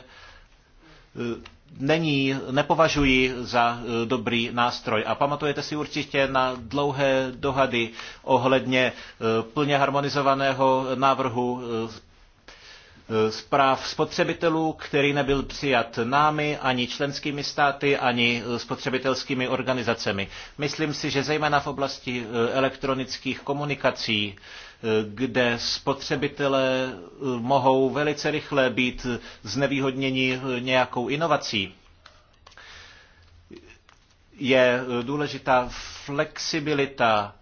není, nepovažuji za dobrý nástroj. A pamatujete si určitě na dlouhé dohady ohledně plně harmonizovaného návrhu Eh, zpráv spotřebitelů, který nebyl přijat námi, ani členskými státy, ani eh, spotřebitelskými organizacemi. Myslím si, že zejména v oblasti eh, elektronických komunikací, kde spotřebitelé mohou velice rychle být znevýhodněni nějakou inovací, je důležitá flexibilita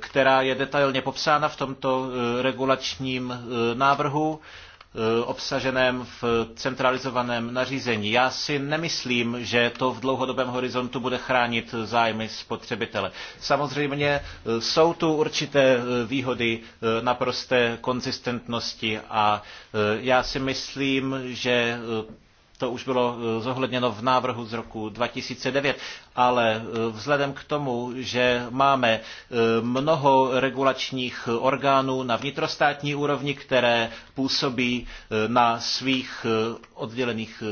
která je detailně popsána v tomto eh, regulačním eh, návrhu eh, obsaženém v centralizovaném nařízení. Já si nemyslím, že to v dlouhodobém horizontu bude chránit zájmy spotřebitele. Samozřejmě jsou tu určité výhody naprosté konzistentnosti a já si myslím, že to už bylo eh, zohledněno v návrhu z roku 2009, ale eh, vzhledem k tomu, že máme eh, mnoho regulačních orgánů na vnitrostátní úrovni, které působí na svých oddělených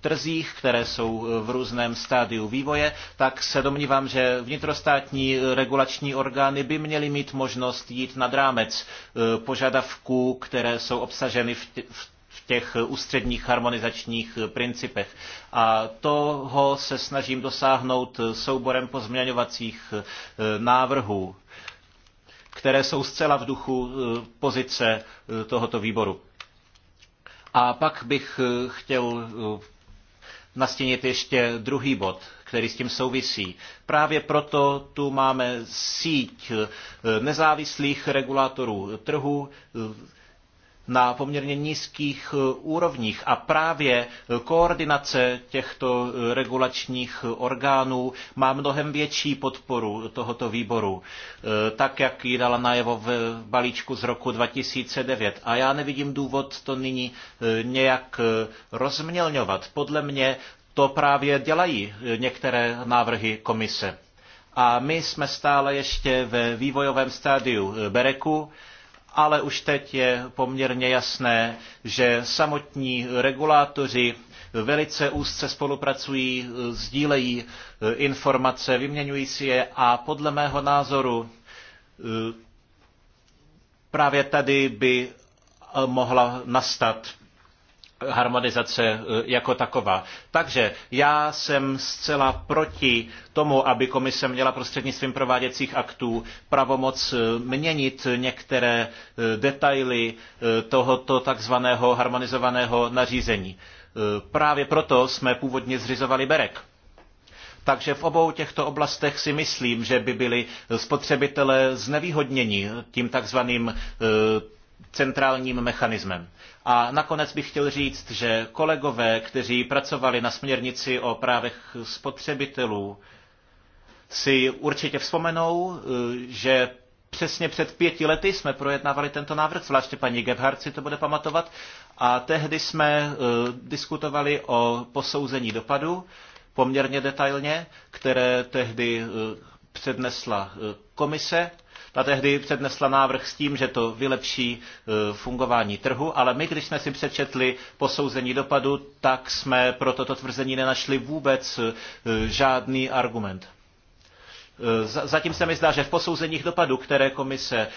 trzích, které jsou v různém stádiu vývoje, tak se domnívám, že vnitrostátní regulační orgány by měly mít možnost jít nad rámec požadavků, které jsou obsaženy v těch ústředních harmonizačních principech. A toho se snažím dosáhnout souborem pozměňovacích eh, návrhů, které jsou zcela v duchu eh, pozice eh, tohoto výboru. A pak bych chtěl nastínit ještě druhý bod, který s tím souvisí. Právě proto tu máme síť nezávislých regulátorů trhu na poměrně nízkých eh, úrovních a právě eh, koordinace těchto eh, regulačních orgánů má mnohem větší podporu tohoto výboru, tak jak ji dala najevo v balíčku z roku 2009. A já nevidím důvod to nyní nějak rozmělňovat. Podle mě to právě dělají některé návrhy komise. A my jsme stále ještě ve vývojovém stádiu Bereku, ale už teď je poměrně jasné, že samotní regulátoři velice úzce spolupracují, sdílejí e, informace, vyměňují si je a podle mého názoru e, právě tady by e, mohla nastat harmonizace eh, jako taková. Takže já jsem zcela proti tomu, aby komise měla prostřednictvím prováděcích aktů pravomoc eh, měnit některé eh, detaily tohoto takzvaného harmonizovaného nařízení. Právě proto jsme původně zřizovali BEREK. Takže v obou těchto oblastech si myslím, že by byli spotřebitelé znevýhodněni tím takzvaným centrálním mechanismem. A nakonec bych chtěl říct, že kolegové, kteří pracovali na směrnici o právech spotřebitelů, si určitě vzpomenou, e, že přesně před pěti lety jsme projednávali tento návrh, zvláště paní Gebhardt si to bude pamatovat, a tehdy jsme e, diskutovali o posouzení dopadu poměrně detailně, které tehdy e, přednesla komise ta tehdy přednesla návrh s tím, že to vylepší e, fungování trhu, ale my, když jsme si přečetli posouzení dopadu, tak jsme pro toto tvrzení nenašli vůbec e, žádný argument. Eh, zatím se mi zdá, že v posouzeních dopadů, které komise eh,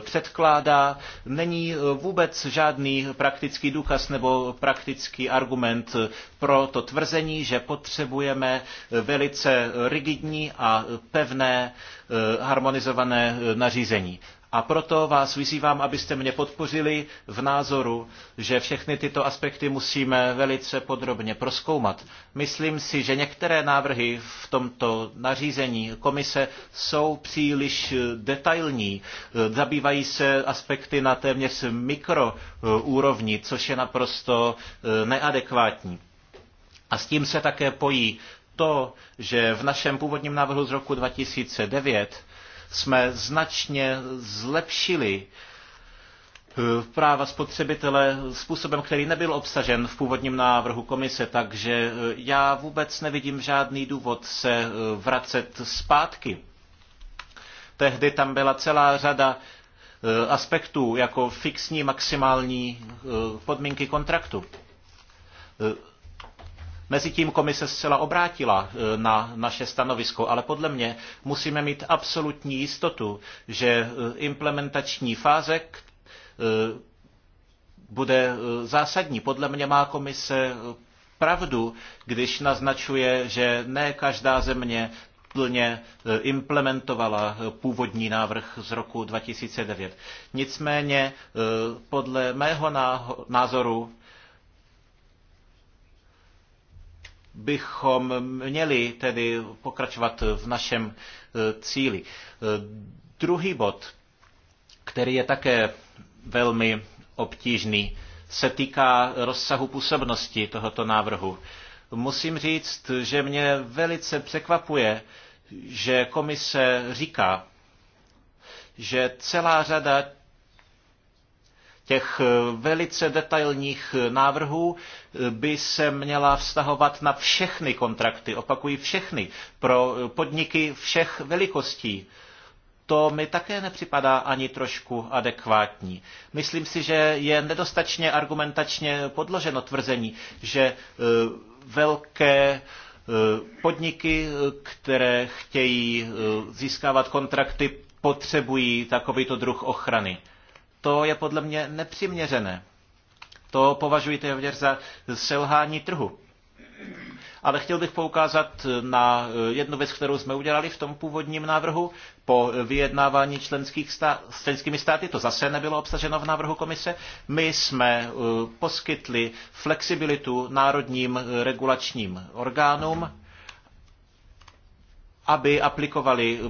předkládá, není eh, vůbec žádný praktický důkaz nebo praktický argument pro to tvrzení, že potřebujeme velice rigidní a pevné harmonizované nařízení. A proto vás vyzývám, abyste mě podpořili v názoru, že všechny tyto aspekty musíme velice podrobně proskoumat. Myslím si, že některé návrhy v tomto nařízení komise jsou příliš detailní. Zabývají se aspekty na téměř mikroúrovni, což je naprosto eh, neadekvátní. A s tím se také pojí to, že v našem původním návrhu z roku 2009 jsme značně zlepšili eh, práva spotřebitele způsobem, který nebyl obsažen v původním návrhu komise, takže eh, já vůbec nevidím žádný důvod se eh, vracet zpátky. Tehdy tam byla celá řada aspektů, jako fixní maximální podmínky kontraktu. Mezitím komise zcela obrátila e, na naše stanovisko, ale podle mě musíme mít absolutní jistotu, že e, implementační fáze e, bude zásadní. Podle mě má komise pravdu, když naznačuje, že ne každá země plně implementovala původní návrh z roku 2009. Nicméně podle mého názoru bychom měli tedy pokračovat v našem e, cíli. E, druhý bod, který je také velmi obtížný, se týká rozsahu působnosti tohoto návrhu. Musím říct, že mě velice překvapuje, že komise říká, že celá řada těch eh, velice detailních eh, návrhů eh, by se měla vztahovat na všechny kontrakty, opakují všechny, pro podniky všech velikostí to mi také nepřipadá ani trošku adekvátní. Myslím si, že je nedostačně argumentačně podloženo tvrzení, že velké podniky, které chtějí získávat kontrakty, potřebují takovýto druh ochrany to je podle mě nepřiměřené. To považuji téměř za selhání trhu. Ale chtěl bych poukázat na eh, jednu věc, kterou jsme udělali v tom původním návrhu. Po vyjednávání členských stát, s členskými státy, to zase nebylo obsaženo v návrhu komise, my jsme eh, poskytli flexibilitu národním eh, regulačním orgánům, aby aplikovali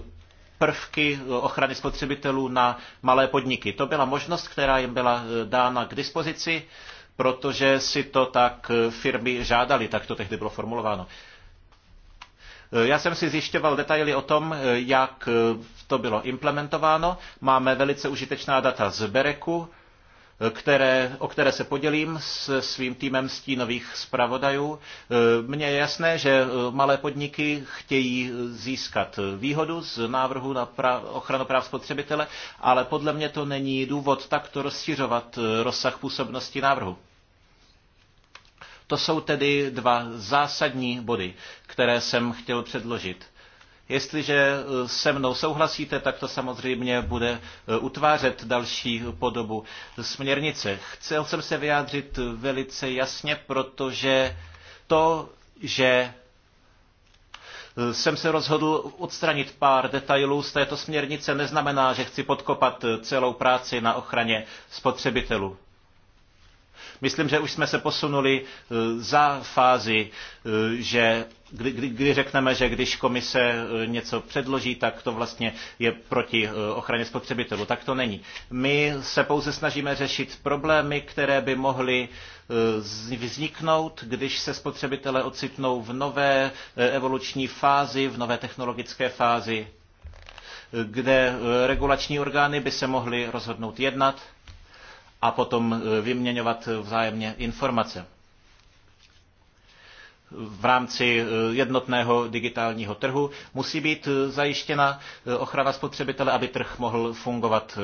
prvky ochrany spotřebitelů na malé podniky. To byla možnost, která jim byla eh, dána k dispozici, protože si to tak eh, firmy žádali, tak to tehdy bylo formulováno. Eh, já jsem si zjišťoval detaily o tom, jak to bylo implementováno. Máme velice užitečná data z Bereku, které, o které se podělím s svým týmem stínových zpravodajů. E, mně je jasné, že e, malé podniky chtějí získat výhodu z návrhu na ochranu práv spotřebitele, ale podle mě to není důvod takto rozšiřovat e, rozsah působnosti návrhu. To jsou tedy dva zásadní body, které jsem chtěl předložit. Jestliže e, se mnou souhlasíte, tak to samozřejmě bude e, utvářet další podobu směrnice. Chcel jsem se vyjádřit velice jasně, protože to, že e, jsem se rozhodl odstranit pár detailů z této směrnice, neznamená, že chci podkopat celou práci na ochraně spotřebitelů. Myslím, že už jsme se posunuli eh, za fázi, eh, že kdy, kdy, kdy řekneme, že když komise eh, něco předloží, tak to vlastně je proti ochraně spotřebitelů. Tak to není. My se pouze snažíme řešit problémy, které by mohly vzniknout, když se spotřebitelé ocitnou v nové evoluční fázi, v nové technologické fázi, kde regulační orgány by se mohly rozhodnout jednat a potom eh, vyměňovat vzájemně informace v rámci eh, jednotného digitálního trhu musí být eh, zajištěna ochrana spotřebitele, aby trh mohl fungovat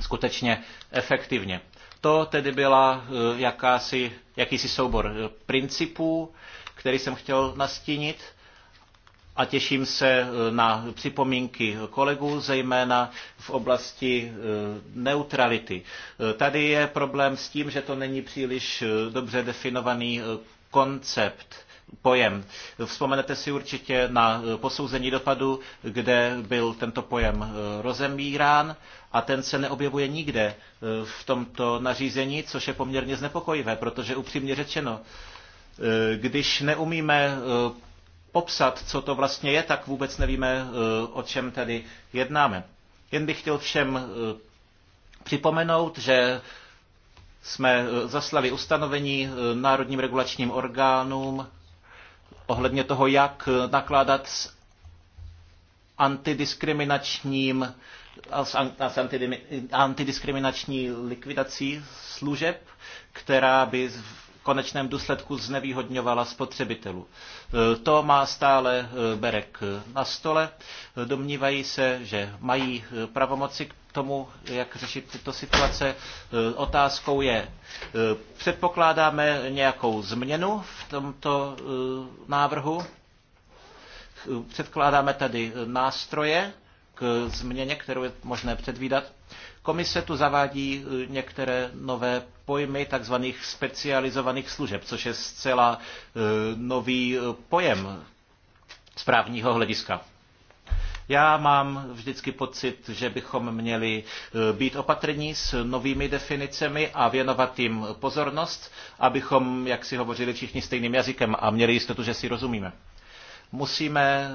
skutečně efektivně. To tedy byla jakási, jakýsi soubor principů, který jsem chtěl nastínit a těším se eh, na připomínky kolegů, zejména v oblasti eh, neutrality. Eh, tady je problém s tím, že to není příliš dobře definovaný koncept pojem. Vzpomenete si určitě na posouzení dopadu, kde byl tento pojem rozemírán a ten se neobjevuje nikde v tomto nařízení, což je poměrně znepokojivé, protože upřímně řečeno, když neumíme popsat, co to vlastně je, tak vůbec nevíme, eh, o čem tady jednáme. Jen bych chtěl všem eh, připomenout, že jsme eh, zaslali ustanovení národním regulačním orgánům ohledně toho, jak nakládat s antidiskriminačním s antidiskriminační likvidací služeb, která by konečném důsledku znevýhodňovala spotřebitelů. E, to má stále e, Berek e, na stole. Domnívají se, že mají pravomoci k tomu, jak řešit tyto situace. Otázkou je, předpokládáme nějakou změnu v tomto návrhu? Předkládáme tady nástroje k změně, kterou je možné předvídat. Komise tu zavádí eh, některé nové pojmy tzv. specializovaných služeb, což je zcela eh, nový eh, pojem z hlediska. Já mám vždycky pocit, že bychom měli být opatrní s novými definicemi a věnovat jim pozornost, abychom, jak si hovořili všichni stejným jazykem a měli jistotu, že si rozumíme. Musíme e,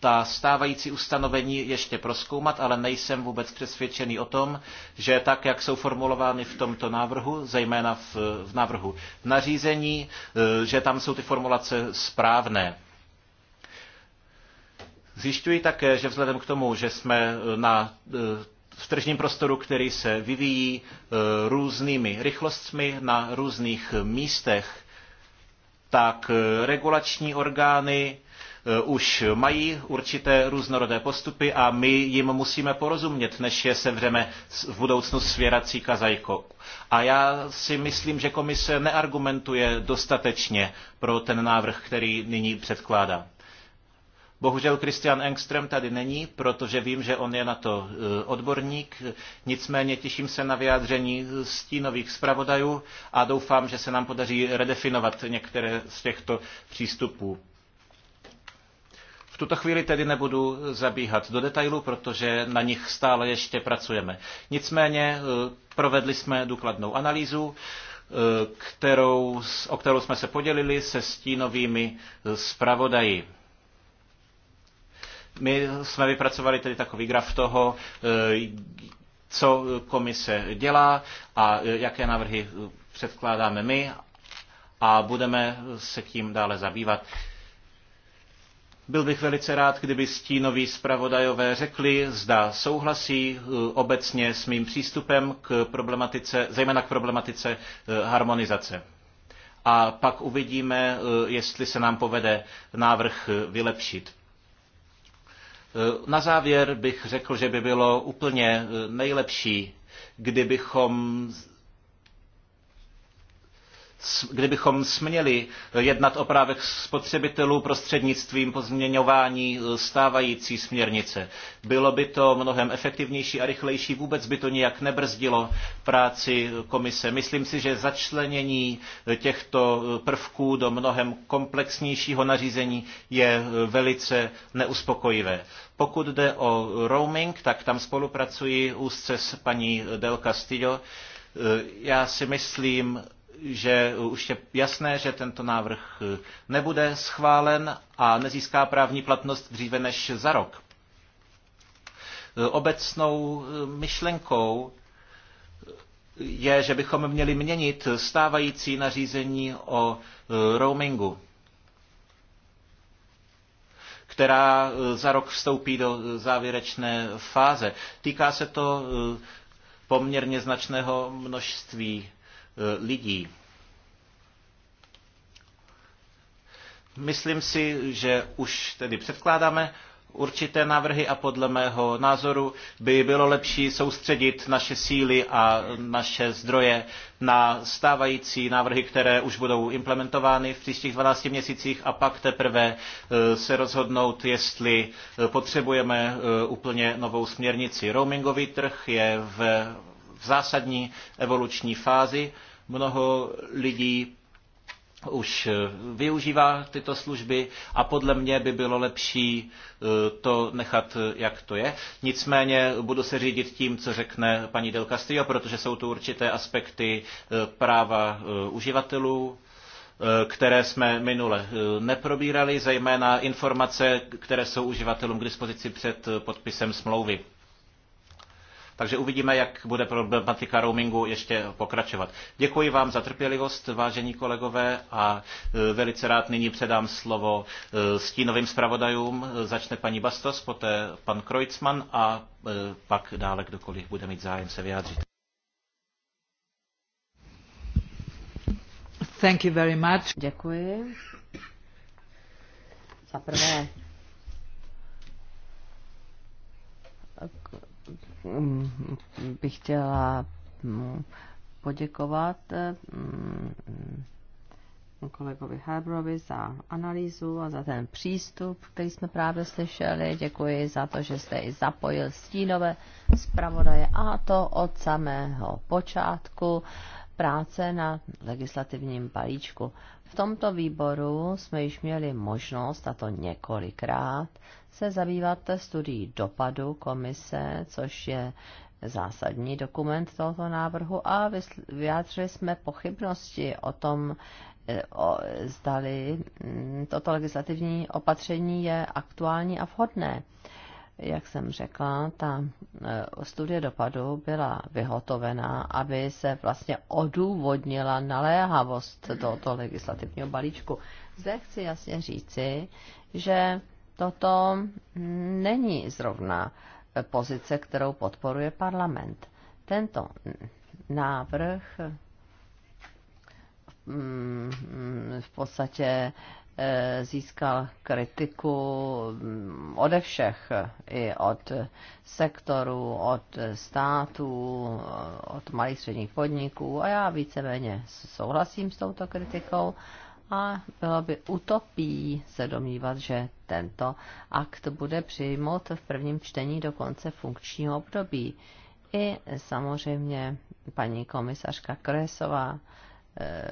ta stávající ustanovení ještě proskoumat, ale nejsem vůbec přesvědčený o tom, že tak, jak jsou formulovány v tomto návrhu, zejména v, v návrhu nařízení, e, že tam jsou ty formulace správné. Zjišťuji také, že vzhledem k tomu, že jsme na e, v tržním prostoru, který se vyvíjí různými rychlostmi na různých místech, tak regulační orgány Eh, už mají určité různorodé postupy a my jim musíme porozumět, než je sevřeme v budoucnu svěracíka za A já si myslím, že komise neargumentuje dostatečně pro ten návrh, který nyní předkládá. Bohužel Christian Engström tady není, protože vím, že on je na to eh, odborník, nicméně těším se na vyjádření stínových zpravodajů a doufám, že se nám podaří redefinovat některé z těchto přístupů tuto chvíli tedy nebudu zabíhat do detailů, protože na nich stále ještě pracujeme. Nicméně eh, provedli jsme důkladnou analýzu, eh, kterou, o kterou jsme se podělili se stínovými eh, zpravodaji. My jsme vypracovali tedy takový graf toho, co komise dělá a jaké návrhy předkládáme my a budeme se tím dále zabývat. Byl bych velice rád, kdyby stínoví zpravodajové řekli, zda souhlasí eh, obecně s mým přístupem k problematice, zejména k problematice eh, harmonizace. A pak uvidíme, eh, jestli se nám povede návrh vylepšit. Na závěr bych řekl, že by bylo úplně nejlepší, kdybychom kdybychom směli jednat o právech spotřebitelů prostřednictvím pozměňování e, stávající směrnice. Bylo by to mnohem efektivnější a rychlejší, vůbec by to nijak nebrzdilo práci komise. Myslím si, že začlenění těchto e, prvků do mnohem komplexnějšího nařízení je e, velice neuspokojivé. Pokud jde o roaming, tak tam spolupracuji úzce s paní Del Castillo. Já si myslím, že už je jasné, že tento návrh eh, nebude schválen a nezíská právní platnost dříve než za rok. Eh, obecnou eh, myšlenkou je, že bychom měli měnit stávající nařízení o roamingu, která za rok vstoupí do závěrečné fáze. Týká se to poměrně značného množství E, lidí. Myslím si, že už tedy předkládáme určité návrhy a podle mého názoru by bylo lepší soustředit naše síly a naše zdroje na stávající návrhy, které už budou implementovány v příštích 12 měsících a pak teprve e, se rozhodnout, jestli e, potřebujeme úplně novou směrnici. Roamingový trh je v v zásadní evoluční fázi. Mnoho lidí už eh, využívá tyto služby a podle mě by bylo lepší eh, to nechat, eh, jak to je. Nicméně budu se řídit tím, co řekne paní Del Castillo, protože jsou tu určité aspekty práva uživatelů, které jsme minule neprobírali, zejména informace, které jsou uživatelům k dispozici před podpisem smlouvy. Takže uvidíme, jak bude problematika roamingu ještě pokračovat. Děkuji vám za trpělivost, vážení kolegové, a e, velice rád nyní předám slovo e, stínovým zpravodajům. Začne paní Bastos, poté pan Kreutzmann a e, pak dále kdokoliv bude mít zájem se vyjádřit. Thank you very much. Děkuji. Za prvé Mm, bych chtěla mm, poděkovat mm, kolegovi Herbrovi za analýzu a za ten přístup, který jsme právě slyšeli. Děkuji za to, že jste i zapojil stínové zpravodaje a to od samého počátku práce na legislativním balíčku. V tomto výboru jsme již měli možnost, a to několikrát, se zabývat studií dopadu komise, což je zásadní dokument tohoto návrhu a vyjádřili jsme pochybnosti o tom, e, o, zdali mm, toto legislativní opatření je aktuální a vhodné. Jak jsem řekla, ta e, studie dopadu byla vyhotovená, aby se vlastně odůvodnila naléhavost tohoto legislativního balíčku. Zde chci jasně říci, že toto není zrovna pozice, kterou podporuje parlament. Tento návrh mm, v podstatě eh, získal kritiku mm, ode všech, i od sektorů, od států, od malých středních podniků a já víceméně souhlasím s touto kritikou a bylo by utopí se domnívat, že tento akt bude přijmout v prvním čtení do konce funkčního období. I samozřejmě paní komisařka Kresová e,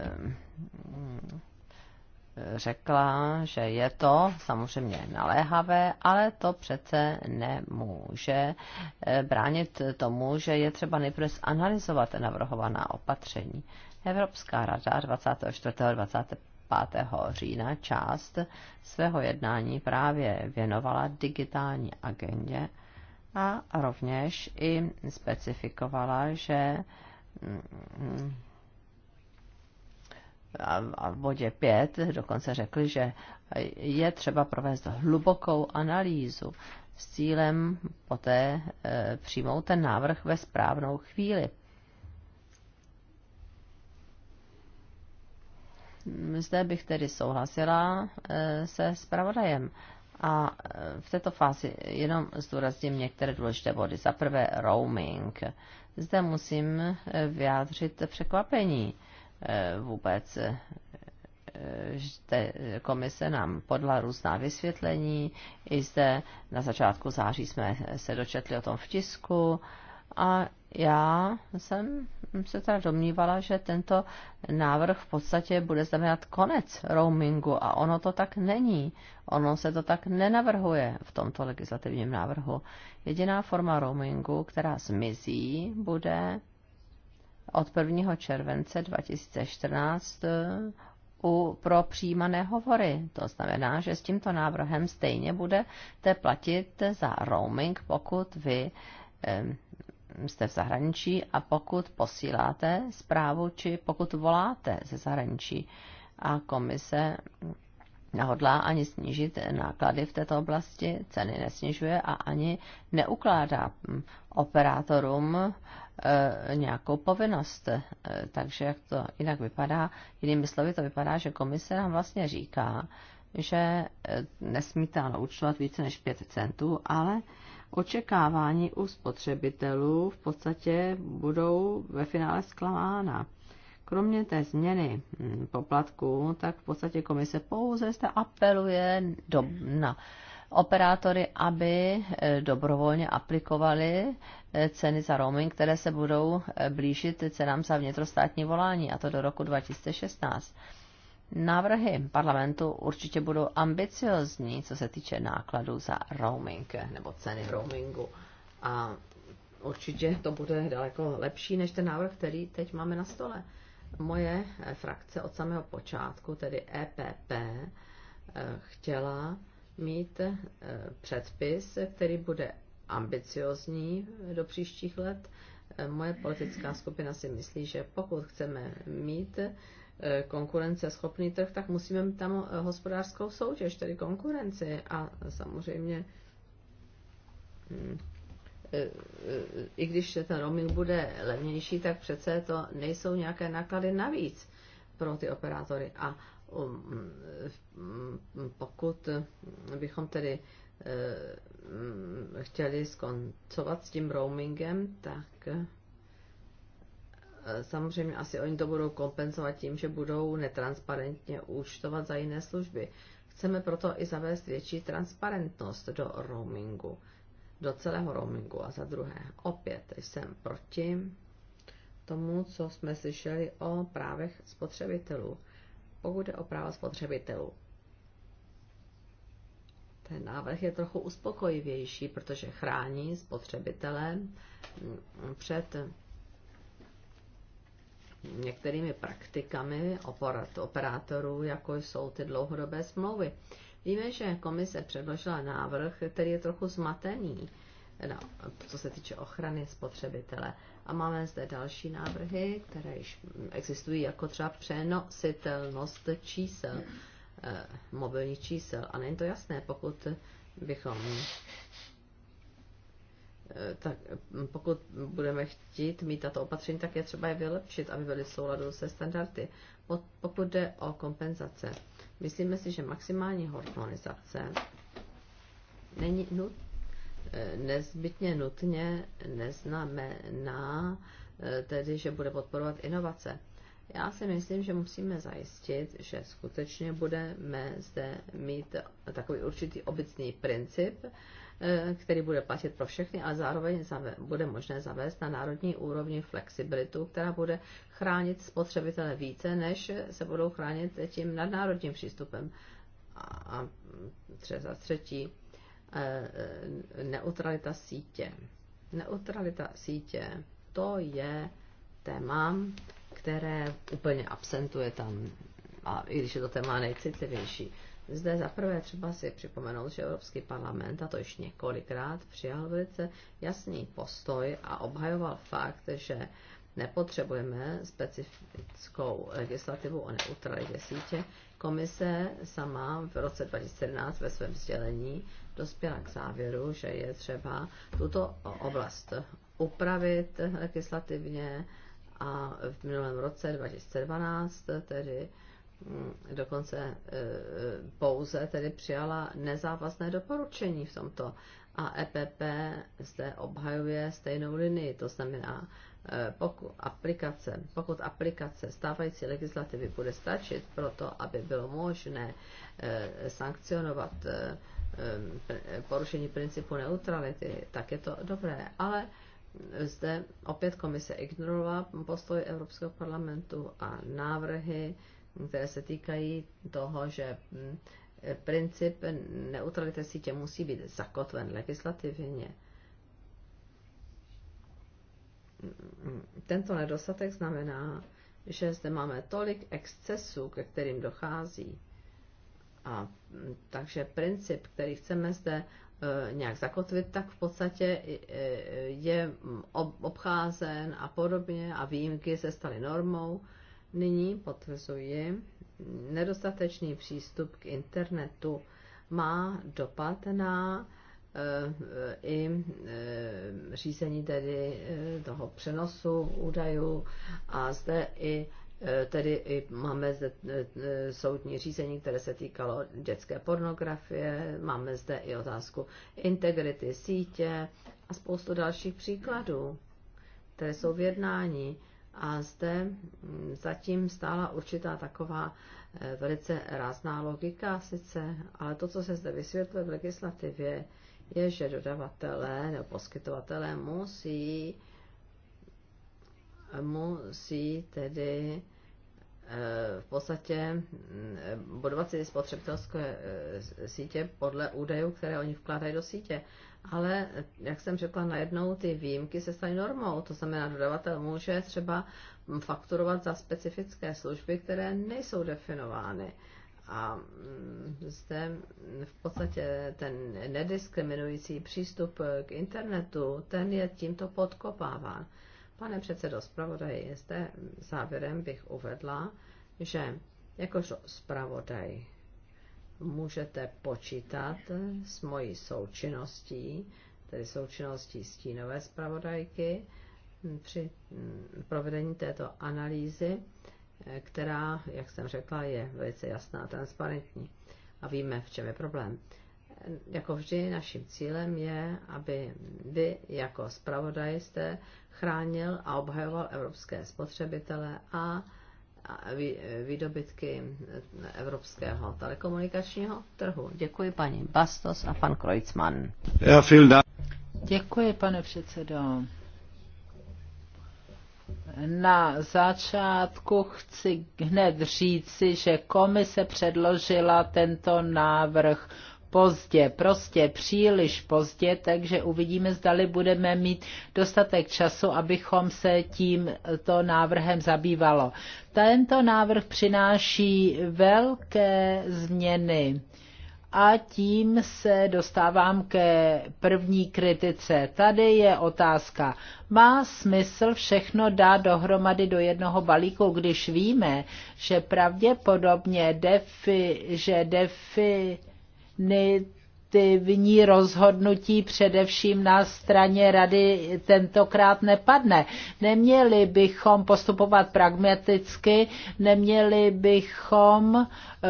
řekla, že je to samozřejmě naléhavé, ale to přece nemůže eh, bránit tomu, že je třeba nejprve zanalizovat navrhovaná opatření. Evropská rada 24. 25 5. října část svého jednání právě věnovala digitální agendě a rovněž i specifikovala, že mm, a v bodě 5 dokonce řekli, že je třeba provést hlubokou analýzu s cílem poté eh, přijmout ten návrh ve správnou chvíli Zde bych tedy souhlasila eh, se zpravodajem. A eh, v této fázi jenom zdůrazním některé důležité body. Za prvé roaming. Zde musím eh, vyjádřit překvapení vůbec. Že komise nám podla různá vysvětlení. I zde na začátku září jsme se dočetli o tom v tisku. A já jsem se teda domnívala, že tento návrh v podstatě bude znamenat konec roamingu a ono to tak není. Ono se to tak nenavrhuje v tomto legislativním návrhu. Jediná forma roamingu, která zmizí, bude od 1. července 2014 eh, u, pro přijímané hovory. To znamená, že s tímto návrhem stejně budete platit za roaming, pokud vy eh, jste v zahraničí a pokud posíláte zprávu, či pokud voláte ze zahraničí a komise nehodlá ani snížit náklady v této oblasti, ceny nesnižuje a ani neukládá mm, operátorům eh, nějakou povinnost. Eh, takže jak to jinak vypadá, jinými slovy to vypadá, že komise nám vlastně říká, že eh, nesmíte ale účtovat více než 5 centů, ale očekávání u spotřebitelů v podstatě budou ve finále zklamána. Kromě té změny hm, poplatku, tak v podstatě komise pouze se apeluje do, na operátory, aby eh, dobrovolně aplikovali eh, ceny za roaming, které se budou eh, blížit cenám za vnitrostátní volání, a to do roku 2016. Návrhy parlamentu určitě budou ambiciozní, co se týče nákladů za roaming eh, nebo ceny roamingu. A určitě to bude daleko lepší než ten návrh, který teď máme na stole. Moje eh, frakce od samého počátku, tedy EPP, eh, chtěla mít předpis, který bude ambiciozní do příštích let. Moje politická skupina si myslí, že pokud chceme mít konkurenceschopný trh, tak musíme mít tam eh, hospodářskou soutěž, tedy konkurenci. A samozřejmě, hm, eh, eh, i když ten roaming bude levnější, tak přece to nejsou nějaké náklady navíc pro ty operátory. A um, hm, pokud bychom tedy hm, chtěli skoncovat s tím roamingem, tak samozřejmě asi oni to budou kompenzovat tím, že budou netransparentně účtovat za jiné služby. Chceme proto i zavést větší transparentnost do roamingu, do celého roamingu. A za druhé, opět jsem proti tomu, co jsme slyšeli o právech spotřebitelů. Pokud je o práva spotřebitelů, ten návrh je trochu uspokojivější, protože chrání spotřebitele před některými praktikami operátorů, jako jsou ty dlouhodobé smlouvy. Víme, že komise předložila návrh, který je trochu zmatený, no, co se týče ochrany spotřebitele. A máme zde další návrhy, které již existují, jako třeba přenositelnost čísel, eh, mobilních čísel. A není to jasné, pokud bychom Eh, tak eh, pokud budeme chtít mít tato opatření, tak je třeba je vylepšit, aby byly v souladu se standardy. Pokud jde o kompenzace, myslíme si, že maximální hormonizace není nut, eh, nezbytně nutně neznamená tedy, že bude podporovat inovace. Já si myslím, že musíme zajistit, že skutečně budeme zde mít takový určitý obecný princip, Eh, který bude platit pro všechny a zároveň bude možné zavést na národní úrovni flexibilitu, která bude chránit spotřebitele více, než se budou chránit tím nadnárodním přístupem. A třeba za třetí, eh, neutralita sítě. Neutralita sítě, to je téma, které úplně absentuje tam, a i když je to téma nejcitlivější. Zde zaprvé třeba si připomenout, že Evropský parlament, a to již několikrát, přijal velice jasný postoj a obhajoval fakt, že nepotřebujeme specifickou legislativu o neutralitě sítě. Komise sama v roce 2017 ve svém sdělení dospěla k závěru, že je třeba tuto oblast upravit legislativně a v minulém roce 2012 tedy Hm, dokonce eh, eh, pouze tedy přijala nezávazné doporučení v tomto. A EPP zde obhajuje stejnou linii, to znamená, eh, pokud aplikace, pokud aplikace stávající legislativy bude stačit pro to, aby bylo možné sankcionovat porušení principu neutrality, tak je to dobré. Ale hm, zde opět komise ignorovala postoj Evropského parlamentu a návrhy které se týkají toho, že mm, princip neutrality sítě musí být zakotven legislativně. Tento nedostatek znamená, že zde máme tolik excesů, ke kterým dochází. A mm, takže princip, který chceme zde e, nějak zakotvit, tak v podstatě e, e, je mm, obcházen a podobně a výjimky se staly normou Nyní potvrzuji, nedostatečný přístup k internetu má dopad na eh, i eh, řízení tedy eh, toho přenosu údajů a zde i tedy i máme zde soudní řízení, které se týkalo dětské pornografie, máme zde i otázku integrity sítě a spoustu dalších příkladů, které jsou v jednání. A zde mm, zatím stála určitá taková e, velice rázná logika sice, ale to, co se zde vysvětluje v legislativě, je, že dodavatelé nebo poskytovatelé musí, musí tedy e, v podstatě mm, e, budovat si spotřebitelské sítě podle údajů, které oni vkládají do sítě ale, jak jsem řekla, najednou ty výjimky se staly normou. To znamená, dodavatel může třeba fakturovat za specifické služby, které nejsou definovány. A mm, zde v podstatě ten nediskriminující přístup k internetu, ten je tímto podkopáván. Pane předsedo zpravodaj, zde závěrem bych uvedla, že jakožto zpravodaj můžete počítat s mojí součinností, tedy součinností stínové zpravodajky, při provedení této analýzy, která, jak jsem řekla, je velice jasná a transparentní. A víme, v čem je problém. Jako vždy naším cílem je, aby vy jako zpravodaj jste chránil a obhajoval evropské spotřebitele a výdobytky evropského telekomunikačního trhu. Děkuji paní Bastos a pan Kreutzmann. Děkuji, pane předsedo. Na začátku chci hned říci, že komise předložila tento návrh pozdě, prostě příliš pozdě, takže uvidíme, zdali budeme mít dostatek času, abychom se tímto eh, návrhem zabývalo. Tento návrh přináší velké změny. A tím se dostávám ke první kritice. Tady je otázka. Má smysl všechno dát dohromady do jednoho balíku, když víme, že pravděpodobně defi, že defi, definitivní rozhodnutí především na straně rady tentokrát nepadne. Neměli bychom postupovat pragmaticky, neměli bychom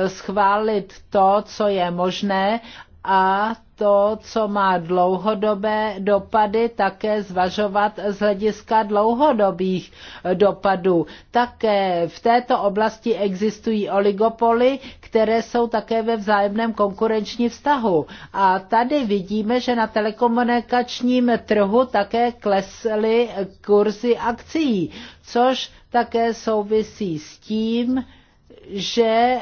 schválit to, co je možné, a to, co má dlouhodobé dopady, také zvažovat z hlediska dlouhodobých dopadů. Také v této oblasti existují oligopoly, které jsou také ve vzájemném konkurenčním vztahu. A tady vidíme, že na telekomunikačním trhu také klesly kurzy akcí, což také souvisí s tím, že e,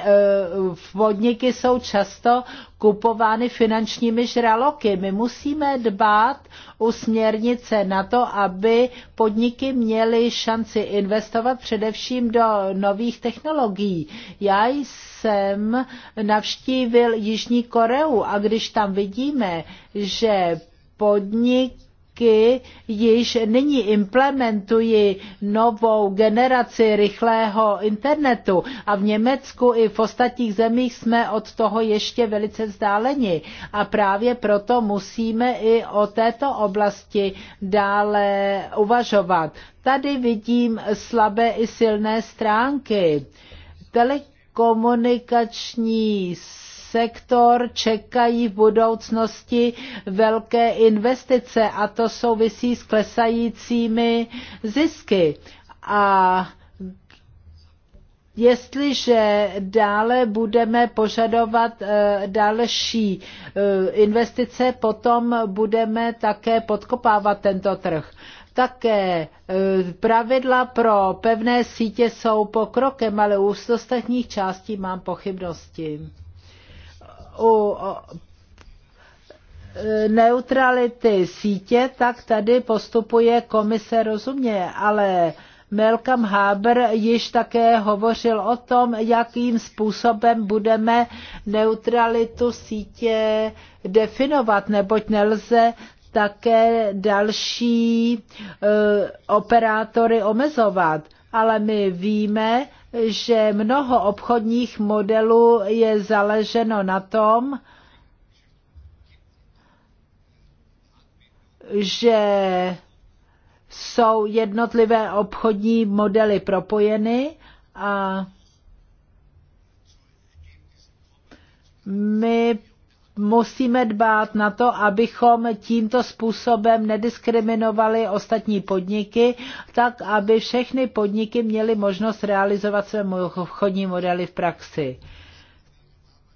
podniky jsou často kupovány finančními žraloky. My musíme dbát u směrnice na to, aby podniky měly šanci investovat především do nových technologií. Já jsem navštívil Jižní Koreu a když tam vidíme, že podnik roky již nyní implementují novou generaci rychlého internetu a v Německu i v ostatních zemích jsme od toho ještě velice vzdáleni. A právě proto musíme i o této oblasti dále uvažovat. Tady vidím slabé i silné stránky. Telekomunikační sektor čekají v budoucnosti velké investice a to souvisí s klesajícími zisky. A jestliže dále budeme požadovat eh, další eh, investice, potom budeme také podkopávat tento trh. Také eh, pravidla pro pevné sítě jsou pokrokem, ale u ostatních částí mám pochybnosti u e, neutrality sítě, tak tady postupuje komise rozumně, ale Malcolm Haber již také hovořil o tom, jakým způsobem budeme neutralitu sítě definovat, neboť nelze také další e, operátory omezovat. Ale my víme, že mnoho obchodních modelů je zaleženo na tom, že jsou jednotlivé obchodní modely propojeny a my musíme dbát na to, abychom tímto způsobem nediskriminovali ostatní podniky, tak aby všechny podniky měly možnost realizovat své obchodní modely v praxi.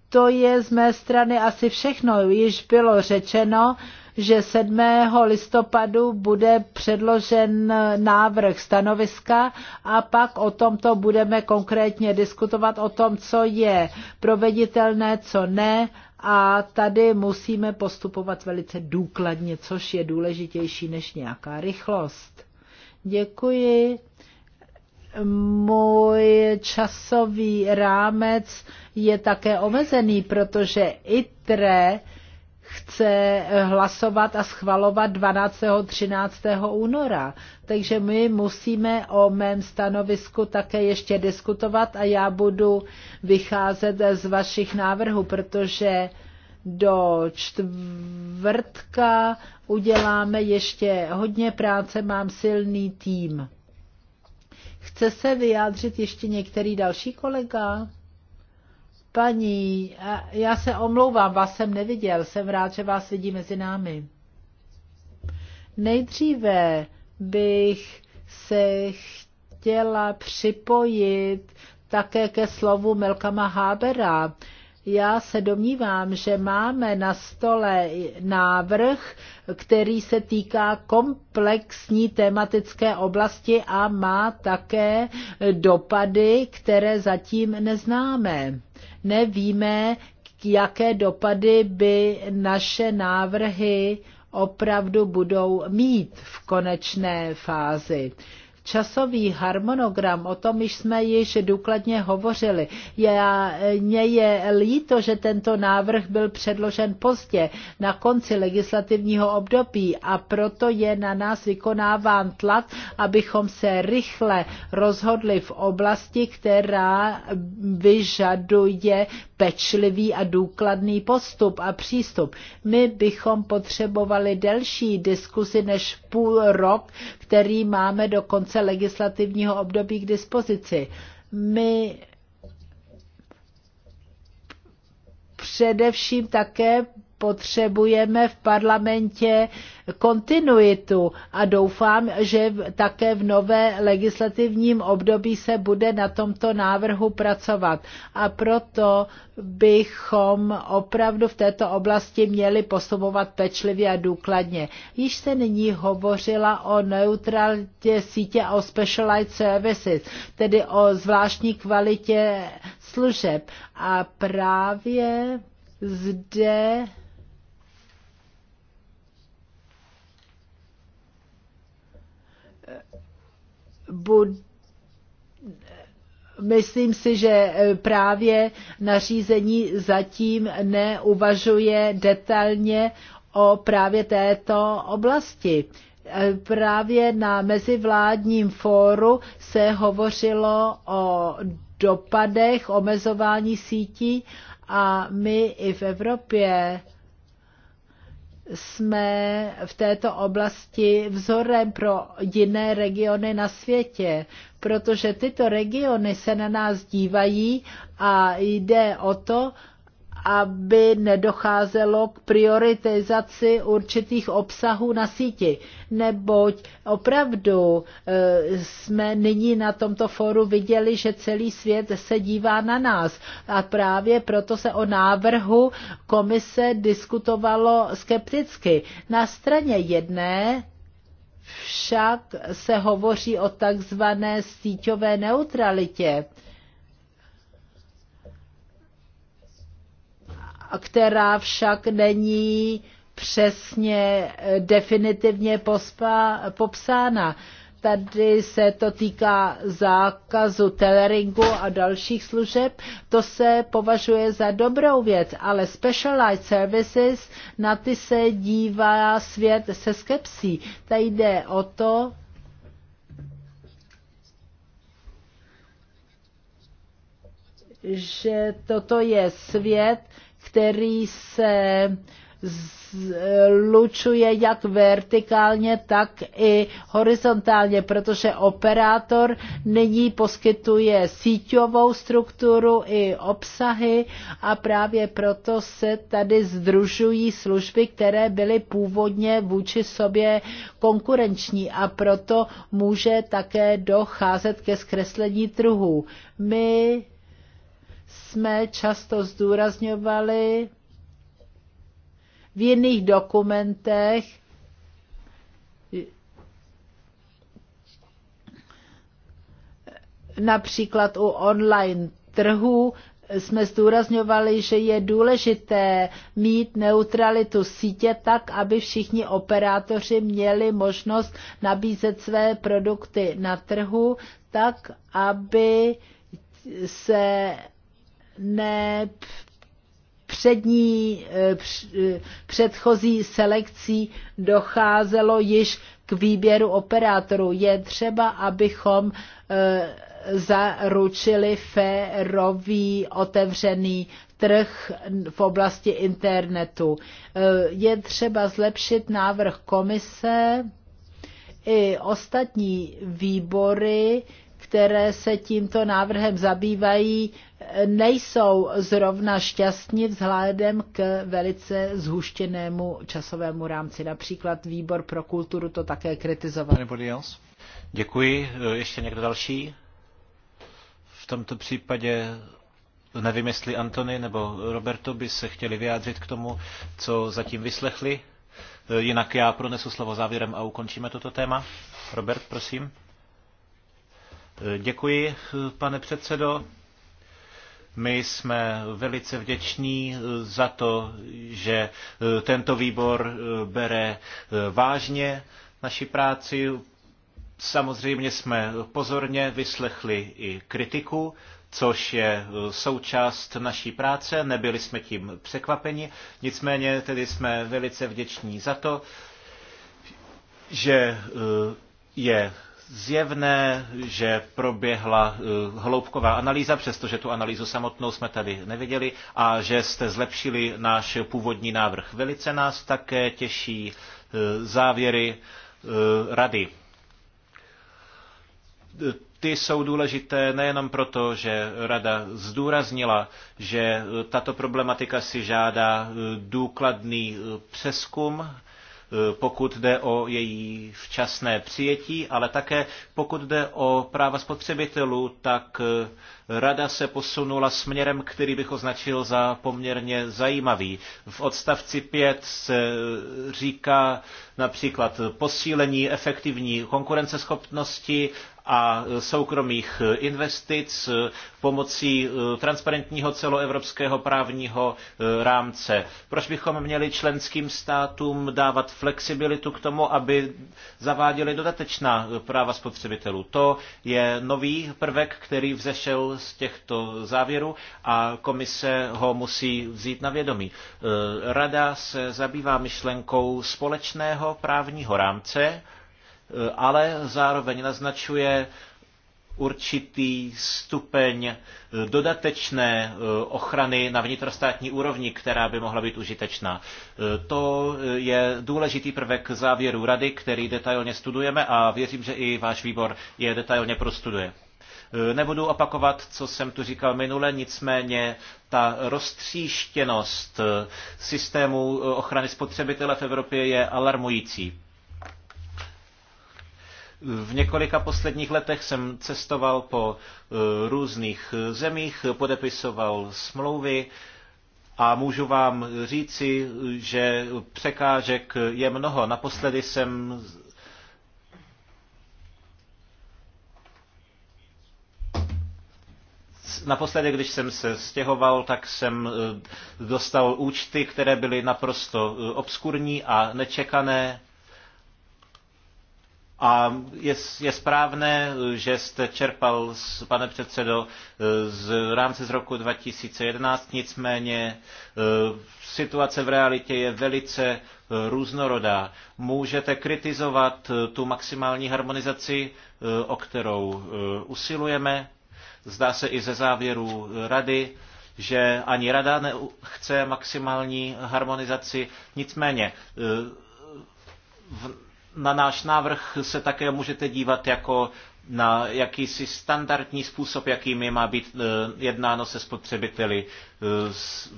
To je z mé strany asi všechno. Již bylo řečeno, že 7. listopadu bude předložen návrh stanoviska a pak o tomto budeme konkrétně diskutovat o tom, co je proveditelné, co ne a tady musíme postupovat velice důkladně, což je důležitější než nějaká rychlost. Děkuji. Můj časový rámec je také omezený, protože ITRE chce hlasovat a schvalovat 12. 13. února. Takže my musíme o mém stanovisku také ještě diskutovat a já budu vycházet z vašich návrhů, protože do čtvrtka uděláme ještě hodně práce, mám silný tým. Chce se vyjádřit ještě některý další kolega? Paní, já se omlouvám, vás jsem neviděl, jsem rád, že vás vidí mezi námi. Nejdříve bych se chtěla připojit také ke slovu Melkama Habera. Já se domnívám, že máme na stole návrh, který se týká komplexní tematické oblasti a má také dopady, které zatím neznáme nevíme, jaké dopady by naše návrhy opravdu budou mít v konečné fázi. Časový harmonogram, o tom již jsme již důkladně hovořili. Já, e, mě je líto, že tento návrh byl předložen pozdě, na konci legislativního období a proto je na nás vykonáván tlak, abychom se rychle rozhodli v oblasti, která vyžaduje pečlivý a důkladný postup a přístup. My bychom potřebovali delší diskusi než půl rok, který máme do konce legislativního období k dispozici. My především také potřebujeme v parlamentě kontinuitu a doufám, že také v nové legislativním období se bude na tomto návrhu pracovat. A proto bychom opravdu v této oblasti měli postupovat pečlivě a důkladně. Již se nyní hovořila o neutralitě sítě a o specialized services, tedy o zvláštní kvalitě služeb. A právě zde bude myslím si, že e, právě nařízení zatím neuvažuje detailně o právě této oblasti. E, právě na mezivládním fóru se hovořilo o dopadech omezování sítí a my i v Evropě jsme v této oblasti vzorem pro jiné regiony na světě, protože tyto regiony se na nás dívají a jde o to, aby nedocházelo k prioritizaci určitých obsahů na síti, neboť opravdu e, jsme nyní na tomto fóru viděli, že celý svět se dívá na nás a právě proto se o návrhu komise diskutovalo skepticky. Na straně jedné však se hovoří o takzvané síťové neutralitě která však není přesně eh, definitivně pospa, popsána. Tady se to týká zákazu teleringu a dalších služeb. To se považuje za dobrou věc, ale specialized services na ty se dívá svět se skepsí. Tady jde o to, že toto je svět, který se zlučuje jak vertikálně, tak i horizontálně, protože operátor nyní poskytuje síťovou strukturu i obsahy a právě proto se tady združují služby, které byly původně vůči sobě konkurenční a proto může také docházet ke zkreslení trhů. My jsme často zdůrazňovali v jiných dokumentech, například u online trhu, jsme zdůrazňovali, že je důležité mít neutralitu sítě tak, aby všichni operátoři měli možnost nabízet své produkty na trhu tak, aby se ne přední, eh, eh, předchozí selekcí docházelo již k výběru operátorů. Je třeba, abychom eh, zaručili férový otevřený trh v oblasti internetu. Je třeba zlepšit návrh komise i ostatní výbory, které se tímto návrhem zabývají, nejsou zrovna šťastní vzhledem k velice zhuštěnému časovému rámci. Například výbor pro kulturu to také kritizoval. Děkuji. E, ještě někdo další? V tomto případě nevím, jestli Antony nebo Roberto by se chtěli vyjádřit k tomu, co zatím vyslechli. E, jinak já pronesu slovo závěrem a ukončíme toto téma. Robert, prosím. E, děkuji, pane předsedo. My jsme velice vděční eh, za to, že eh, tento výbor eh, bere vážně naši práci. Samozřejmě jsme pozorně vyslechli i kritiku, což je součást naší práce, nebyli jsme tím překvapeni, nicméně tedy jsme velice vděční za to, že je zjevné, že proběhla eh, hloubková analýza, přestože tu analýzu samotnou jsme tady neviděli, a že jste zlepšili náš původní návrh. Velice nás také těší eh, závěry eh, rady. Ty jsou důležité nejenom proto, že rada zdůraznila, že tato problematika si žádá důkladný přeskum, Eh, pokud jde o její včasné přijetí, ale také pokud jde o práva spotřebitelů, tak eh, Rada se posunula směrem, který bych označil za poměrně zajímavý. V odstavci 5 se eh, říká například posílení efektivní konkurenceschopnosti a soukromých investic pomocí eh, transparentního celoevropského právního eh, rámce. Proč bychom měli členským státům dávat flexibilitu k tomu, aby zaváděli dodatečná eh, práva spotřebitelů? To je nový prvek, který vzešel z těchto závěrů a komise ho musí vzít na vědomí. Rada se zabývá myšlenkou společného právního rámce, Eh, ale zároveň naznačuje určitý stupeň eh, dodatečné eh, ochrany na vnitrostátní úrovni, která by mohla být užitečná. To je důležitý prvek závěru rady, který detailně studujeme a věřím, že i váš výbor je detailně prostuduje. Nebudu opakovat, co jsem tu říkal minule, nicméně ta roztříštěnost systému ochrany spotřebitele v Evropě je alarmující. V několika posledních letech jsem cestoval po eh, různých zemích, podepisoval smlouvy a můžu vám říci, že překážek je mnoho. Naposledy jsem naposledy, když jsem se stěhoval, tak jsem eh, dostal účty, které byly naprosto eh, obskurní a nečekané. A je, je správné, že jste čerpal, pane předsedo, z rámce z roku 2011, nicméně e, situace v realitě je velice e, různorodá. Můžete kritizovat e, tu maximální harmonizaci, o kterou usilujeme. Zdá se i ze závěrů rady, že ani rada nechce maximální harmonizaci. Nicméně v na náš návrh se také můžete dívat jako na jakýsi standardní způsob, jakým je má být e, jednáno se spotřebiteli e,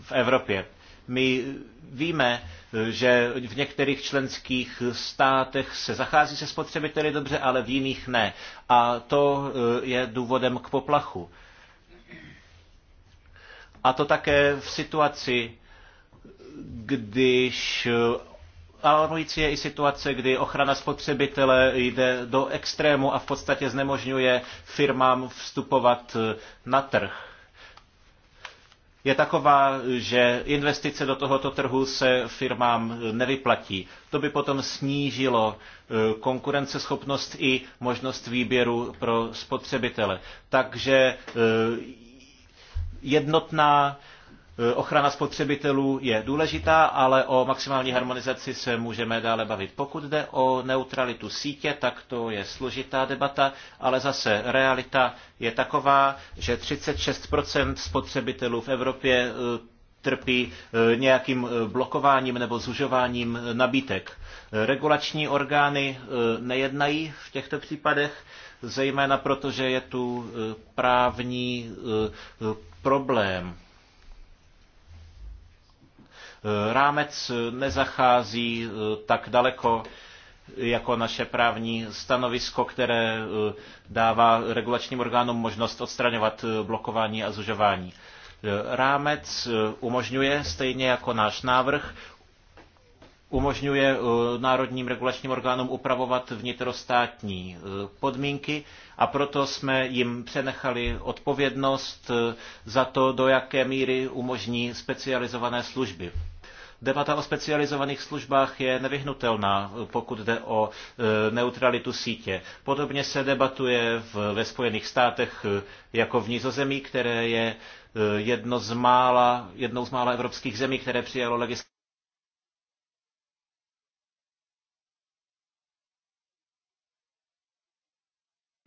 v Evropě. My víme, e, že v některých členských státech se zachází se spotřebiteli dobře, ale v jiných ne. A to je důvodem k poplachu. A to také v situaci, když Alarmující je i situace, kdy ochrana spotřebitele jde do extrému a v podstatě znemožňuje firmám vstupovat eh, na trh je taková, že investice do tohoto trhu se firmám eh, nevyplatí. To by potom snížilo eh, konkurenceschopnost i možnost výběru pro spotřebitele. Takže jednotná Eh, ochrana spotřebitelů je důležitá, ale o maximální harmonizaci se můžeme dále bavit. Pokud jde o neutralitu sítě, tak to je složitá debata, ale zase realita je taková, že 36 spotřebitelů v Evropě eh, trpí eh, nějakým blokováním nebo zužováním nabítek. Regulační orgány nejednají v těchto případech, zejména proto, že je tu právní problém Rámec nezachází eh, tak daleko jako naše právní stanovisko, které eh, dává regulačním orgánům možnost odstraňovat eh, blokování a zužování. Rámec umožňuje, stejně jako náš návrh, umožňuje národním regulačním orgánům upravovat vnitrostátní podmínky a proto jsme jim přenechali odpovědnost za to, do jaké míry umožní specializované služby. Debata o specializovaných službách je nevyhnutelná, pokud jde o e, neutralitu sítě. Podobně se debatuje v, ve Spojených státech e, jako v Nizozemí, které je e, jedno z mála, jednou z mála evropských zemí, které přijalo legislativu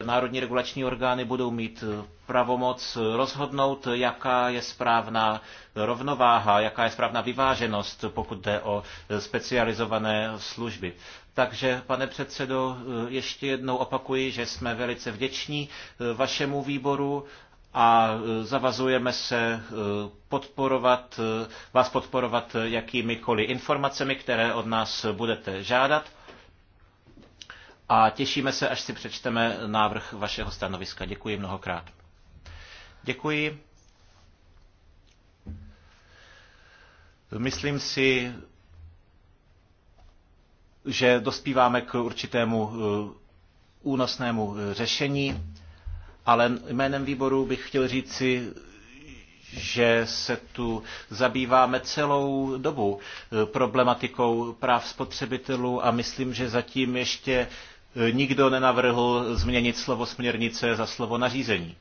národní regulační orgány budou mít eh, pravomoc rozhodnout, jaká je správná rovnováha, jaká je správná vyváženost, pokud jde o eh, specializované služby. Takže, pane předsedo, eh, ještě jednou opakuji, že jsme velice vděční vašemu výboru a zavazujeme se podporovat, vás podporovat jakýmikoliv informacemi, které od nás budete žádat a těšíme se, až si přečteme návrh vašeho stanoviska. Děkuji mnohokrát. Děkuji. Myslím si, že dospíváme k určitému eh, únosnému eh, řešení, ale jménem výboru bych chtěl říci, že se tu zabýváme celou dobu eh, problematikou práv spotřebitelů a myslím, že zatím ještě nikdo nenavrhl změnit slovo směrnice za slovo nařízení.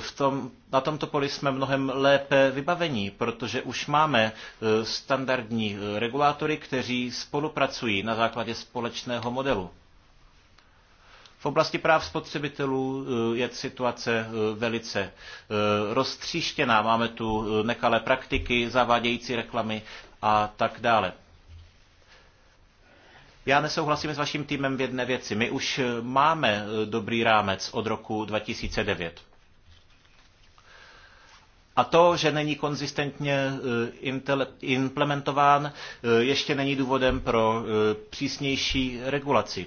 v tom, na tomto poli jsme mnohem lépe vybavení, protože už máme e, standardní regulátory, kteří spolupracují na základě společného modelu. V oblasti práv spotřebitelů e, je situace e, velice roztříštěná. Máme tu nekalé praktiky, zavádějící reklamy a tak dále. Já nesouhlasím s vaším týmem v jedné věci. My už eh, máme eh, dobrý rámec od roku 2009. A to, že není konzistentně eh, implementován, ještě není důvodem pro přísnější regulaci.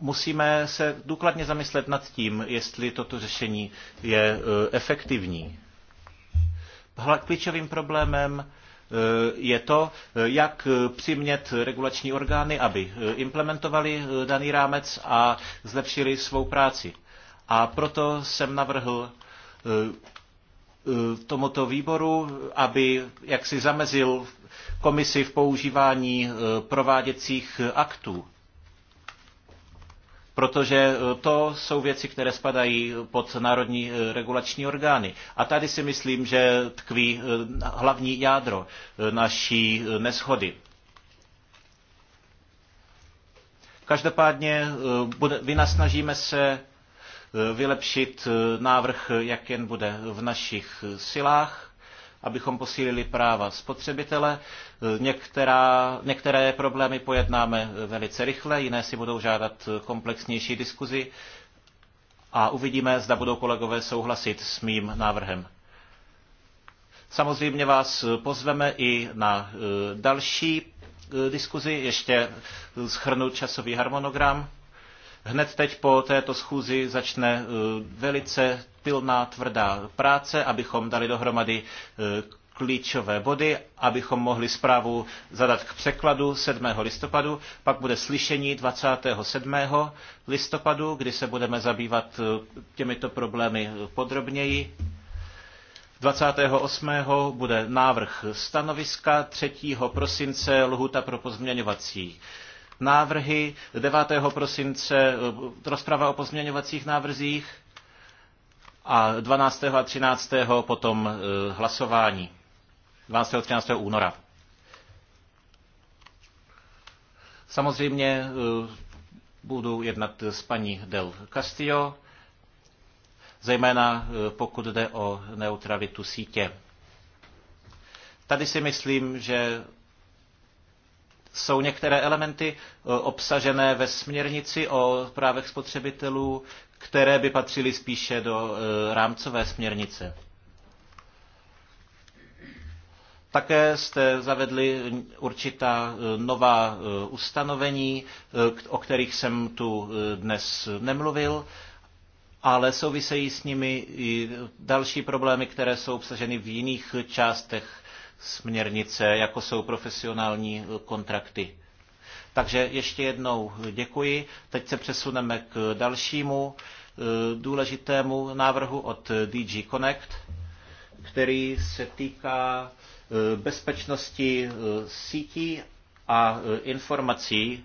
Musíme se důkladně zamyslet nad tím, jestli toto řešení je efektivní. Klíčovým problémem Eh, je to, eh, jak eh, přimět regulační orgány, aby implementovali daný rámec a zlepšili svou práci. A proto jsem navrhl tomuto výboru, aby jaksi zamezil komisi v používání prováděcích aktů protože eh, to jsou věci, které spadají pod národní eh, regulační orgány. A tady si myslím, že tkví eh, hlavní jádro naší neschody. Každopádně vynasnažíme se vylepšit návrh, jak jen bude v našich silách abychom posílili práva spotřebitele. E, některá, některé problémy pojednáme velice rychle, jiné si budou žádat komplexnější diskuzi a uvidíme, zda budou kolegové souhlasit s mým návrhem. Samozřejmě vás pozveme i na e, další e, diskuzi, ještě schrnu časový harmonogram. Hned teď po této schůzi začne eh, velice pilná, tvrdá práce, abychom dali dohromady eh, klíčové body, abychom mohli zprávu zadat k překladu 7. listopadu. Pak bude slyšení 27. listopadu, kdy se budeme zabývat eh, těmito problémy podrobněji. 28. bude návrh stanoviska, 3. prosince lhuta pro pozměňovací návrhy 9. prosince, eh, rozprava o pozměňovacích návrzích a 12. a 13. potom eh, hlasování. 12. a 13. února. Samozřejmě eh, budu jednat s paní Del Castillo, zejména pokud jde o neutralitu sítě. Tady si myslím, že jsou některé elementy eh, obsažené ve směrnici o právech spotřebitelů, které by patřily spíše do eh, rámcové směrnice. Také jste zavedli určitá eh, nová ustanovení, o kterých jsem tu dnes nemluvil, ale souvisejí s nimi i další problémy, které jsou obsaženy v jiných částech směrnice, jako jsou profesionální kontrakty. Takže ještě jednou děkuji. Teď se přesuneme k dalšímu eh, důležitému návrhu od DG Connect, který se týká eh, bezpečnosti eh, sítí a informací.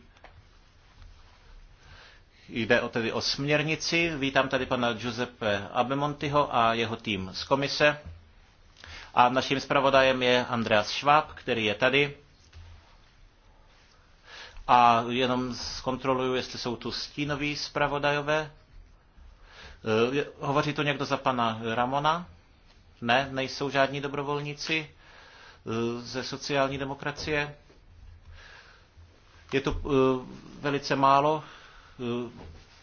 Jde o tedy o směrnici. Vítám tady pana Giuseppe Abemontiho a jeho tým z komise. A naším zpravodajem je Andreas Schwab, který je tady. A jenom zkontroluju, jestli jsou tu stínoví zpravodajové. Eh, hovoří to někdo za pana Ramona? Ne, nejsou žádní dobrovolníci eh, ze sociální demokracie. Je to eh, velice málo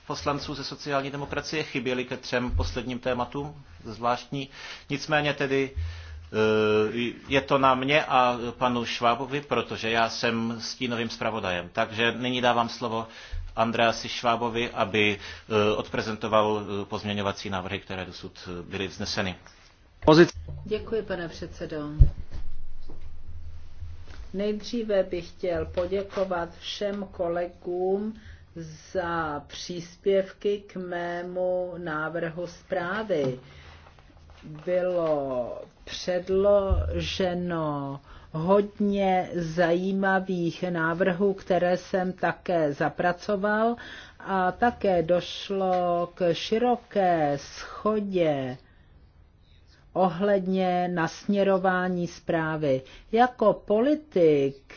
poslanců ze sociální demokracie chyběli ke třem posledním tématům, zvláštní. Nicméně tedy Eh, je to na mě a panu Švábovi, protože já jsem stínovým zpravodajem. Takže nyní dávám slovo Andreasi Švábovi, aby eh, odprezentoval eh, pozměňovací návrhy, které dosud byly vzneseny. Děkuji, pane předsedo. Nejdříve bych chtěl poděkovat všem kolegům za příspěvky k mému návrhu zprávy bylo předloženo hodně zajímavých návrhů, které jsem také zapracoval a také došlo k široké schodě ohledně nasměrování zprávy. Jako politik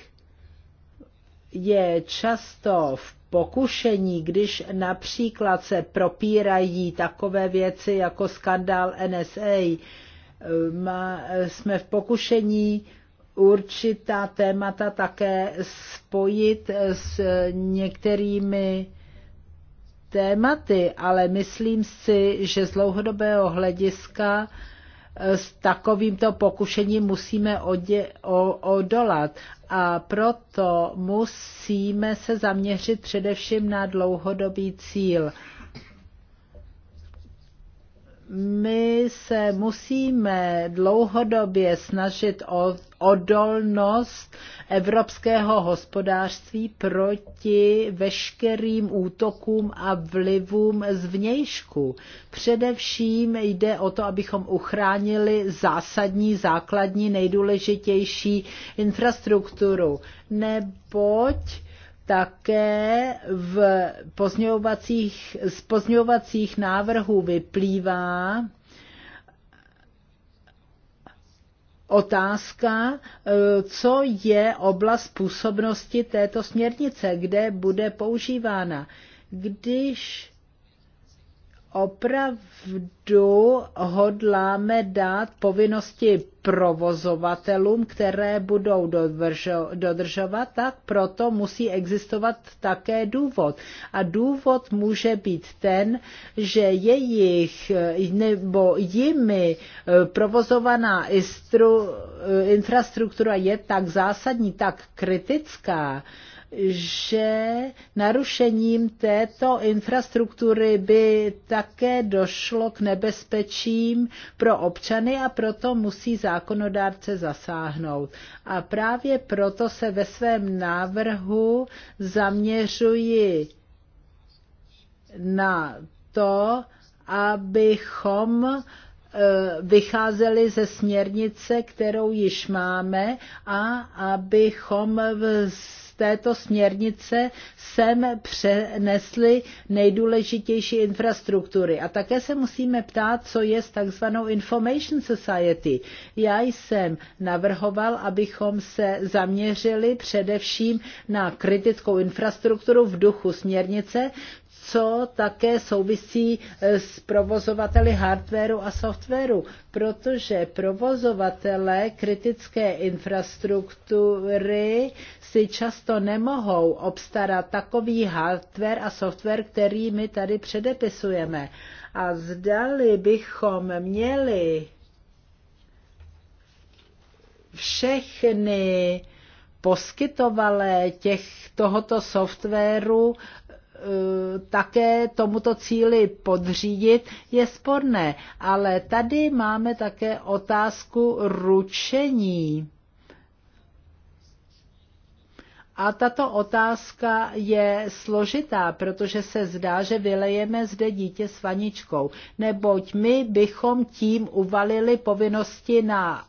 je často v pokušení, když například se propírají takové věci jako skandál NSA, eh, má, jsme v pokušení určitá témata také spojit s některými tématy, ale myslím si, že z dlouhodobého hlediska s takovýmto pokušením musíme odě, o, odolat. A proto musíme se zaměřit především na dlouhodobý cíl my se musíme dlouhodobě snažit o odolnost evropského hospodářství proti veškerým útokům a vlivům zvnějšku. Především jde o to, abychom uchránili zásadní, základní, nejdůležitější infrastrukturu, neboť také v pozňovacích, z pozňovacích návrhů vyplývá otázka, eh, co je oblast působnosti této směrnice, kde bude používána. Když opravdu hodláme dát povinnosti provozovatelům, které budou dodržovat, tak proto musí existovat také důvod. A důvod může být ten, že jejich nebo jimi eh, provozovaná istru, eh, infrastruktura je tak zásadní, tak kritická, že narušením této infrastruktury by také došlo k nebezpečím pro občany a proto musí zákonodárce zasáhnout. A právě proto se ve svém návrhu zaměřuji na to, abychom e, vycházeli ze směrnice, kterou již máme a abychom této směrnice sem přenesly nejdůležitější infrastruktury. A také se musíme ptát, co je s takzvanou Information Society. Já jsem navrhoval, abychom se zaměřili především na kritickou infrastrukturu v duchu směrnice, co také souvisí e, s provozovateli hardwareu a softwaru, protože provozovatele kritické infrastruktury si často nemohou obstarat takový hardware a software, který my tady předepisujeme. A zdali bychom měli všechny poskytovalé těch, tohoto softwaru Eh, také tomuto cíli podřídit, je sporné. Ale tady máme také otázku ručení. A tato otázka je složitá, protože se zdá, že vylejeme zde dítě s vaničkou, neboť my bychom tím uvalili povinnosti na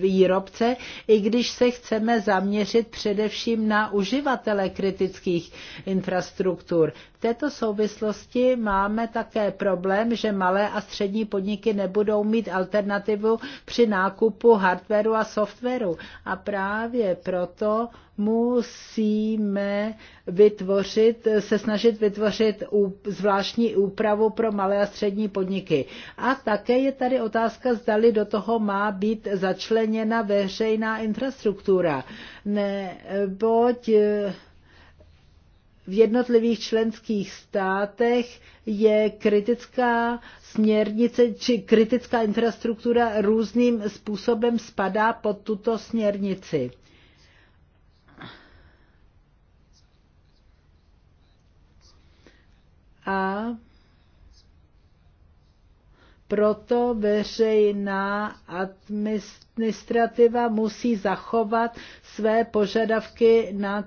výrobce, i když se chceme zaměřit především na uživatele kritických infrastruktur. V této souvislosti máme také problém, že malé a střední podniky nebudou mít alternativu při nákupu hardwareu a softwaru. A právě proto musíme vytvořit, se snažit vytvořit zvláštní úpravu pro malé a střední podniky. A také je tady otázka, zdali do toho má být začleněna veřejná infrastruktura, neboť eh, v jednotlivých členských státech je kritická směrnice či kritická infrastruktura různým způsobem spadá pod tuto směrnici. a proto veřejná administrativa musí zachovat své požadavky na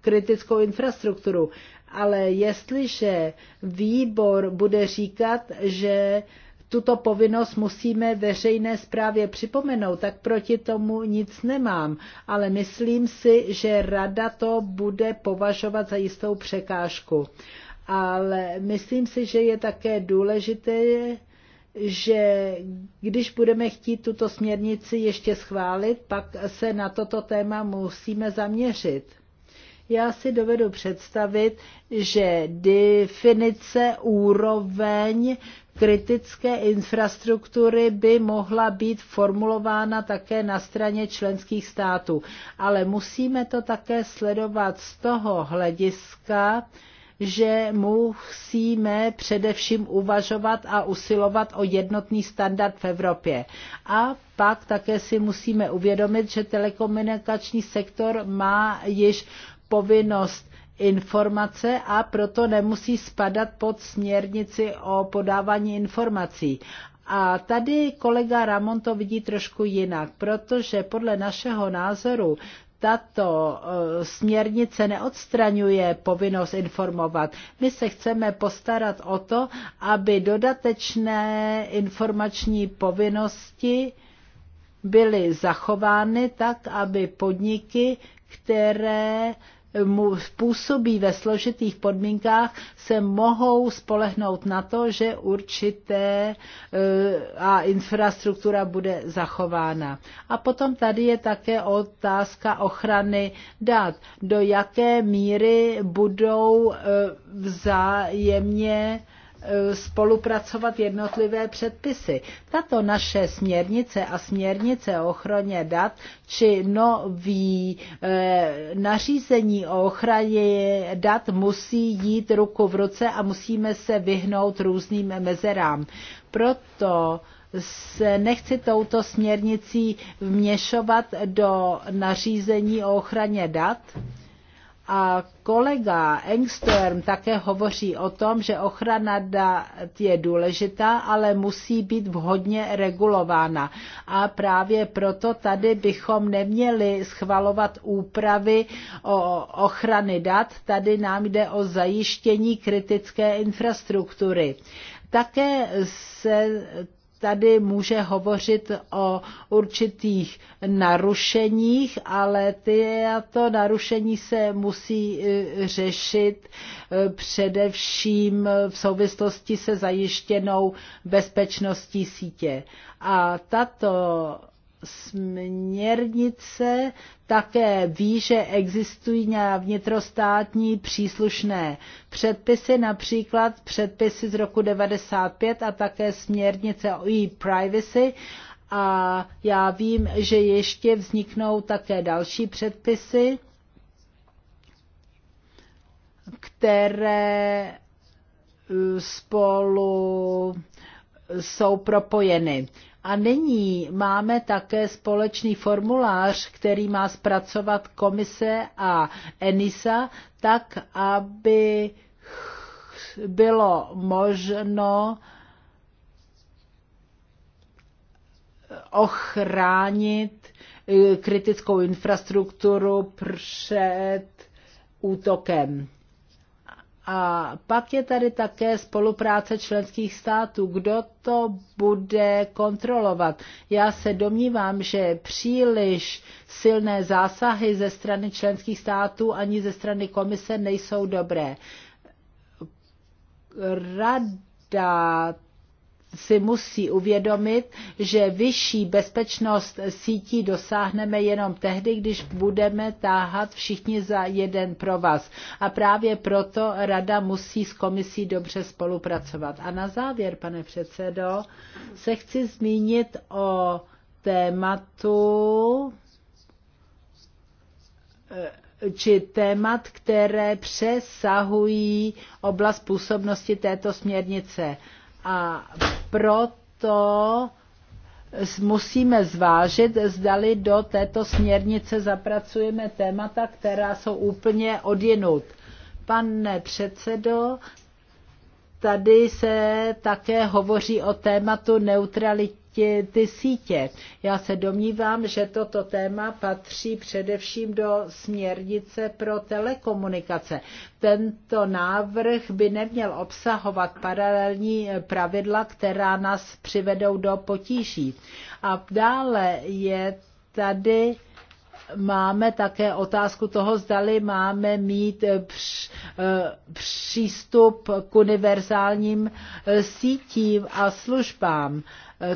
kritickou infrastrukturu. Ale jestliže výbor bude říkat, že tuto povinnost musíme veřejné zprávě připomenout, tak proti tomu nic nemám. Ale myslím si, že rada to bude považovat za jistou překážku ale myslím si, že je také důležité, že když budeme chtít tuto směrnici ještě schválit, pak se na toto téma musíme zaměřit. Já si dovedu představit, že definice úroveň kritické infrastruktury by mohla být formulována také na straně členských států. Ale musíme to také sledovat z toho hlediska, že musíme především uvažovat a usilovat o jednotný standard v Evropě. A pak také si musíme uvědomit, že telekomunikační sektor má již povinnost informace a proto nemusí spadat pod směrnici o podávání informací. A tady kolega Ramon to vidí trošku jinak, protože podle našeho názoru tato eh, směrnice neodstraňuje povinnost informovat. My se chceme postarat o to, aby dodatečné informační povinnosti byly zachovány tak, aby podniky, které mu působí ve složitých podmínkách, se mohou spolehnout na to, že určité eh, a infrastruktura bude zachována. A potom tady je také otázka ochrany dat. Do jaké míry budou eh, vzájemně Eh, spolupracovat jednotlivé předpisy. Tato naše směrnice a směrnice o ochraně dat či nový e, nařízení o ochraně dat musí jít ruku v ruce a musíme se vyhnout různým mezerám. Proto se nechci touto směrnicí vměšovat do nařízení o ochraně dat a kolega Engström také hovoří o tom, že ochrana dat je důležitá, ale musí být vhodně regulována. A právě proto tady bychom neměli schvalovat úpravy o ochrany dat. Tady nám jde o zajištění kritické infrastruktury. Také se tady může hovořit o určitých narušeních, ale tyto narušení se musí e, řešit e, především v souvislosti se zajištěnou bezpečností sítě. A tato směrnice také ví, že existují nějaké vnitrostátní příslušné předpisy, například předpisy z roku 95 a také směrnice o e-privacy a já vím, že ještě vzniknou také další předpisy, které eh, spolu jsou propojeny. A nyní máme také společný formulář, který má zpracovat komise a ENISA, tak aby bylo možno ochránit eh, kritickou infrastrukturu před útokem. A pak je tady také spolupráce členských států. Kdo to bude kontrolovat? Já se domnívám, že příliš silné zásahy ze strany členských států ani ze strany komise nejsou dobré. Rada si musí uvědomit, že vyšší bezpečnost sítí dosáhneme jenom tehdy, když budeme táhat všichni za jeden provaz. A právě proto Rada musí s komisí dobře spolupracovat. A na závěr, pane předsedo, se chci zmínit o tématu či témat, které přesahují oblast působnosti této směrnice. A proto musíme zvážit, zdali do této směrnice zapracujeme témata, která jsou úplně odjinut. Pane předsedo, tady se také hovoří o tématu neutrality ty, ty sítě. Já se domnívám, že toto téma patří především do směrnice pro telekomunikace. Tento návrh by neměl obsahovat paralelní pravidla, která nás přivedou do potíží. A dále je tady máme také otázku toho, zdali máme mít eh, eh, přístup k univerzálním eh, sítím a službám.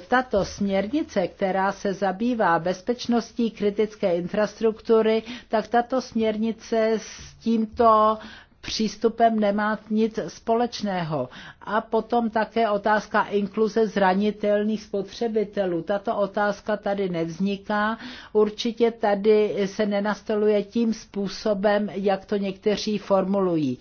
Tato směrnice, která se zabývá bezpečností kritické infrastruktury, tak tato směrnice s tímto přístupem nemá nic společného. A potom také otázka inkluze zranitelných spotřebitelů. Tato otázka tady nevzniká. Určitě tady se nenastoluje tím způsobem, jak to někteří formulují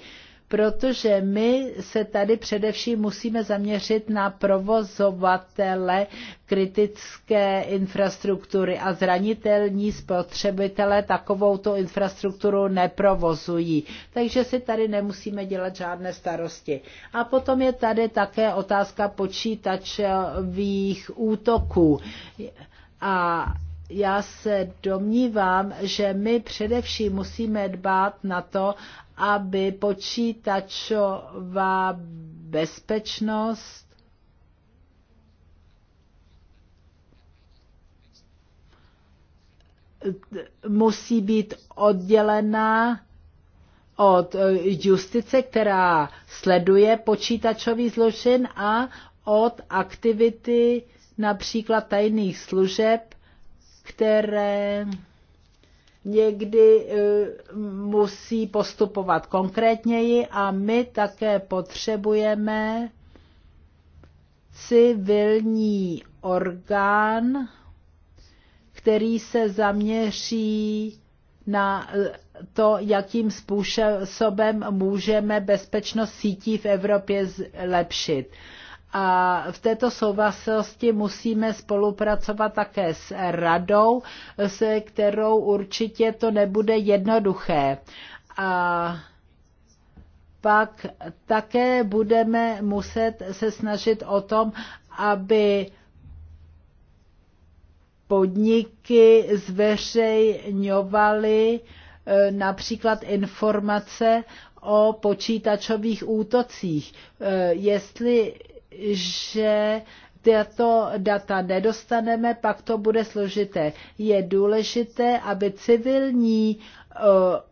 protože my se tady především musíme zaměřit na provozovatele kritické infrastruktury a zranitelní spotřebitelé tu infrastrukturu neprovozují. Takže si tady nemusíme dělat žádné starosti. A potom je tady také otázka počítačových útoků. A já se domnívám, že my především musíme dbát na to, aby počítačová bezpečnost musí být oddělená od justice, která sleduje počítačový zločin a od aktivity například tajných služeb, které někdy e, musí postupovat konkrétněji a my také potřebujeme civilní orgán, který se zaměří na e, to, jakým způsobem můžeme bezpečnost sítí v Evropě zlepšit. A v této souvislosti musíme spolupracovat také s radou, se kterou určitě to nebude jednoduché. A pak také budeme muset se snažit o tom, aby podniky zveřejňovaly e, například informace o počítačových útocích. E, jestli že tato data nedostaneme, pak to bude složité. Je důležité, aby civilní eh,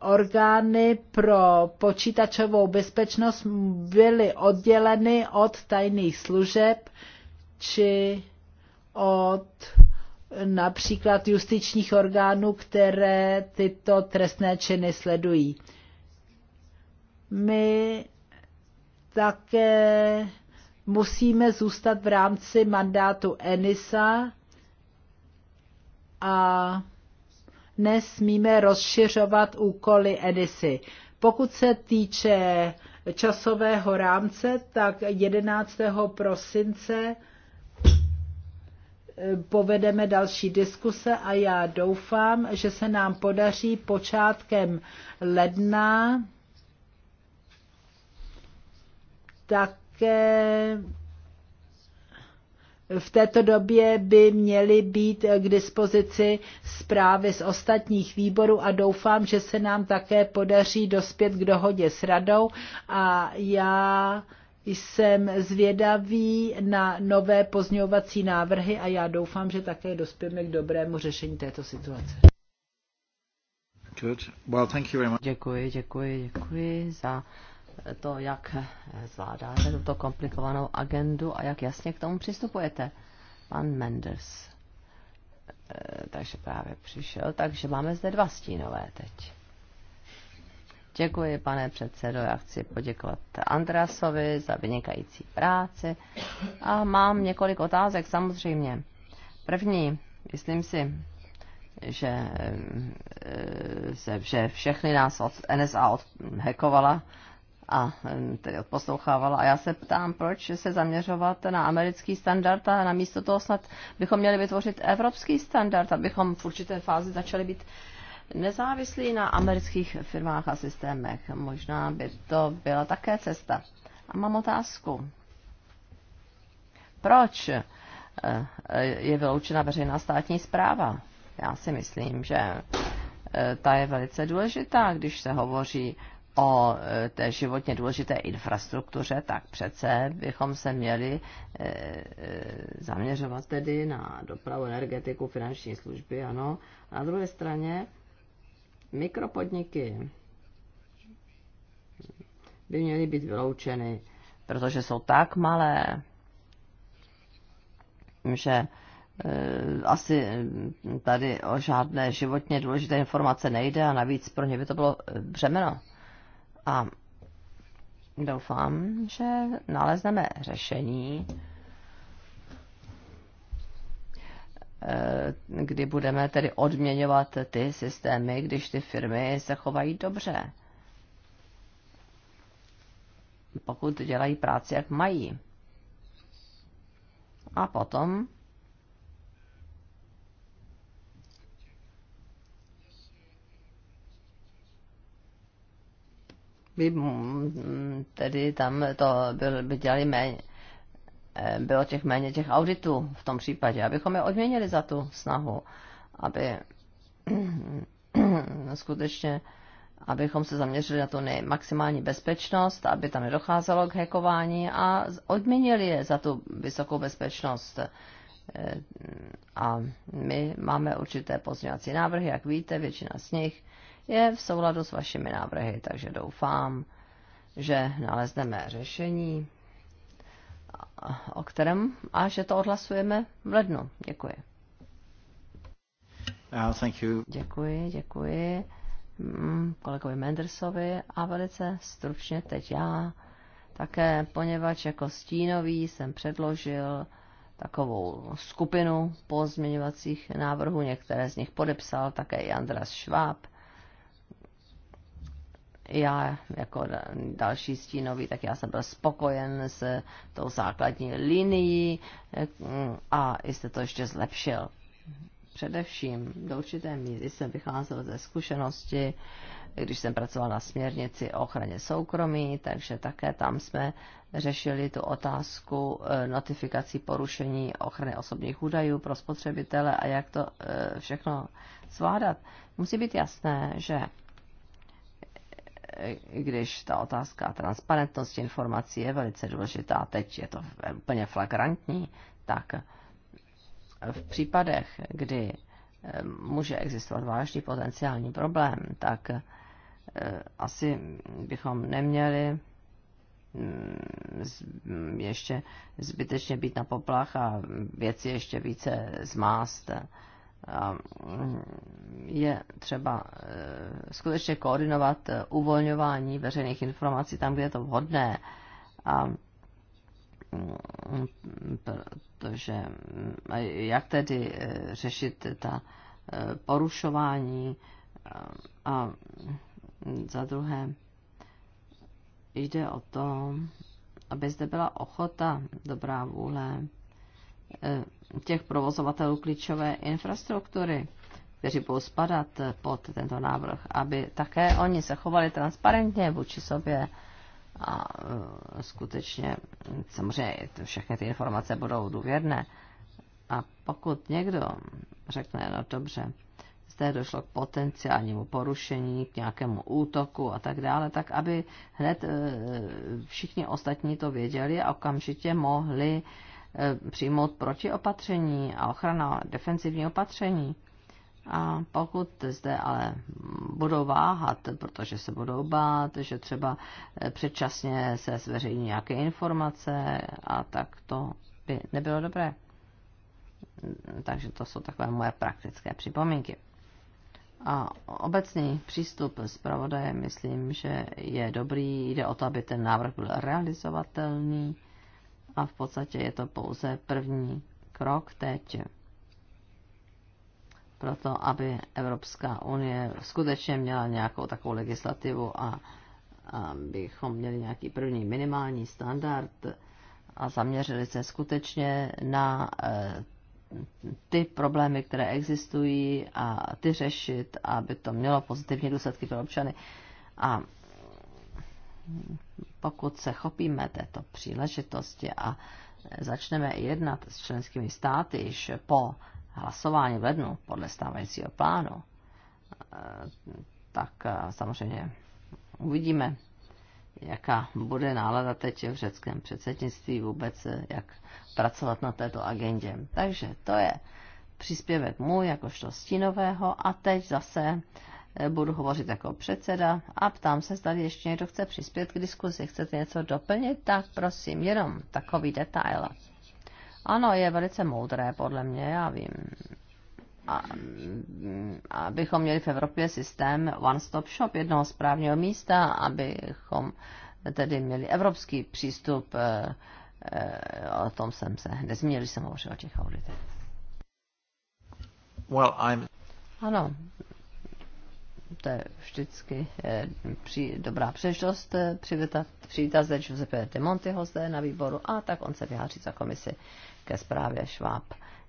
orgány pro počítačovou bezpečnost byly odděleny od tajných služeb či od například justičních orgánů, které tyto trestné činy sledují. My také musíme zůstat v rámci mandátu ENISA a nesmíme rozšiřovat úkoly ENISy. Pokud se týče časového rámce, tak 11. prosince eh, povedeme další diskuse a já doufám, že se nám podaří počátkem ledna tak také v této době by měly být k dispozici zprávy z ostatních výborů a doufám, že se nám také podaří dospět k dohodě s radou a já jsem zvědavý na nové pozňovací návrhy a já doufám, že také dospěme k dobrému řešení této situace. Well, děkuji, děkuji, děkuji za to, jak zvládáte tuto komplikovanou agendu a jak jasně k tomu přistupujete. Pan Menders. Eh, takže právě přišel, takže máme zde dva stínové teď. Děkuji, pane předsedo. Já chci poděkovat Andrasovi za vynikající práci. A mám několik otázek, samozřejmě. První, myslím si, že, eh, že všechny nás od NSA odhekovala a tedy odposlouchávala. A já se ptám, proč se zaměřovat na americký standard a na místo toho snad bychom měli vytvořit evropský standard, abychom v určité fázi začali být nezávislí na amerických firmách a systémech. Možná by to byla také cesta. A mám otázku. Proč eh, je vyloučena veřejná státní zpráva? Já si myslím, že eh, ta je velice důležitá, když se hovoří o e, té životně důležité infrastruktuře, tak přece bychom se měli e, e, zaměřovat tedy na dopravu, energetiku, finanční služby, ano. Na druhé straně mikropodniky by měly být vyloučeny, protože jsou tak malé, že asi tady o žádné životně důležité informace nejde a navíc pro ně by to bylo břemeno. A doufám, že nalezneme řešení, eh, kdy budeme tedy odměňovat ty systémy, když ty firmy se chovají dobře. Pokud dělají práci, jak mají. A potom by mm, tedy tam to byl, by dělali méně, eh, bylo těch méně těch auditů v tom případě, abychom je odměnili za tu snahu, aby mm, (clears throat) skutečně abychom se zaměřili na tu maximální bezpečnost, aby tam nedocházelo k hackování a odměnili je za tu vysokou bezpečnost. Eh, a my máme určité pozměňovací návrhy, jak víte, většina z nich je v souladu s vašimi návrhy, takže doufám, že nalezneme řešení, o kterém a že to odhlasujeme v lednu. Děkuji. Uh, thank you. Děkuji, děkuji mm, kolegovi Mendersovi a velice stručně teď já také, poněvadž jako stínový jsem předložil takovou skupinu pozměňovacích návrhů, některé z nich podepsal také Andras Schwab já jako další stínový, tak já jsem byl spokojen s tou základní linií eh, a jste to ještě zlepšil. Především do určité míry jsem vycházel ze zkušenosti, když jsem pracoval na směrnici o ochraně soukromí, takže také tam jsme řešili tu otázku eh, notifikací porušení ochrany osobních údajů pro spotřebitele a jak to eh, všechno zvládat. Musí být jasné, že i když ta otázka transparentnosti informací je velice důležitá, teď je to úplně flagrantní, tak v případech, kdy eh, může existovat vážný potenciální problém, tak eh, asi bychom neměli mm, mm, ještě zbytečně být na poplach a věci ještě více zmást a mm, je třeba eh, skutečně koordinovat eh, uvolňování veřejných informací tam, kde je to vhodné. A mm, protože mm, jak tedy eh, řešit ta porušování a za druhé jde o to, aby zde byla ochota, dobrá vůle Eh, těch provozovatelů klíčové infrastruktury, kteří budou spadat eh, pod tento návrh, aby také oni se chovali transparentně vůči sobě a eh, skutečně samozřejmě všechny ty informace budou důvěrné. A pokud někdo řekne, no dobře, zde došlo k potenciálnímu porušení, k nějakému útoku a tak dále, tak aby hned všichni ostatní to věděli a okamžitě mohli Eh, přijmout protiopatření a ochrana defensivní opatření. A pokud zde ale budou váhat, protože se budou bát, že třeba eh, předčasně se zveřejní nějaké informace a tak to by nebylo dobré. Takže to jsou takové moje praktické připomínky. A obecný přístup pravodaje myslím, že je dobrý. Jde o to, aby ten návrh byl realizovatelný a v podstatě je to pouze první krok teď proto, aby Evropská unie skutečně měla nějakou takovou legislativu a abychom měli nějaký první minimální standard a zaměřili se skutečně na e, ty problémy, které existují a ty řešit, aby to mělo pozitivní důsledky pro občany. A pokud se chopíme této příležitosti a začneme jednat s členskými státy již po hlasování v lednu podle stávajícího plánu, tak eh, samozřejmě uvidíme, jaká bude nálada teď v řeckém předsednictví vůbec, jak pracovat na této agendě. Takže to je příspěvek můj jakožto stínového a teď zase budu hovořit jako předseda a ptám se, zda ještě někdo chce přispět k diskuzi. Chcete něco doplnit? Tak prosím, jenom takový detail. Ano, je velice moudré, podle mě, já vím. A, mm, abychom měli v Evropě systém one-stop shop, jednoho správného místa, abychom tedy měli evropský přístup, eh, eh, o tom jsem se nezmínil, když jsem hovořil o těch auditech. Well, I'm... Ano, to je vždycky eh, při, dobrá příležitost eh, přivítat, přivítat zde Giuseppe de Montiho zde na výboru a tak on se vyháří za komisi ke zprávě Šváb.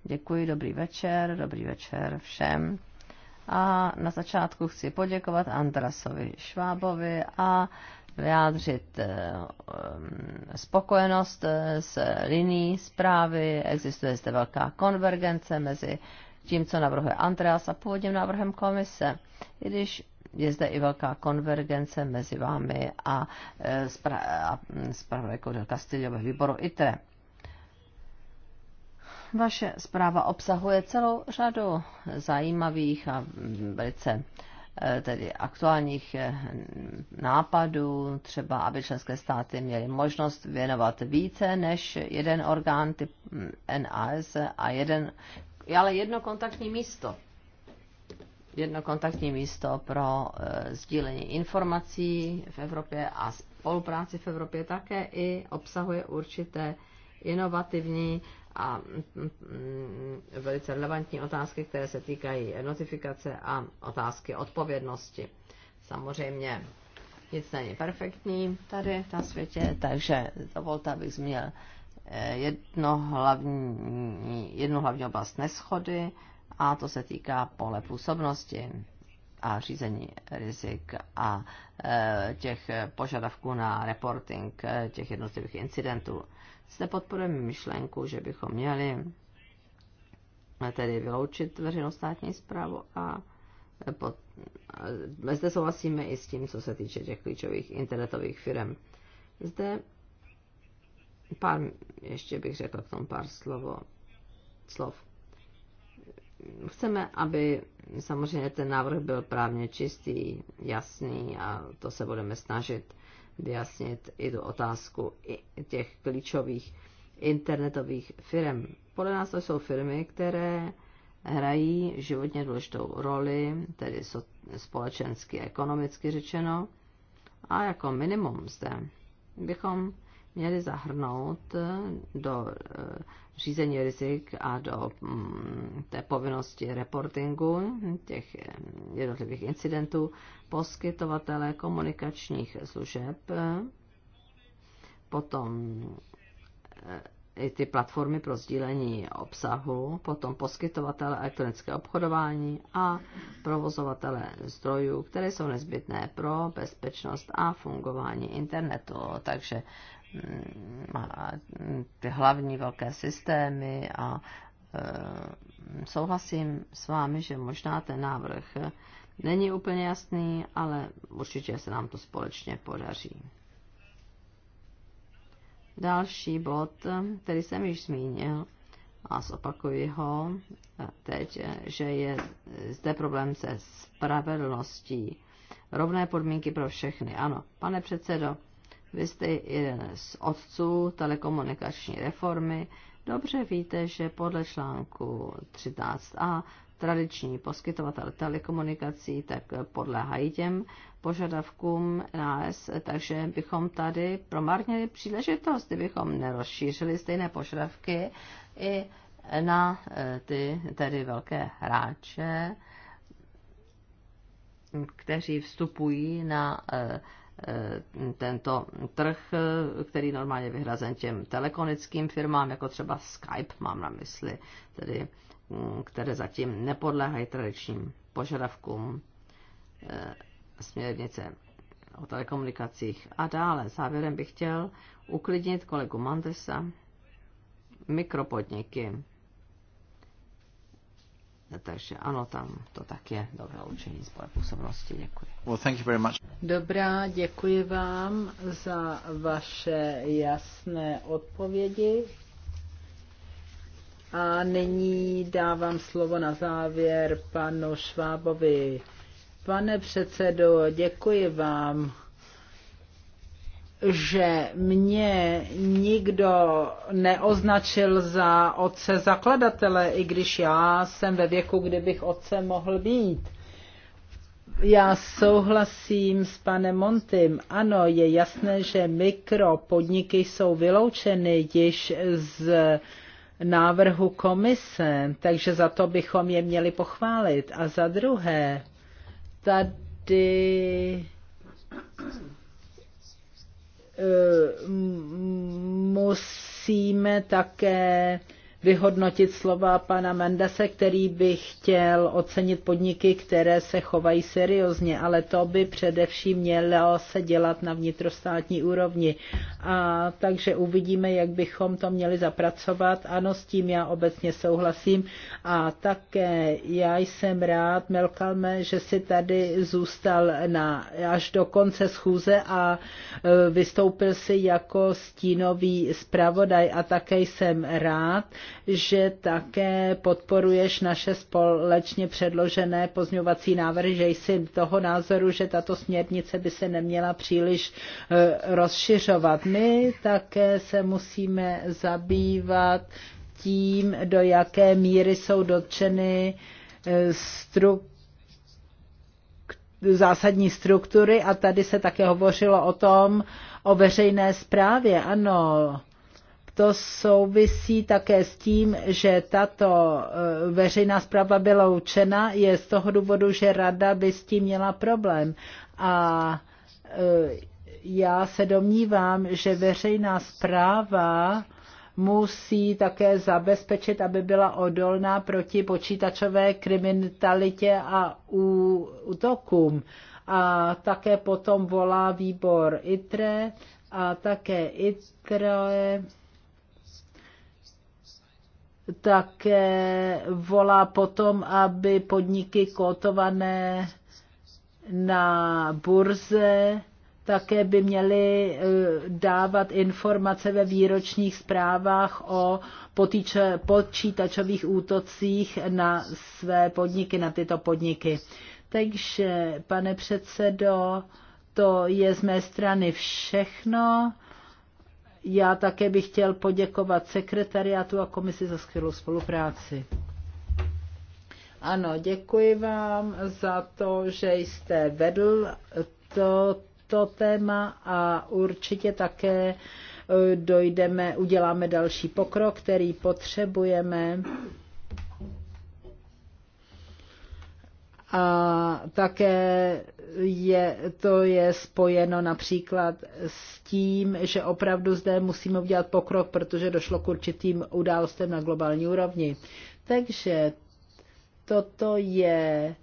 Děkuji, dobrý večer, dobrý večer všem. A na začátku chci poděkovat Andrasovi Švábovi a vyjádřit eh, spokojenost s liní zprávy. Existuje zde velká konvergence mezi tím, co navrhuje Andreas a původním návrhem komise. I když je zde i velká konvergence mezi vámi a e, mm, zpravodajkou del Castillo ve výboru ITRE. Vaše zpráva obsahuje celou řadu zajímavých a velice e, tedy aktuálních e, nápadů, třeba aby členské státy měly možnost věnovat více než jeden orgán typ NAS a jeden ale jedno kontaktní místo. Jedno kontaktní místo pro e, sdílení informací v Evropě a spolupráci v Evropě také i obsahuje určité inovativní a mm, mm, velice relevantní otázky, které se týkají notifikace a otázky odpovědnosti. Samozřejmě nic není perfektní tady na světě, takže dovolte, abych zmínil jedno hlavní, jednu hlavní oblast neschody a to se týká pole působnosti a řízení rizik a e, těch požadavků na reporting e, těch jednotlivých incidentů. Zde podporujeme myšlenku, že bychom měli e, tedy vyloučit veřejnou státní zprávu a pod, zde souhlasíme i s tím, co se týče těch klíčových internetových firm. Zde pár, ještě bych řekla k tomu pár slovo, slov. Chceme, aby samozřejmě ten návrh byl právně čistý, jasný a to se budeme snažit vyjasnit i tu otázku i těch klíčových internetových firm. Podle nás to jsou firmy, které hrají životně důležitou roli, tedy společensky a ekonomicky řečeno, a jako minimum zde bychom měli zahrnout do eh, řízení rizik a do mm, té povinnosti reportingu těch eh, jednotlivých incidentů poskytovatele komunikačních služeb, potom eh, i ty platformy pro sdílení obsahu, potom poskytovatele elektronické obchodování a provozovatele zdrojů, které jsou nezbytné pro bezpečnost a fungování internetu. Takže ty hlavní velké systémy a e, souhlasím s vámi, že možná ten návrh není úplně jasný, ale určitě se nám to společně podaří. Další bod, který jsem již zmínil, a zopakuji ho teď, že je zde problém se spravedlností. Rovné podmínky pro všechny. Ano, pane předsedo, vy jste jeden z otců telekomunikační reformy. Dobře víte, že podle článku 13a tradiční poskytovatel telekomunikací, tak podléhají těm požadavkům NAS, takže bychom tady promarnili příležitost, kdybychom nerozšířili stejné požadavky i na e, ty tedy velké hráče, kteří vstupují na e, Eh, tento trh, eh, který normálně vyhrazen těm telekonickým firmám, jako třeba Skype mám na mysli, tedy, mm, které zatím nepodléhají tradičním požadavkům eh, směrnice o telekomunikacích. A dále závěrem bych chtěl uklidnit kolegu Mandesa mikropodniky takže ano, tam to tak je. Dobrá učení z působnosti. Děkuji. Well, thank you very much. Dobrá, děkuji vám za vaše jasné odpovědi. A nyní dávám slovo na závěr panu Švábovi. Pane předsedo, děkuji vám že mě nikdo neoznačil za otce zakladatele, i když já jsem ve věku, kde bych otcem mohl být. Já souhlasím s panem Montym. Ano, je jasné, že mikropodniky jsou vyloučeny již z návrhu komise, takže za to bychom je měli pochválit. A za druhé, tady Eh, musíme také vyhodnotit slova pana Mendese, který by chtěl ocenit podniky, které se chovají seriózně, ale to by především mělo se dělat na vnitrostátní úrovni. A takže uvidíme, jak bychom to měli zapracovat. Ano, s tím já obecně souhlasím. A také já jsem rád, Melkalme, že si tady zůstal na, až do konce schůze a e, vystoupil si jako stínový zpravodaj a také jsem rád, že také podporuješ naše společně předložené pozňovací návrhy, že jsi toho názoru, že tato směrnice by se neměla příliš e, rozšiřovat. My také se musíme zabývat tím, do jaké míry jsou dotčeny e, struktury zásadní struktury a tady se také hovořilo o tom, o veřejné správě. Ano, to souvisí také s tím, že tato eh, veřejná zpráva byla učena, je z toho důvodu, že rada by s tím měla problém. A eh, já se domnívám, že veřejná zpráva musí také zabezpečit, aby byla odolná proti počítačové kriminalitě a útokům. A také potom volá výbor ITRE a také ITRE také volá potom, aby podniky kotované na burze také by měly eh, dávat informace ve výročních zprávách o potýče, počítačových útocích na své podniky, na tyto podniky. Takže, pane předsedo, to je z mé strany všechno. Já také bych chtěl poděkovat sekretariátu a komisi za skvělou spolupráci. Ano, děkuji vám za to, že jste vedl to, to téma a určitě také eh, dojdeme, uděláme další pokrok, který potřebujeme a také je, to je spojeno například s tím, že opravdu zde musíme udělat pokrok, protože došlo k určitým událostem na globální úrovni. Takže toto je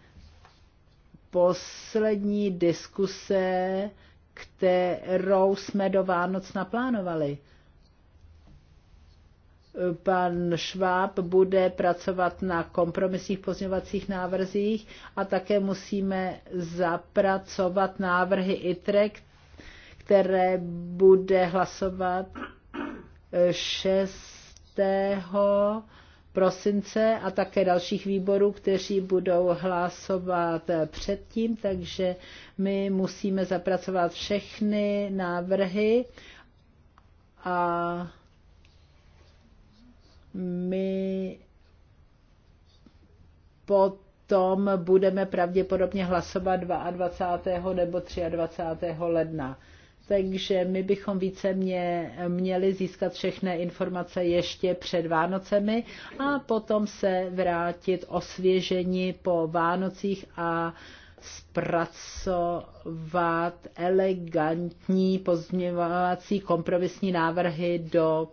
poslední diskuse, kterou jsme do Vánoc naplánovali pan Šváb bude pracovat na kompromisních pozměňovacích návrzích a také musíme zapracovat návrhy ITRE, které bude hlasovat 6. prosince a také dalších výborů, kteří budou hlasovat předtím, takže my musíme zapracovat všechny návrhy a my potom budeme pravděpodobně hlasovat 22. nebo 23. ledna. Takže my bychom více mě, měli získat všechny informace ještě před Vánocemi a potom se vrátit osvěžení po Vánocích a zpracovat elegantní pozměňovací kompromisní návrhy do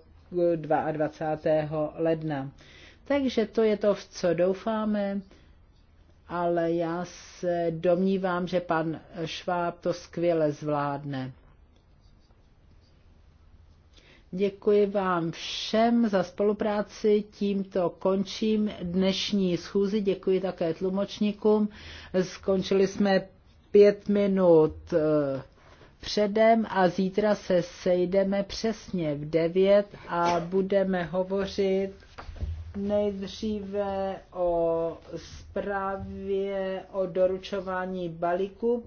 22. ledna. Takže to je to, v co doufáme, ale já se domnívám, že pan Šváb to skvěle zvládne. Děkuji vám všem za spolupráci. Tímto končím dnešní schůzi. Děkuji také tlumočníkům. Skončili jsme pět minut eh, předem a zítra se sejdeme přesně v 9 a budeme hovořit nejdříve o zprávě o doručování balíku,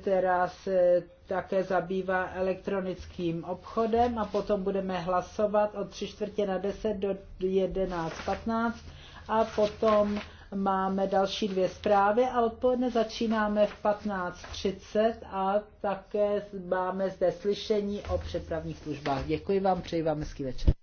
která se také zabývá elektronickým obchodem a potom budeme hlasovat od 3 čtvrtě na 10 do 11.15 a potom máme další dvě zprávy a odpoledne začínáme v 15.30 a také máme zde slyšení o přepravních službách. Děkuji vám, přeji vám hezký večer.